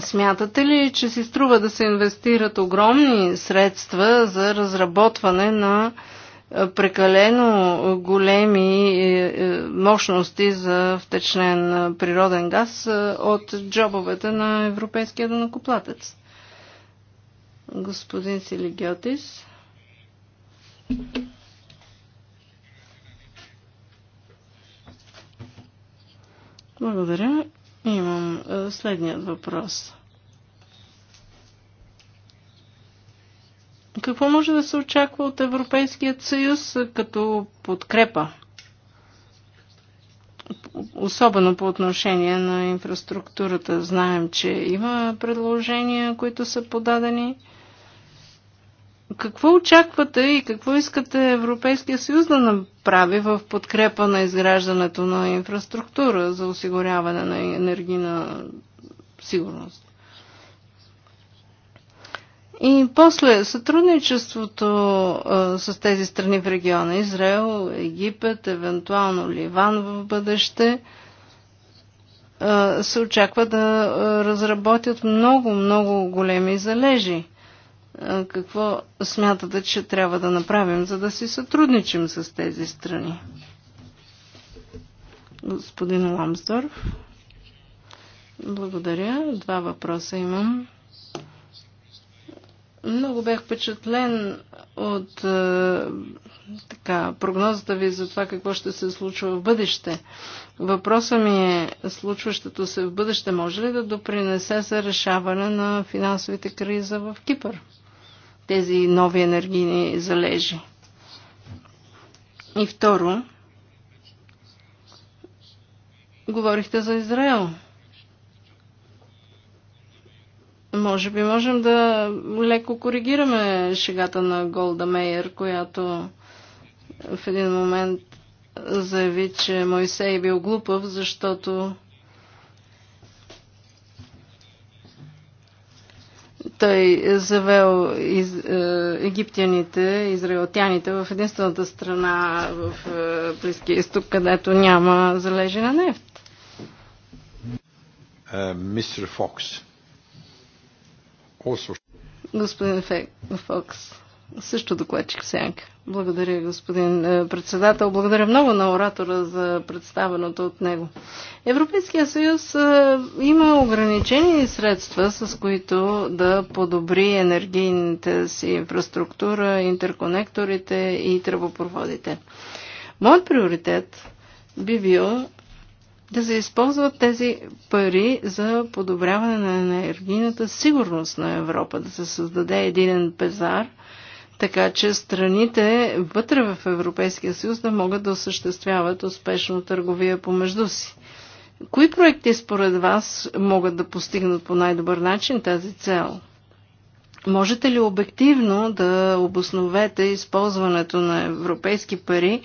Смятате ли, че си струва да се инвестират огромни средства за разработване на е, прекалено големи е, е, мощности за втечнен природен газ от джобовете на европейския данакоплатец? Господин Силигиотис. Благодаря. Имам е, следният въпрос. Какво може да се очаква от Европейският съюз е, като подкрепа? Особено по отношение на инфраструктурата. Знаем, че има предложения, които са подадени. Какво очаквате и какво искате Европейския съюз да направи в подкрепа на изграждането на инфраструктура за осигуряване на енергийна сигурност? И после сътрудничеството а, с тези страни в региона Израел, Египет, евентуално Ливан в бъдеще а, се очаква да разработят много, много големи залежи какво смятате, че трябва да направим, за да си сътрудничим с тези страни? Господин Ламсдорф. Благодаря. Два въпроса имам. Много бях впечатлен от така, прогнозата ви за това какво ще се случва в бъдеще. Въпросът ми е, случващото се в бъдеще може ли да допринесе за решаване на финансовите криза в Кипър? тези нови енергийни залежи. И второ, говорихте за Израел. Може би можем да леко коригираме шегата на Голда Мейер, която в един момент заяви, че Моисей е бил глупав, защото Той завел из, е, египтяните, израелтяните в единствената страна в е, Близкия изток, където няма залежи на нефт. Е, мистер Фокс. Господин Фокс също докладчик Сянка. Благодаря, господин е, председател. Благодаря много на оратора за представеното от него. Европейския съюз е, има ограничени средства, с които да подобри енергийната си инфраструктура, интерконекторите и тръбопроводите. Моят приоритет би бил да се използват тези пари за подобряване на енергийната сигурност на Европа, да се създаде единен пазар – така че страните вътре в Европейския съюз да могат да осъществяват успешно търговия помежду си. Кои проекти според вас могат да постигнат по най-добър начин тази цел? Можете ли обективно да обосновете използването на европейски пари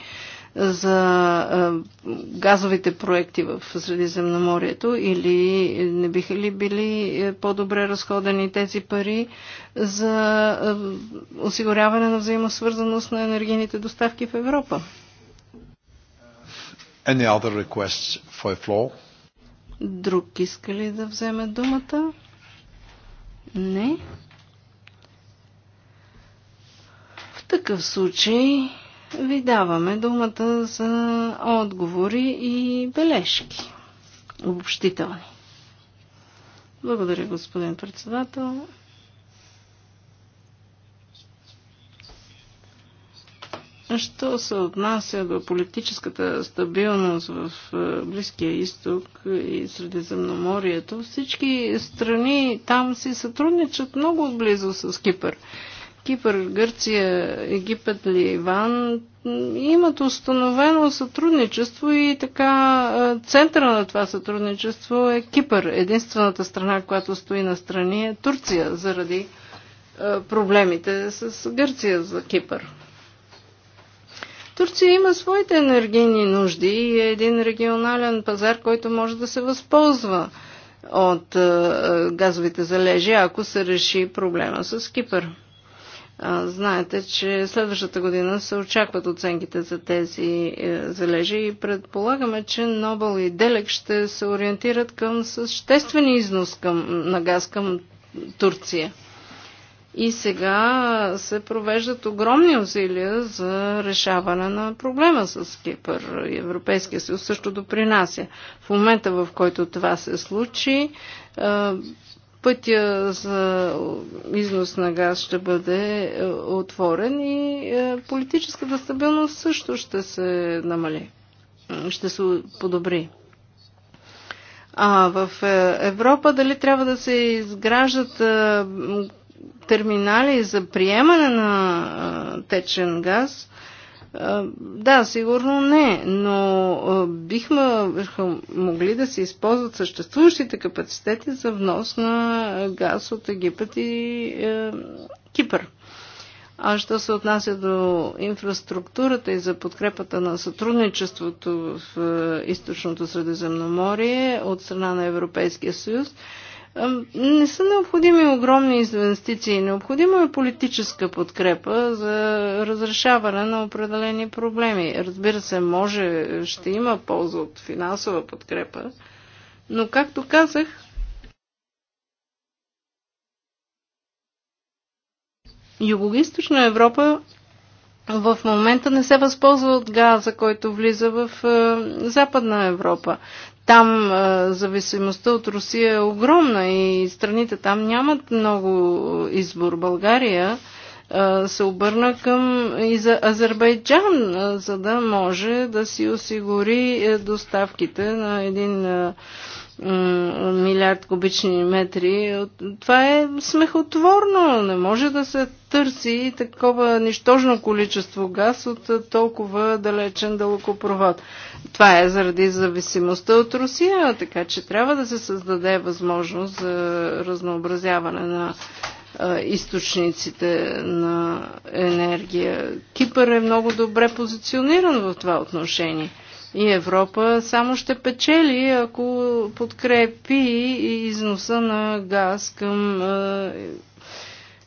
за газовите проекти в Средиземноморието или не биха ли били е, по-добре разходени тези пари за осигуряване на взаимосвързаност на енергийните доставки в Европа? Any other requests for floor? Друг иска ли да вземе думата? Не. В такъв случай ви даваме думата за отговори и бележки. Обобщителни. Благодаря, господин председател. Що се отнася до политическата стабилност в е, Близкия изток и Средиземноморието, всички страни там си сътрудничат много близо с Кипър. Кипър, Гърция, Египет, Ливан имат установено сътрудничество и така центъра на това сътрудничество е Кипър. Единствената страна, която стои на страни е Турция заради проблемите с Гърция за Кипър. Турция има своите енергийни нужди и е един регионален пазар, който може да се възползва от газовите залежи, ако се реши проблема с Кипър. Знаете, че следващата година се очакват оценките за тези е, залежи и предполагаме, че Нобъл и Делек ще се ориентират към съществени износ към, на газ към Турция. И сега се провеждат огромни усилия за решаване на проблема с Кипър. Европейския съюз също допринася. В момента, в който това се случи, е, пътя за износ на газ ще бъде е, отворен и е, политическата стабилност също ще се намали, ще се подобри. А в е, Европа дали трябва да се изграждат терминали за приемане на течен газ, да, сигурно не, но бихме могли да се използват съществуващите капацитети за внос на газ от Египет и е, Кипър. А що се отнася до инфраструктурата и за подкрепата на сътрудничеството в е, източното Средиземноморие от страна на Европейския съюз, не са необходими огромни инвестиции, необходима е политическа подкрепа за разрешаване на определени проблеми. Разбира се, може, ще има полза от финансова подкрепа, но както казах, Юго-Источна Европа в момента не се възползва от газа, който влиза в е, Западна Европа. Там зависимостта от Русия е огромна и страните там нямат много избор. България се обърна към и за Азербайджан, за да може да си осигури е, доставките на един милиард кубични метри. Това е смехотворно. Не може да се търси такова нищожно количество газ от толкова далечен дълъкопровод. Това е заради зависимостта от Русия, така че трябва да се създаде възможност за разнообразяване на източниците на енергия. Кипър е много добре позициониран в това отношение – и Европа само ще печели, ако подкрепи износа на газ към е,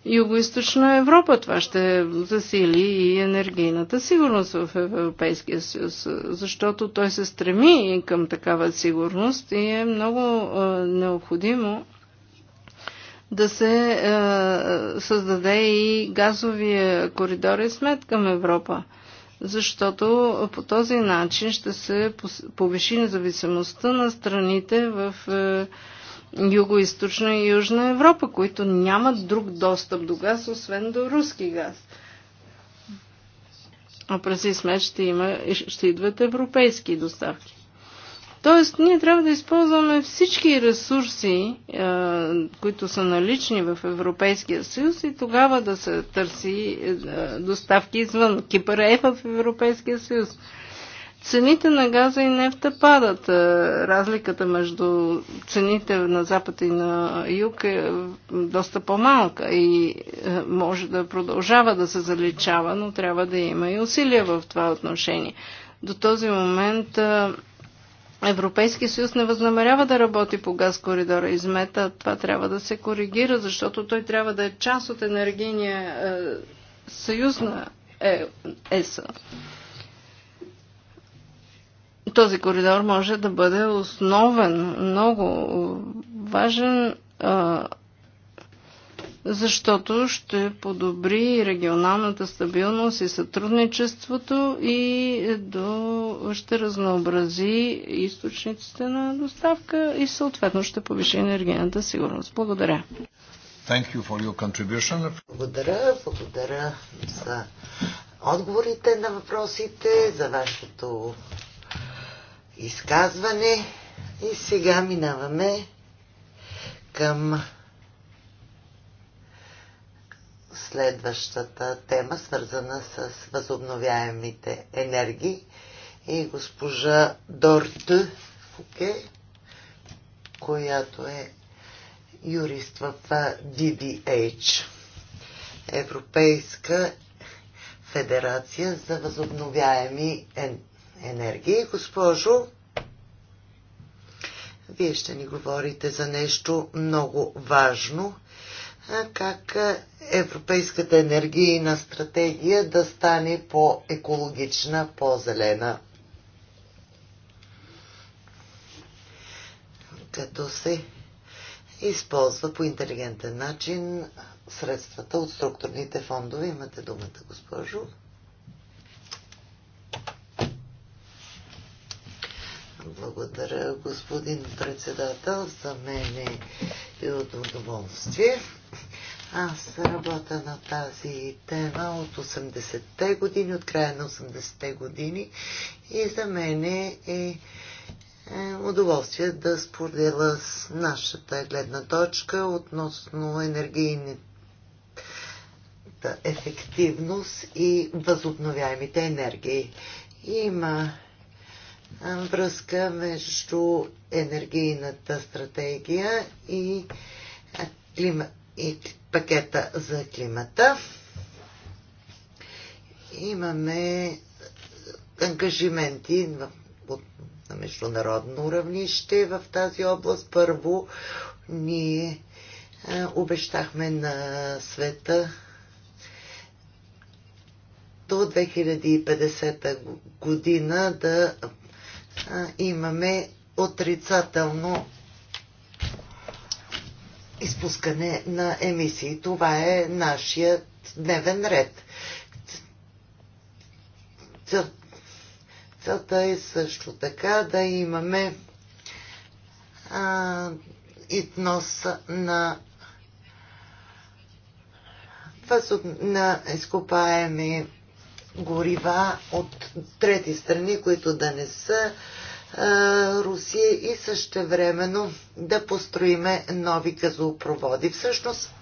Юго-Источна Европа. Това ще засили и енергийната сигурност в Европейския съюз, защото той се стреми към такава сигурност и е много е, необходимо да се е, създаде и газовия коридор и смет към Европа защото по този начин ще се повиши независимостта на страните в е, Юго-Источна и Южна Европа, които нямат друг достъп до газ, освен до руски газ. А през Исмет ще, има, ще идват европейски доставки. Тоест, ние трябва да използваме всички ресурси, е, които са налични в Европейския съюз и тогава да се търси е, доставки извън. Кипър е в Европейския съюз. Цените на газа и нефта падат. Е, разликата между цените на запад и на юг е доста по-малка и може да продължава да се заличава, но трябва да има и усилия в това отношение. До този момент Европейския съюз не възнамерява да работи по газ коридора измета. Това трябва да се коригира, защото той трябва да е част от енергийния е, съюз на е, ЕСА. Този коридор може да бъде основен, много важен е, защото ще подобри регионалната стабилност и сътрудничеството и до, ще разнообрази източниците на доставка и съответно ще повиши енергийната сигурност. Благодаря. Thank you for your contribution. Благодаря, благодаря за отговорите на въпросите, за вашето изказване. И сега минаваме към следващата тема, свързана с възобновяемите енергии. И госпожа Дорт Фуке, която е юрист в DBH, Европейска федерация за възобновяеми енергии. Госпожо, вие ще ни говорите за нещо много важно – как Европейската енергийна стратегия да стане по-екологична, по-зелена. Като се използва по интелигентен начин средствата от структурните фондове. Имате думата, госпожо. Благодаря, господин председател. За мен е от удоволствие. Аз работя на тази тема от 80-те години, от края на 80-те години и за мен е, е, е удоволствие да споделя с нашата гледна точка относно енергийните ефективност и възобновяемите енергии. Има връзка между енергийната стратегия и, е, клима, и пакета за климата. Имаме ангажименти в, от, на международно равнище в тази област. Първо, ние а, е, обещахме на света до 2050 година да имаме отрицателно изпускане на емисии. Това е нашият дневен ред. Целта е също така да имаме а, износ на на изкопаеми горива от трети страни, които да не са е, Русия и също времено да построиме нови газопроводи. Всъщност,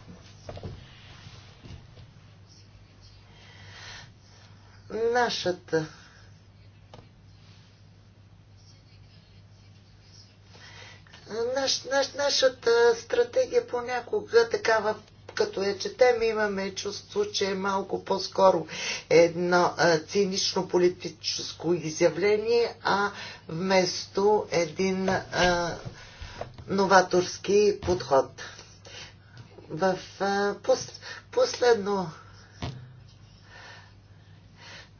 нашата Наш, наш, нашата стратегия понякога такава като я четем, имаме чувство, че е малко по-скоро едно цинично политическо изявление, а вместо един а, новаторски подход. В а, пос, последно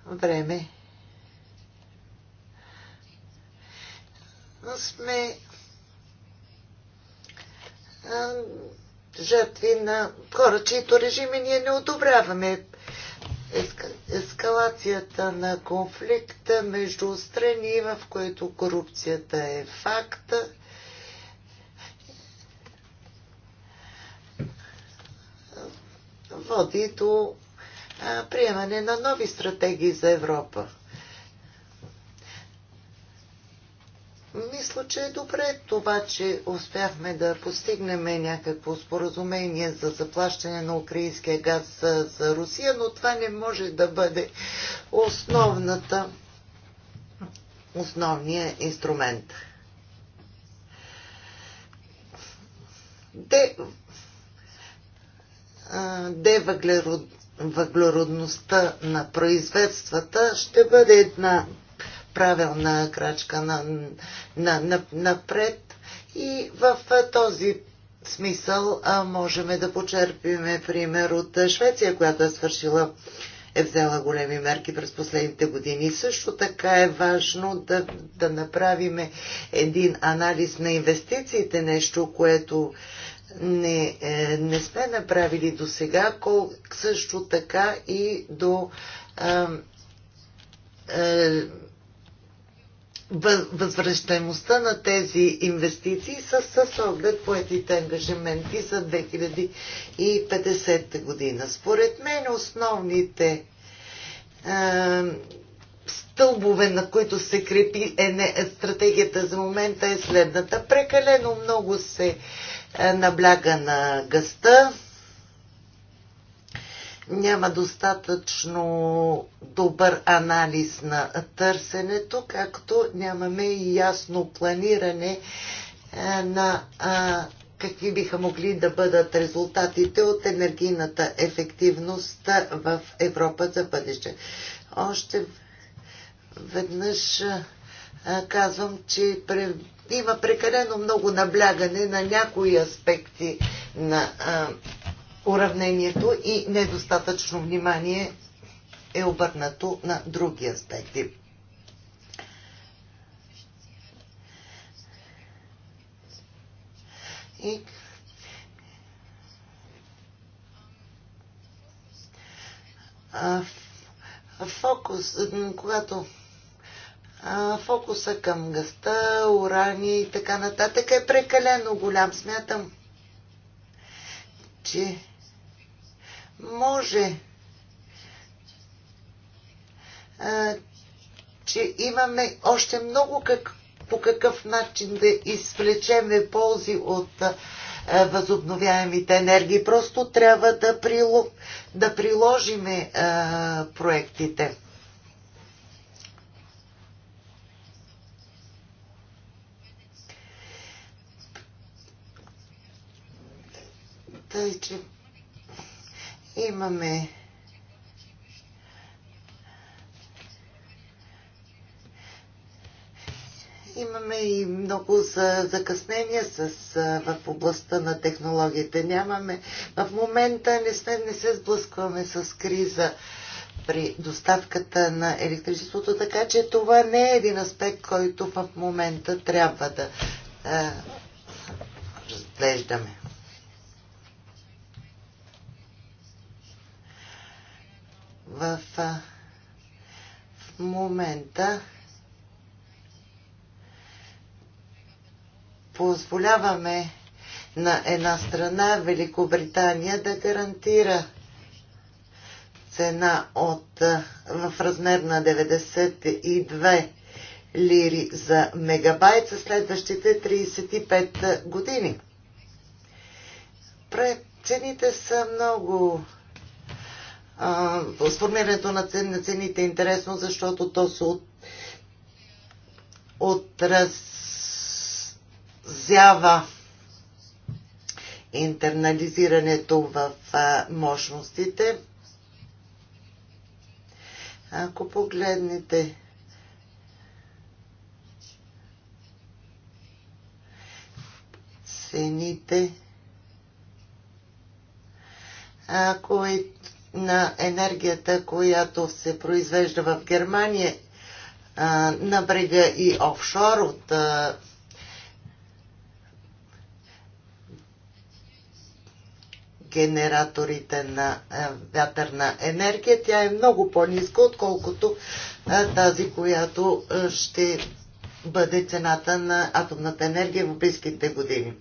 време сме жертви на хора, чието режими ние не одобряваме. Ескалацията на конфликта между страни, в които корупцията е факта, води до приемане на нови стратегии за Европа. мисля, че е добре това, че успяхме да постигнем някакво споразумение за заплащане на украинския газ за, за Русия, но това не може да бъде основната, основния инструмент. Де, де въглеродността на производствата ще бъде една правилна крачка на, на, на, напред и в този смисъл а, можем да почерпиме пример от Швеция, която е свършила е взела големи мерки през последните години. Също така е важно да, да направим един анализ на инвестициите, нещо, което не, е, не сме направили до сега, също така и до е, е, възвръщаемостта на тези инвестиции са с оглед поетите ангажименти за 2050 година. Според мен основните е, стълбове, на които се крепи е, не, стратегията за момента е следната. Прекалено много се е, набляга на гъста, няма достатъчно добър анализ на търсенето, както нямаме и ясно планиране е, на е, какви биха могли да бъдат резултатите от енергийната ефективност в Европа за бъдеще. Още веднъж е, казвам, че има прекалено много наблягане на някои аспекти на уравнението и недостатъчно внимание е обърнато на други аспекти. И фокус, когато фокуса към гъста, урани и така нататък е прекалено голям. Смятам, че може че имаме още много как, по какъв начин да извлечеме ползи от възобновяемите енергии. Просто трябва да, прило, да приложиме а, проектите. Тъй, че Имаме имаме и много закъснения с, в областта на технологиите. Нямаме, в момента не, сме, не се сблъскваме с криза при доставката на електричеството, така че това не е един аспект, който в момента трябва да а, разглеждаме. в, в момента позволяваме на една страна Великобритания да гарантира цена от, в размер на 92 лири за мегабайт за следващите 35 години. Цените са много сформирането на, цените е интересно, защото то се от, отразява интернализирането в а, мощностите. Ако погледнете цените, ако е на енергията, която се произвежда в Германия на брега и офшор от генераторите на вятърна енергия. Тя е много по-ниска, отколкото тази, която ще бъде цената на атомната енергия в близките години.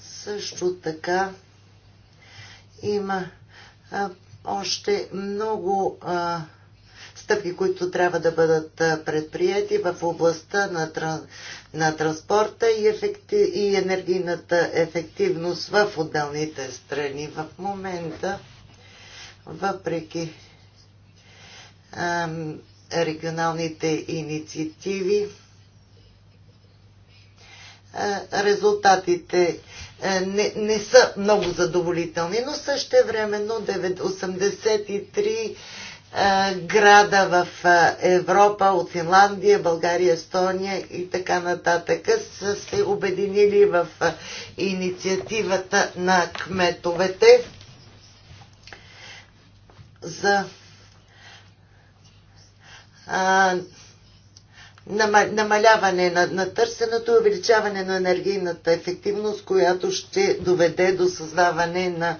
Също така има а, още много а, стъпки, които трябва да бъдат предприяти в областта на, тран, на транспорта и, ефекти, и енергийната ефективност в отделните страни. В момента, въпреки а, регионалните инициативи, резултатите не, не са много задоволителни, но също времено 83 града в Европа, от Финландия, България, Естония и така нататък са се обединили в инициативата на кметовете за намаляване на, на търсенето и увеличаване на енергийната ефективност, която ще доведе до създаване на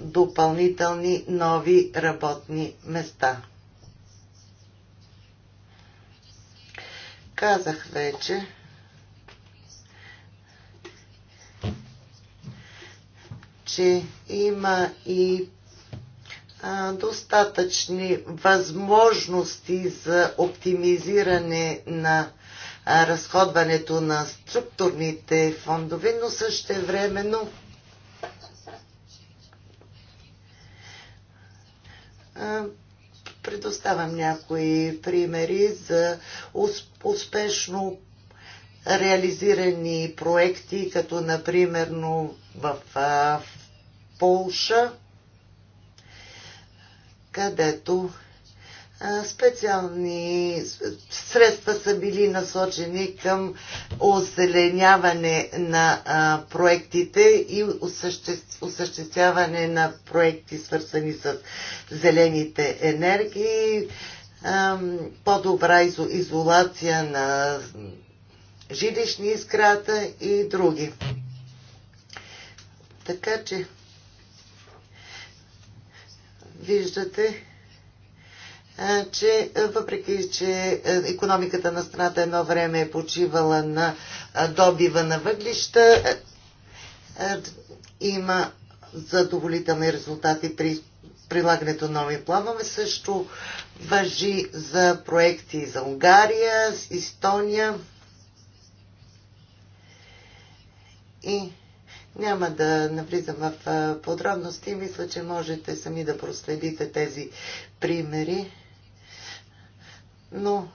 допълнителни нови работни места. Казах вече, че има и достатъчни възможности за оптимизиране на разходването на структурните фондове, но също времено предоставям някои примери за успешно реализирани проекти, като например в Полша където специални средства са били насочени към озеленяване на проектите и осъществяване на проекти, свързани с зелените енергии, по-добра изолация на жилищни изграда и други. Така че виждате, че въпреки, че економиката на страната едно време е почивала на добива на въглища, има задоволителни резултати при прилагането на нови планове. Също въжи за проекти за Унгария, Естония и няма да навлизам в подробности. Мисля, че можете сами да проследите тези примери. Но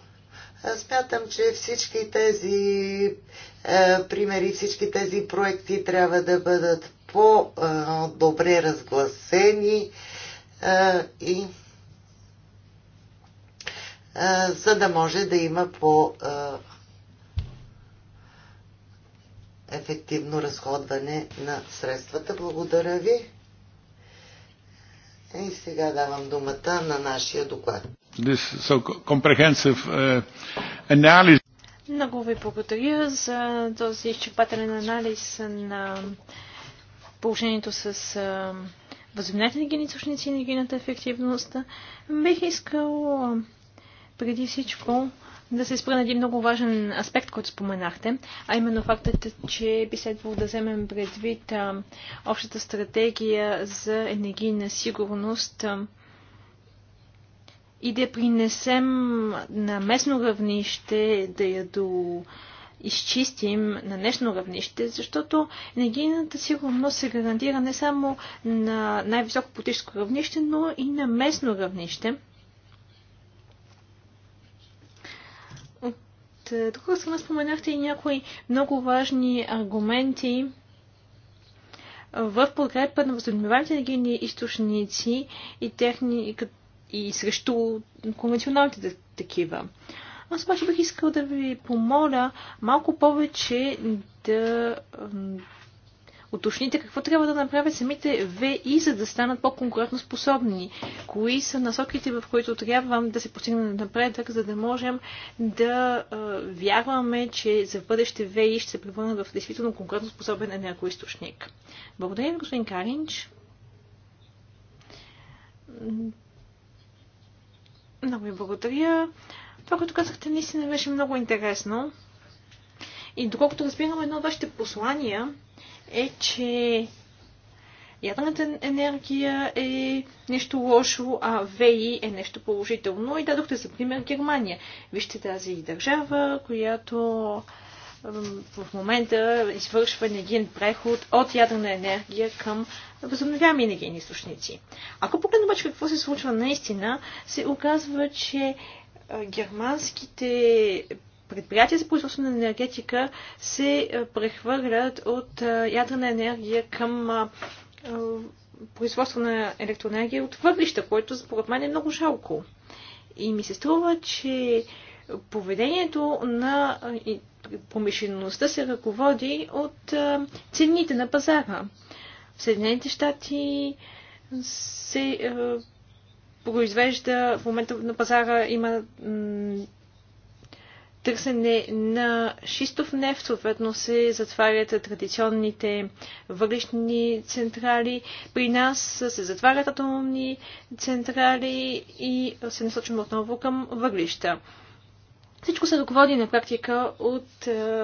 смятам, че всички тези примери, всички тези проекти трябва да бъдат по-добре разгласени и за да може да има по ефективно разходване на средствата. Благодаря ви. И сега давам думата на нашия доклад. So uh, Много ви благодаря за този изчерпателен анализ на положението с uh, възобновяемите енергийни източници и енергийната ефективност. Бих искал uh, преди всичко да се спра на един много важен аспект, който споменахте, а именно фактът, че би следвало да вземем предвид а, общата стратегия за енергийна сигурност а, и да принесем на местно равнище, да я до изчистим на днешно равнище, защото енергийната сигурност се гарантира не само на най-високо политическо равнище, но и на местно равнище – Е, тук друга споменахте и някои много важни аргументи в подкрепа на възобновяемите енергийни източници и, техни, и срещу конвенционалните такива. Аз обаче бих искал да ви помоля малко повече да уточните какво трябва да направят самите ВИ, за да станат по-конкурентно способни. Кои са насоките, в които трябва да се постигне напредък, за да можем да а, вярваме, че за бъдеще ВИ ще се превърнат в действително конкурентно способен енергоисточник. Благодаря ви, господин Каринч. Много ви благодаря. Това, което казахте, наистина беше много интересно. И доколкото разбирам едно от вашите послания, е, че ядрената енергия е нещо лошо, а ВИ е нещо положително. И дадохте за пример Германия. Вижте тази държава, която в момента извършва енергиен преход от ядрена енергия към възобновяеми енергийни източници. Ако погледнем обаче какво се случва наистина, се оказва, че германските предприятия за производство на енергетика се е, прехвърлят от е, ядрена енергия към е, производство на електроенергия от въглища, което според мен е много жалко. И ми се струва, че поведението на промишлеността се ръководи от цените на пазара. В Съединените щати се произвежда в момента на пазара има търсене на шистов нефт, съответно се затварят традиционните въглишни централи. При нас се затварят атомни централи и се насочим отново към въглища. Всичко се ръководи на практика от е,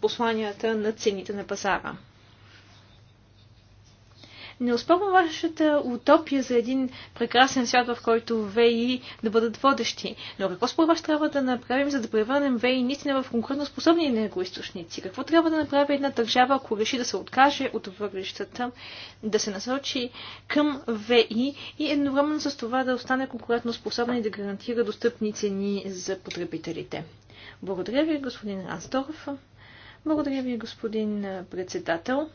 посланията на цените на пазара. Не успокоя вашата утопия за един прекрасен свят, в който ВИ да бъдат водещи. Но какво според вас трябва да направим, за да превърнем ВИ наистина в способни енергоисточници? Какво трябва да направи една държава, ако реши да се откаже от въглищата, да се насочи към ВИ и едновременно с това да остане способна и да гарантира достъпни цени за потребителите? Благодаря ви, господин Асторов. Благодаря ви, господин председател.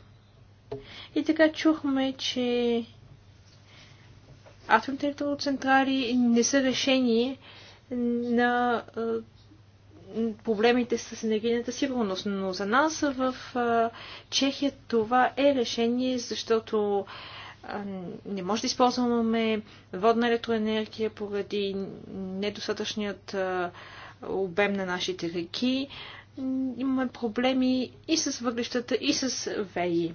И така чухме, че атомните електроцентрали не са решение на проблемите с енергийната сигурност. Но за нас в Чехия това е решение, защото не може да използваме водна електроенергия поради недостатъчният обем на нашите реки имаме проблеми и с въглищата, и с ВЕИ.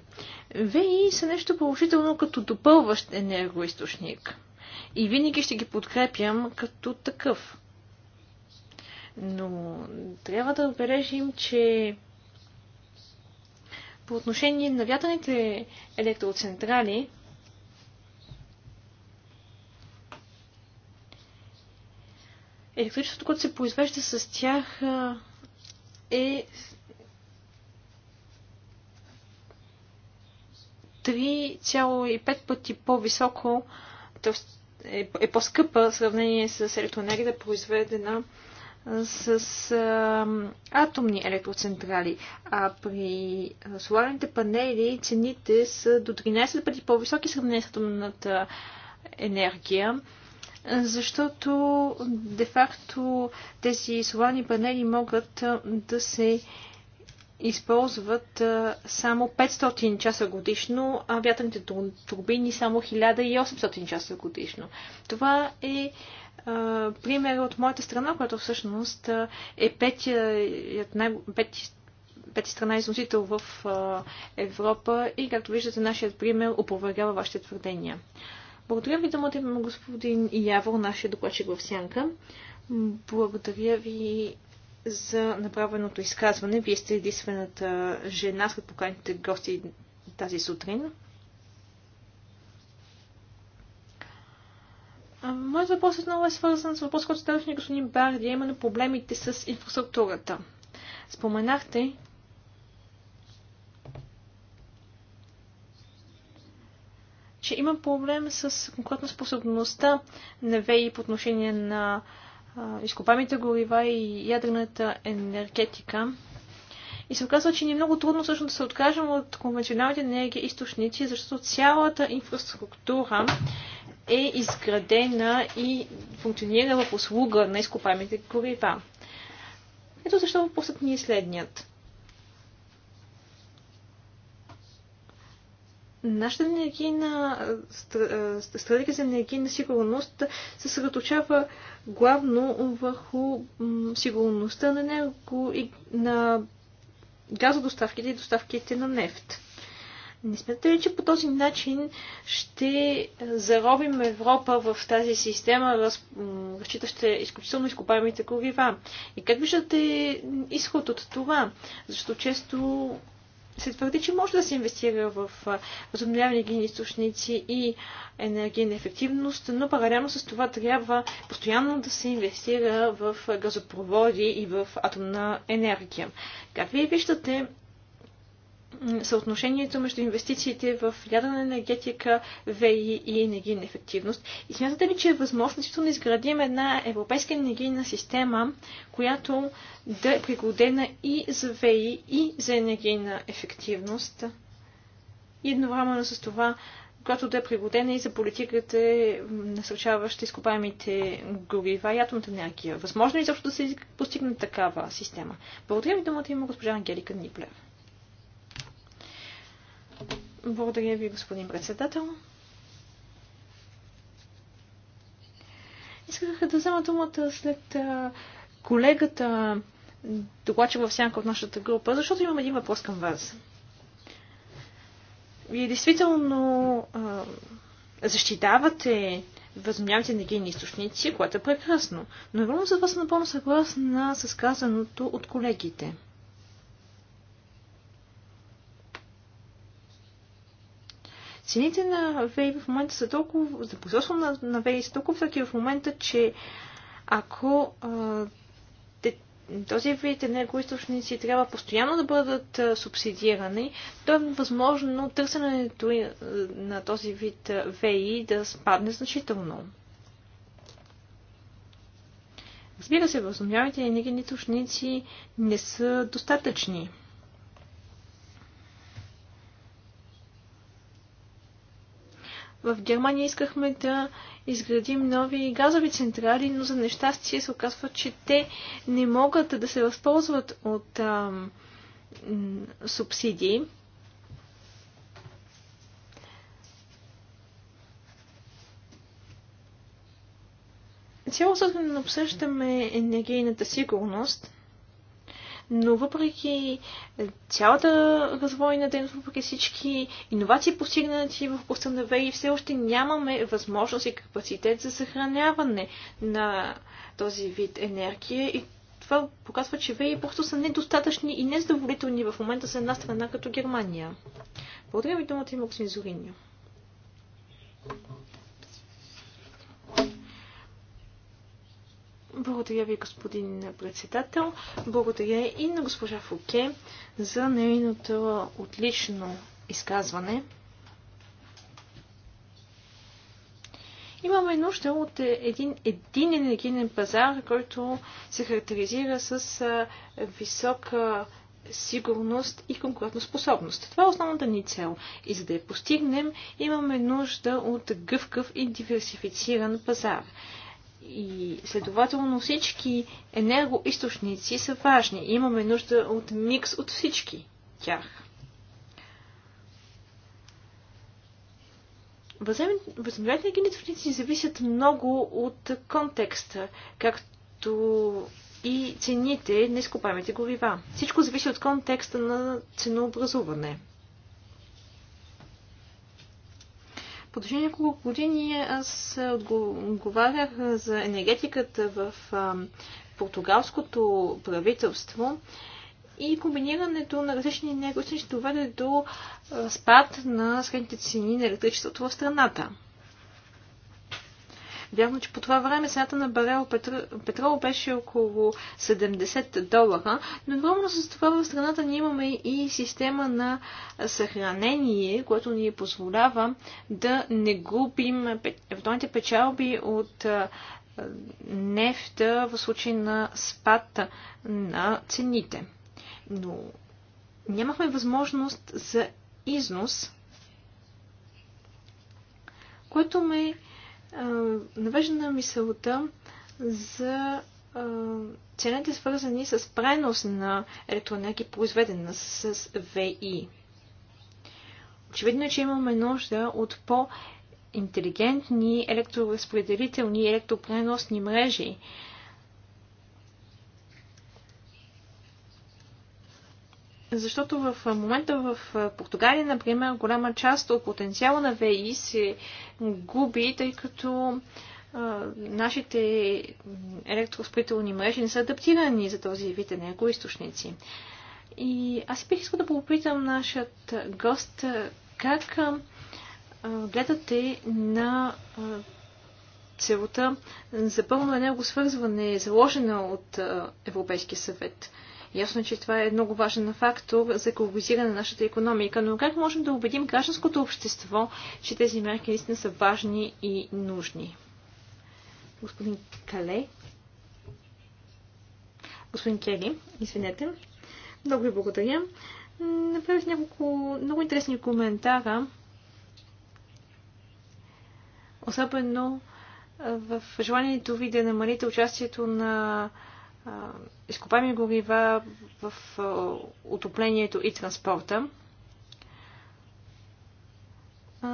ВЕИ са нещо положително като допълващ енергоисточник. И винаги ще ги подкрепям като такъв. Но трябва да отбележим, че по отношение на вятърните електроцентрали, електричеството, което се произвежда с тях, е 3,5 пъти по-високо, е, е по-скъпа в сравнение с електроенергията, произведена с атомни електроцентрали, а при соларните панели цените са до 13 пъти по-високи в сравнение с атомната енергия защото де-факто тези соларни панели могат да се използват само 500 часа годишно, а вятърните турбини само 1800 часа годишно. Това е пример от моята страна, която всъщност е петият, най, пети, пети страна износител в Европа и, както виждате, нашият пример опроверява вашите твърдения. Благодаря ви, думата има господин Явор, нашия докладчик в Сянка. Благодаря ви за направеното изказване. Вие сте единствената жена след поканите гости тази сутрин. Моят въпрос отново е свързан с въпрос, който зададохме господин Барди, именно проблемите с инфраструктурата. Споменахте, че има проблем с конкретно способността на ВЕИ по отношение на изкопамите горива и ядрената енергетика. И се оказва, че ни е много трудно всъщност да се откажем от конвенционалните енергия източници, защото цялата инфраструктура е изградена и функционира в услуга на изкопаемите горива. Ето защо въпросът ни е следният. Нашата енергийна е, стратегия за енергийна сигурност се съсредоточава главно върху сигурността на, енерго и на газодоставките и доставките на нефт. Не смятате ли, че по този начин ще заробим Европа в тази система, разчитаща изключително изкопаемите горива? И как виждате изход от това? Защото често се твърди, че може да се инвестира в възобновяване енергийни източници и енергийна ефективност, но паралелно с това трябва постоянно да се инвестира в газопроводи и в атомна енергия. Как вие виждате съотношението между инвестициите в ядрена енергетика, ВИ и енергийна ефективност. И смятате ли, че е възможно да изградим една европейска енергийна система, която да е пригодена и за ВИ, и за енергийна ефективност? И едновременно с това, която да е пригодена и за политиката, насърчаваща изкопаемите горива и атомната енергия. Възможно ли защо да се постигне такава система? Благодаря ви думата има госпожа Ангелика Ниплев. Благодаря ви, господин председател. Исках да взема думата след колегата, докладчик в сянка от нашата група, защото имам един въпрос към вас. Вие действително а, защитавате възобновяемите енергийни източници, което е прекрасно. Но верно за вас напълно съгласна с казаното от колегите – Цените на ВЕИ в момента са толкова, за производство на, на ВЕИ са толкова таки в момента, че ако а, те, този вид енергоисточници трябва постоянно да бъдат а, субсидирани, то е възможно търсенето на този вид ВЕИ да спадне значително. Разбира се, възобновяемите енергийни източници не са достатъчни. В Германия искахме да изградим нови газови централи, но за нещастие се оказва, че те не могат да се възползват от ам, субсидии. Цялостно обсъждаме енергийната сигурност – но въпреки е, цялата развойна дейност, въпреки всички иновации постигнати в областта на ВЕИ, все още нямаме възможност и капацитет за съхраняване на този вид енергия и това показва, че ВЕИ просто са недостатъчни и незадоволителни в момента за една страна като Германия. Благодаря ви думата и Максим Зориньо. Благодаря ви, господин председател. Благодаря и на госпожа Фуке за нейното отлично изказване. Имаме нужда от един един енергиен пазар, който се характеризира с висока сигурност и конкретна способност. Това е основната ни цел. И за да я постигнем, имаме нужда от гъвкав и диверсифициран пазар. И следователно всички енергоисточници са важни. Имаме нужда от микс от всички тях. Възобновяемите енергийни зависят много от контекста, както и цените на изкопаемите горива. Всичко зависи от контекста на ценообразуване. продължение няколко години аз отговарях за енергетиката в португалското правителство и комбинирането на различни ще доведе до спад на средните цени на електричеството в страната. Вярно, че по това време цената на барел петрол, петрол беше около 70 долара, но едновременно с това в страната ние имаме и система на съхранение, което ни позволява да не губим евентуалните печалби от нефта в случай на спад на цените. Но нямахме възможност за износ, което ме навежда на мисълта за цените свързани с пренос на електроенергия, произведена с ВИ. Очевидно е, че имаме нужда от по- интелигентни електроразпределителни и електропреносни мрежи, Защото в момента в Португалия, например, голяма част от потенциала на ВИ се губи, тъй като а, нашите електроспорителни мрежи не са адаптирани за този вид енергоисточници. И аз бих искал да попитам нашият гост как а, гледате на а, целта за пълно енергосвързване, заложена от Европейския съвет. Ясно, е, че това е много важен фактор за екологизиране на нашата економика, но как можем да убедим гражданското общество, че тези мерки наистина са важни и нужни? Господин Кале. Господин Кели, извинете. Много ви благодаря. Направих няколко много интересни коментара. Особено в желанието ви да намалите участието на изкопаеми горива в отоплението и транспорта.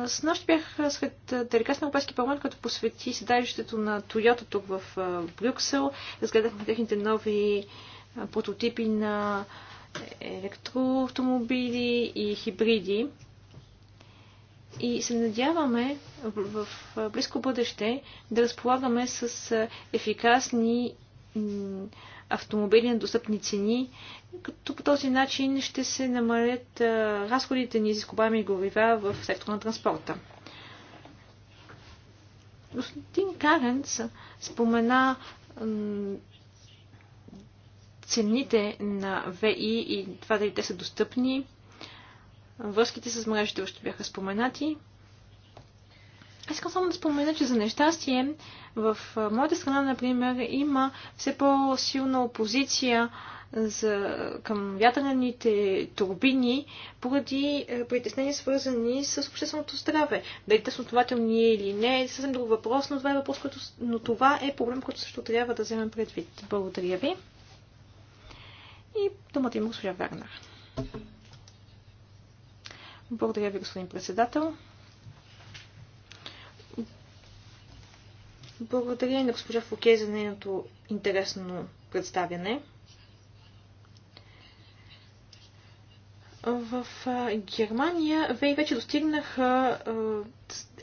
С нощ бях сред делегация на Европейски парламент, като посвети седалището на Тойота тук в Брюксел. Разгледахме техните нови прототипи на електроавтомобили и хибриди. И се надяваме в близко бъдеще да разполагаме с ефикасни автомобили на достъпни цени, като по този начин ще се намалят разходите ни за изкопаеми горива в сектора на транспорта. Господин Каренц спомена цените на ВИ и това дали те са достъпни, връзките с мрежите още бяха споменати. Искам само да спомена, че за нещастие в моята страна, например, има все по-силна опозиция за, към вятърните турбини поради е, притеснения, свързани с общественото здраве. Дали те са основателни или не, е съвсем друг въпрос, но това е въпрос, който, но това е проблем, който също трябва да вземем предвид. Благодаря ви. И думата има госпожа Вернер. Благодаря ви, господин председател. Благодаря на госпожа Фоке за нейното интересно представяне. В Германия ВЕИ вече достигнаха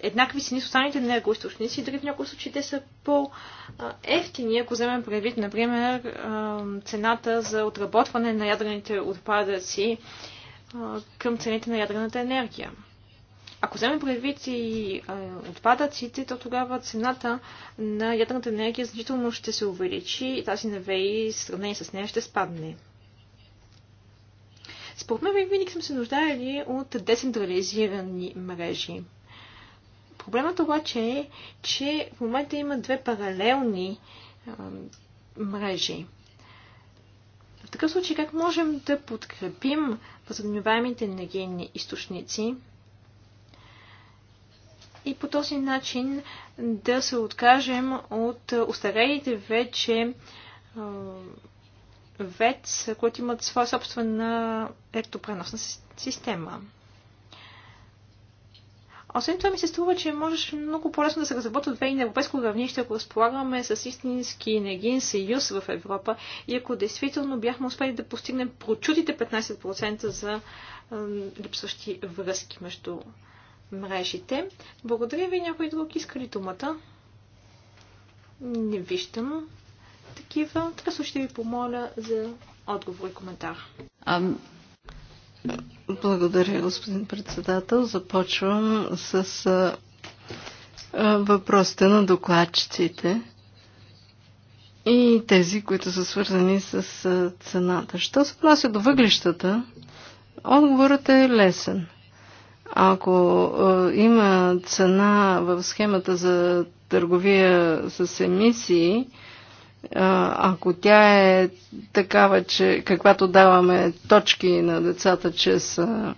еднакви цени с останалите енергоисточници, дори в някои случаи те са по-ефтини, ако вземем предвид, например, цената за отработване на ядрените отпадъци към цените на ядрената енергия. Ако вземем предвид и а, отпадъците, то тогава цената на ядрената енергия значително ще се увеличи и тази на ВЕИ, в сравнение с нея, ще спадне. Според мен винаги съм се нуждаели от децентрализирани мрежи. Проблемът обаче е, че в момента има две паралелни а, мрежи. В такъв случай как можем да подкрепим възобновяемите енергийни източници, и по този начин да се откажем от устарелите вече ВЕЦ, които имат своя собствена електропреносна система. Освен това ми се струва, че можеш много по-лесно да се разработват две и на европейско равнище, ако разполагаме с истински енергиен съюз в Европа и ако действително бяхме успели да постигнем прочутите 15% за липсващи връзки между мрежите. Благодаря ви. Някой друг иска ли думата? Не виждам такива. Така ще ви помоля за отговор и коментар. Ам... Благодаря, господин председател. Започвам с а, а, въпросите на докладчиците и тези, които са свързани с а, цената. Що се отнася до въглищата, отговорът е лесен. Ако е, има цена в схемата за търговия с емисии, е, ако тя е такава, че каквато даваме точки на децата, че са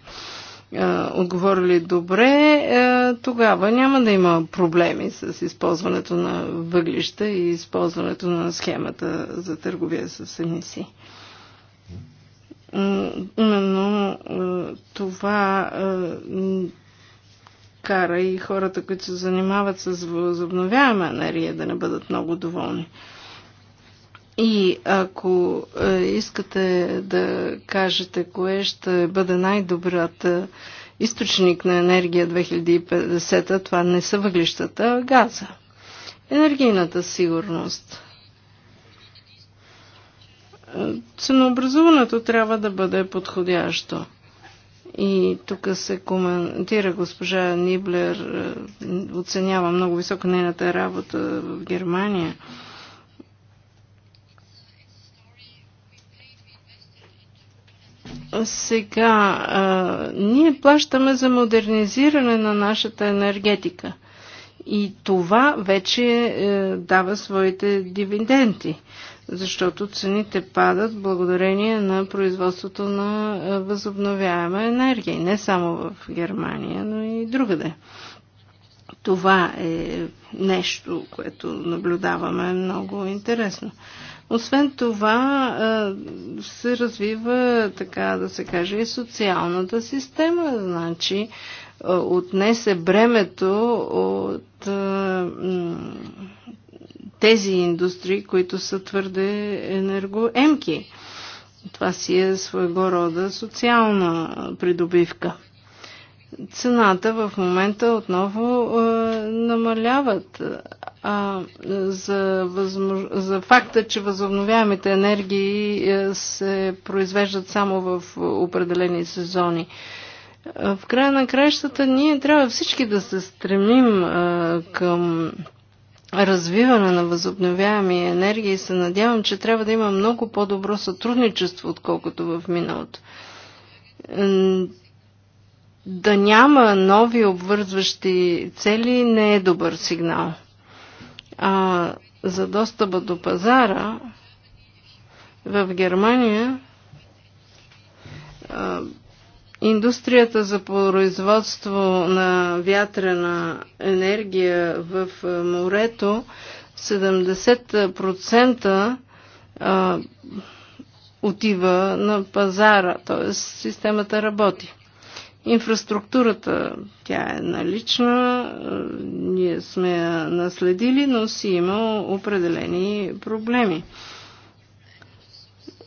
е, отговорили добре, тогава няма да има проблеми с използването на въглища и използването на схемата за търговия с емисии именно това кара и хората, които се занимават с възобновяема енергия, да не бъдат много доволни. И ако искате да кажете кое ще бъде най добрат източник на енергия 2050, това не са въглищата, а газа. Енергийната сигурност ценообразуването трябва да бъде подходящо. И тук се коментира госпожа Ниблер, е, оценява много високо нейната работа в Германия. Сега, а, е, ние плащаме за модернизиране на нашата енергетика. И това вече е, дава своите дивиденти защото цените падат благодарение на производството на възобновяема енергия. Не само в Германия, но и другаде. Това е нещо, което наблюдаваме много интересно. Освен това се развива, така да се каже, и социалната система. Значи, отнесе бремето от тези индустрии, които са твърде енергоемки. Това си е своего рода социална придобивка. Цената в момента отново е, намаляват. А, за, възмож... за факта, че възобновяемите енергии се произвеждат само в определени сезони. В края на краищата ние трябва всички да се стремим е, към развиване на възобновяеми енергии и се надявам, че трябва да има много по-добро сътрудничество, отколкото в миналото. Да няма нови обвързващи цели не е добър сигнал. А за достъпа до пазара в Германия Индустрията за производство на вятрена енергия в морето 70% отива на пазара, т.е. системата работи. Инфраструктурата, тя е налична, ние сме я наследили, но си има определени проблеми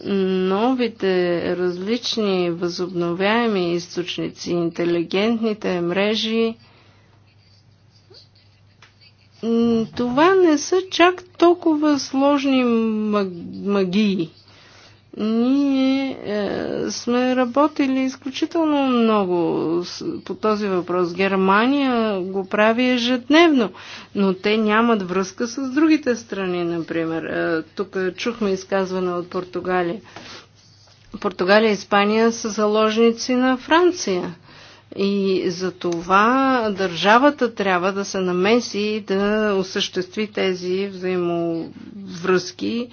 новите различни възобновяеми източници, интелигентните мрежи, това не са чак толкова сложни магии. Ние е, сме работили изключително много с, по този въпрос. Германия го прави ежедневно, но те нямат връзка с другите страни, например. Е, тук чухме изказване от Португалия. Португалия и Испания са заложници на Франция. И за това държавата трябва да се намеси и да осъществи тези взаимовръзки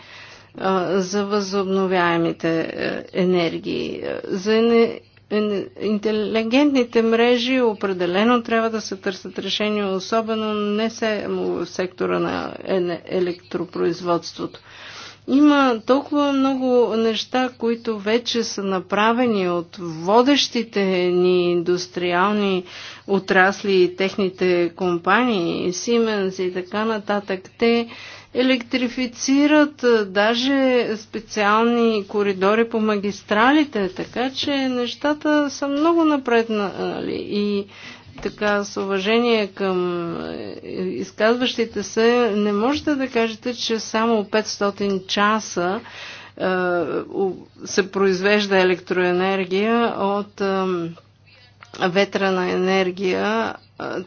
за възобновяемите е, енергии. Е, за интелигентните мрежи определено трябва да се търсят решения, особено не само в сектора на електропроизводството. Има толкова много неща, които вече са направени от водещите ни индустриални отрасли и техните компании, Siemens и така нататък. Те електрифицират даже специални коридори по магистралите, така че нещата са много напреднали и така с уважение към е, изказващите се, не можете да кажете, че само 500 часа е, се произвежда електроенергия от ветрена енергия,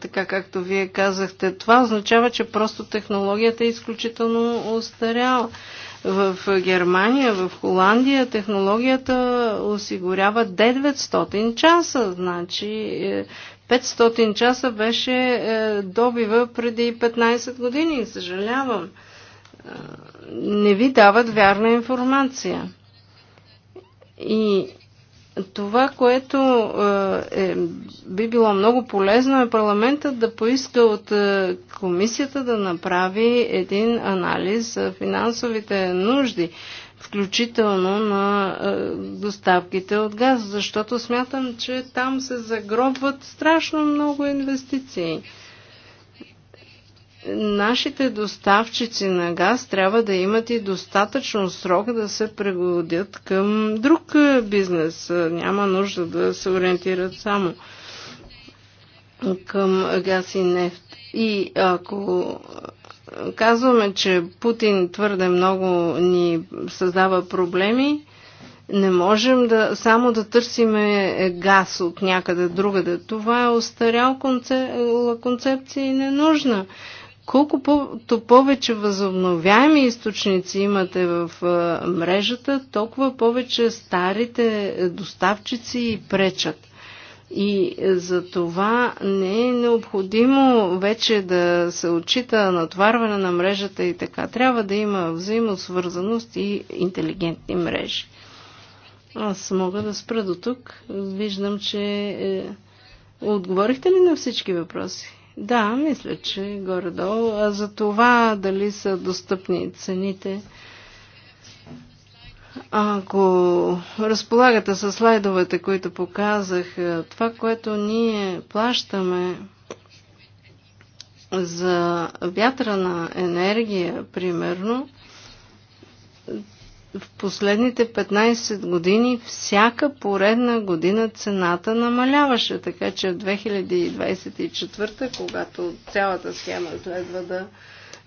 така както вие казахте, това означава, че просто технологията е изключително устаряла. В Германия, в Холандия технологията осигурява 900 часа, значи 500 е, часа беше е, добива преди 15 години, съжалявам. Не ви дават вярна информация. И това, което е, е, би било много полезно е парламентът да поиска от е, комисията да направи един анализ за финансовите нужди, включително на е, доставките от газ, защото смятам, че там се загробват страшно много инвестиции нашите доставчици на газ трябва да имат и достатъчно срок да се пригодят към друг е, бизнес. Е, няма нужда да се ориентират само към газ и нефт. И ако казваме, че Путин твърде много ни създава проблеми, не можем да, само да търсиме газ от някъде другаде. Това е остарял концеп... концепция и ненужна. Е нужна. Колкото повече възобновяеми източници имате в мрежата, толкова повече старите доставчици и пречат. И е, за това не е необходимо вече да се отчита натварване на мрежата и така. Трябва да има взаимосвързаност и интелигентни мрежи. Аз мога да спра до тук. Виждам, че е, отговорихте ли на всички въпроси? Да, мисля, че горе-долу. А за това дали са достъпни цените. Ако разполагате с слайдовете, които показах, това, което ние плащаме за вятрана енергия, примерно, в последните 15 години всяка поредна година цената намаляваше, така че в 2024, когато цялата схема следва да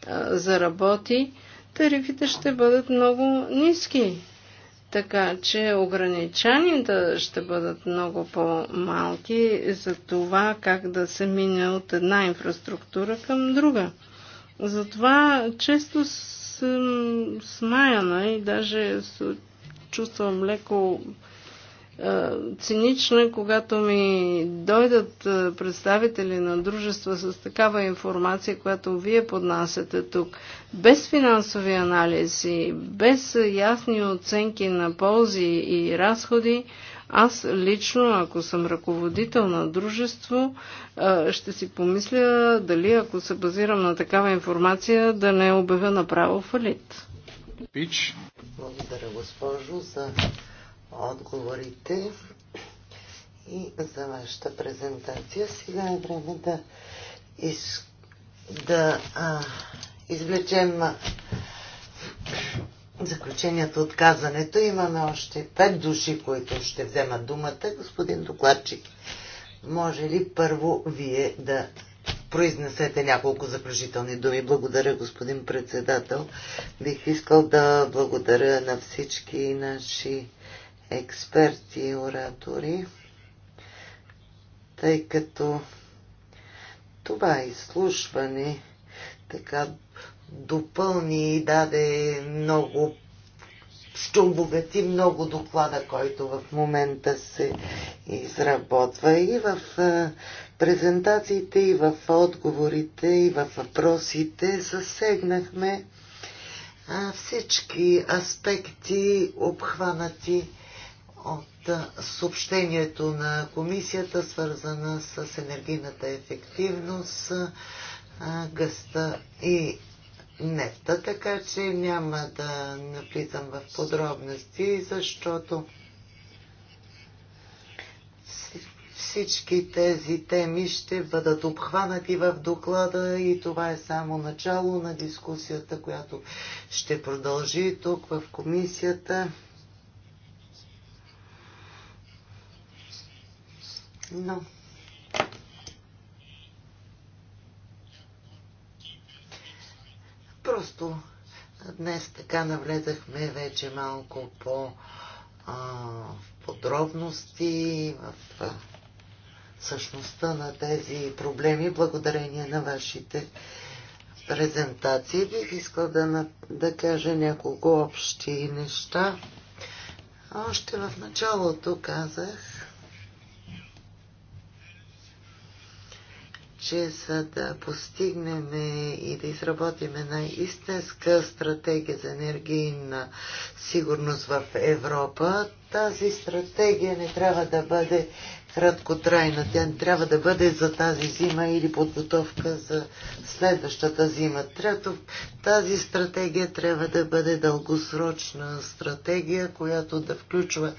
а, заработи, тарифите ще бъдат много ниски. Така че ограничанията ще бъдат много по-малки за това как да се мине от една инфраструктура към друга. Затова често съм смаяна и даже се чувствам леко цинична, когато ми дойдат представители на дружества с такава информация, която вие поднасяте тук, без финансови анализи, без ясни оценки на ползи и разходи, аз лично, ако съм ръководител на дружество, ще си помисля дали, ако се базирам на такава информация, да не обявя направо фалит. Пич. Благодаря, госпожо, за отговорите и за вашата презентация. Сега е време да, из... да а, извлечем заключението от казането. Имаме още пет души, които ще вземат думата. Господин докладчик, може ли първо вие да произнесете няколко заключителни думи. Благодаря, господин председател. Бих искал да благодаря на всички наши експерти и оратори, тъй като това изслушване така допълни и даде много, ще обогати много доклада, който в момента се изработва и в презентациите, и в отговорите, и в въпросите засегнахме всички аспекти обхванати от съобщението на комисията, свързана с енергийната ефективност, гъста и нефта, така че няма да навлизам в подробности, защото всички тези теми ще бъдат обхванати в доклада и това е само начало на дискусията, която ще продължи тук в комисията. Но Просто днес така навлезахме вече малко по а, в подробности, в а, същността на тези проблеми, благодарение на вашите презентации. Бих искал да, да кажа няколко общи неща. Още в началото казах, че за да постигнем и да изработим една истинска стратегия за енергийна сигурност в Европа, тази стратегия не трябва да бъде краткотрайна. Тя не трябва да бъде за тази зима или подготовка за следващата зима. Трето, тази стратегия трябва да бъде дългосрочна стратегия, която да включва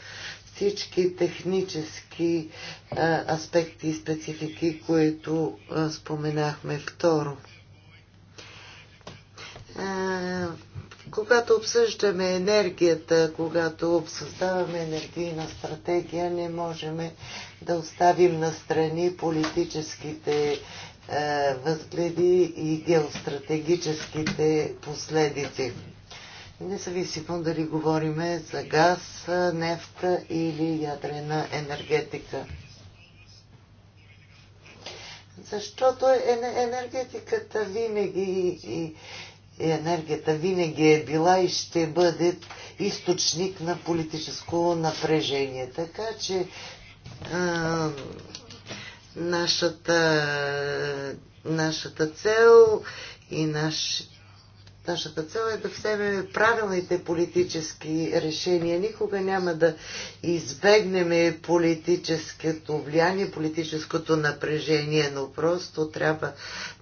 всички технически а, аспекти и специфики, които а, споменахме второ. А, когато обсъждаме енергията, когато създаваме енергийна стратегия, не можем да оставим настрани политическите възгледи и геостратегическите последици независимо дали говориме за газ, нефта или ядрена енергетика. Защото е, енергетиката винаги и енергията винаги е била и ще бъде източник на политическо напрежение. Така че а, нашата, нашата цел и нашите Нашата цел е да вземем правилните политически решения. Никога няма да избегнем политическото влияние, политическото напрежение, но просто трябва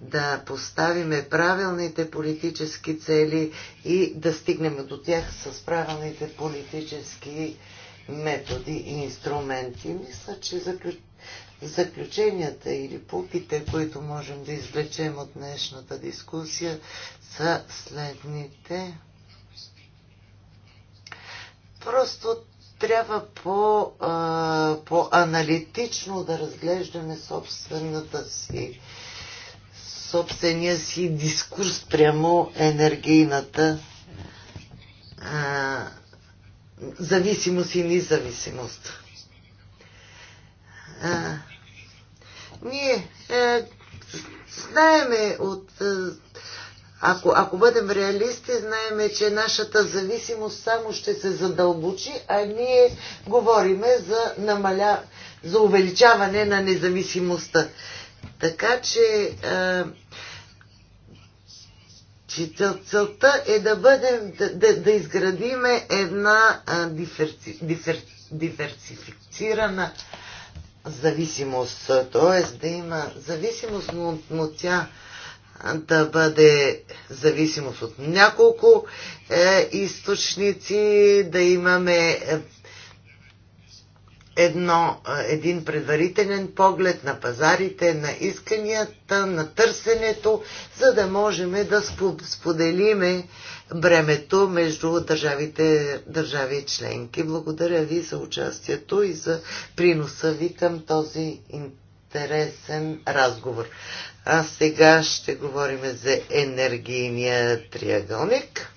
да поставиме правилните политически цели и да стигнем до тях с правилните политически методи и инструменти. Мисля, че заключението Заключенията или пуките, които можем да извлечем от днешната дискусия, са следните. Просто трябва по, а, по аналитично да разглеждаме собствената си собствения си дискурс прямо енергийната а, зависимост и независимост. А, ние е, знаеме от. Е, ако, ако бъдем реалисти, знаеме, че нашата зависимост само ще се задълбочи, а ние говориме за, намаля, за увеличаване на независимостта. Така че. Е, че целта е да бъдем, да, да, да изградиме една а, диферци, дифер, диверсифицирана зависимост, т.е. да има зависимост, но, но тя да бъде зависимост от няколко е, източници, да имаме е, едно, един предварителен поглед на пазарите, на исканията, на търсенето, за да можем да споделиме бремето между държавите, държави и членки. Благодаря ви за участието и за приноса ви към този интересен разговор. А сега ще говорим за енергийния триъгълник.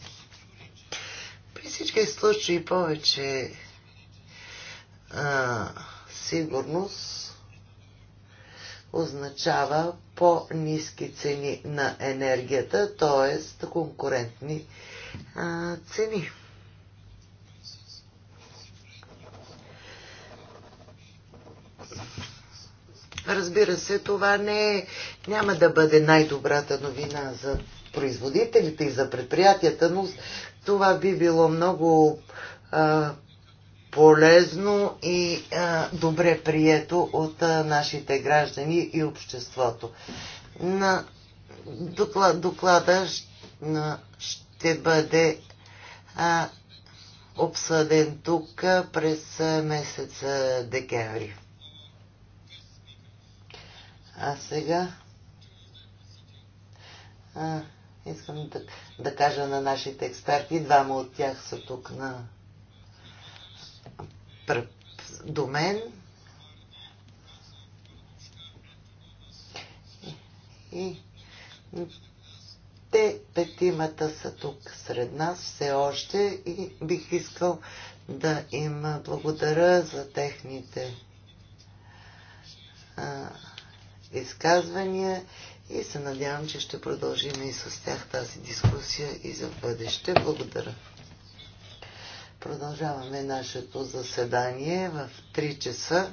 При всички случаи повече а, сигурност означава по-низки цени на енергията, т.е. конкурентни а, цени. Разбира се, това не е, няма да бъде най-добрата новина за производителите и за предприятията, но това би било много а, полезно и а, добре прието от а, нашите граждани и обществото. На доклад, доклада на, ще бъде а, обсъден тук през месец декември. А сега а, искам да, да кажа на нашите експерти, двама от тях са тук на до мен. И те петимата са тук сред нас все още и бих искал да им благодаря за техните а, изказвания и се надявам, че ще продължим и с тях тази дискусия и за бъдеще. Благодаря. Продължаваме нашето заседание в 3 часа,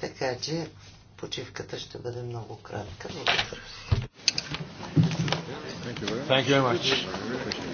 така че почивката ще бъде много кратка. Благодаря. Thank you very much.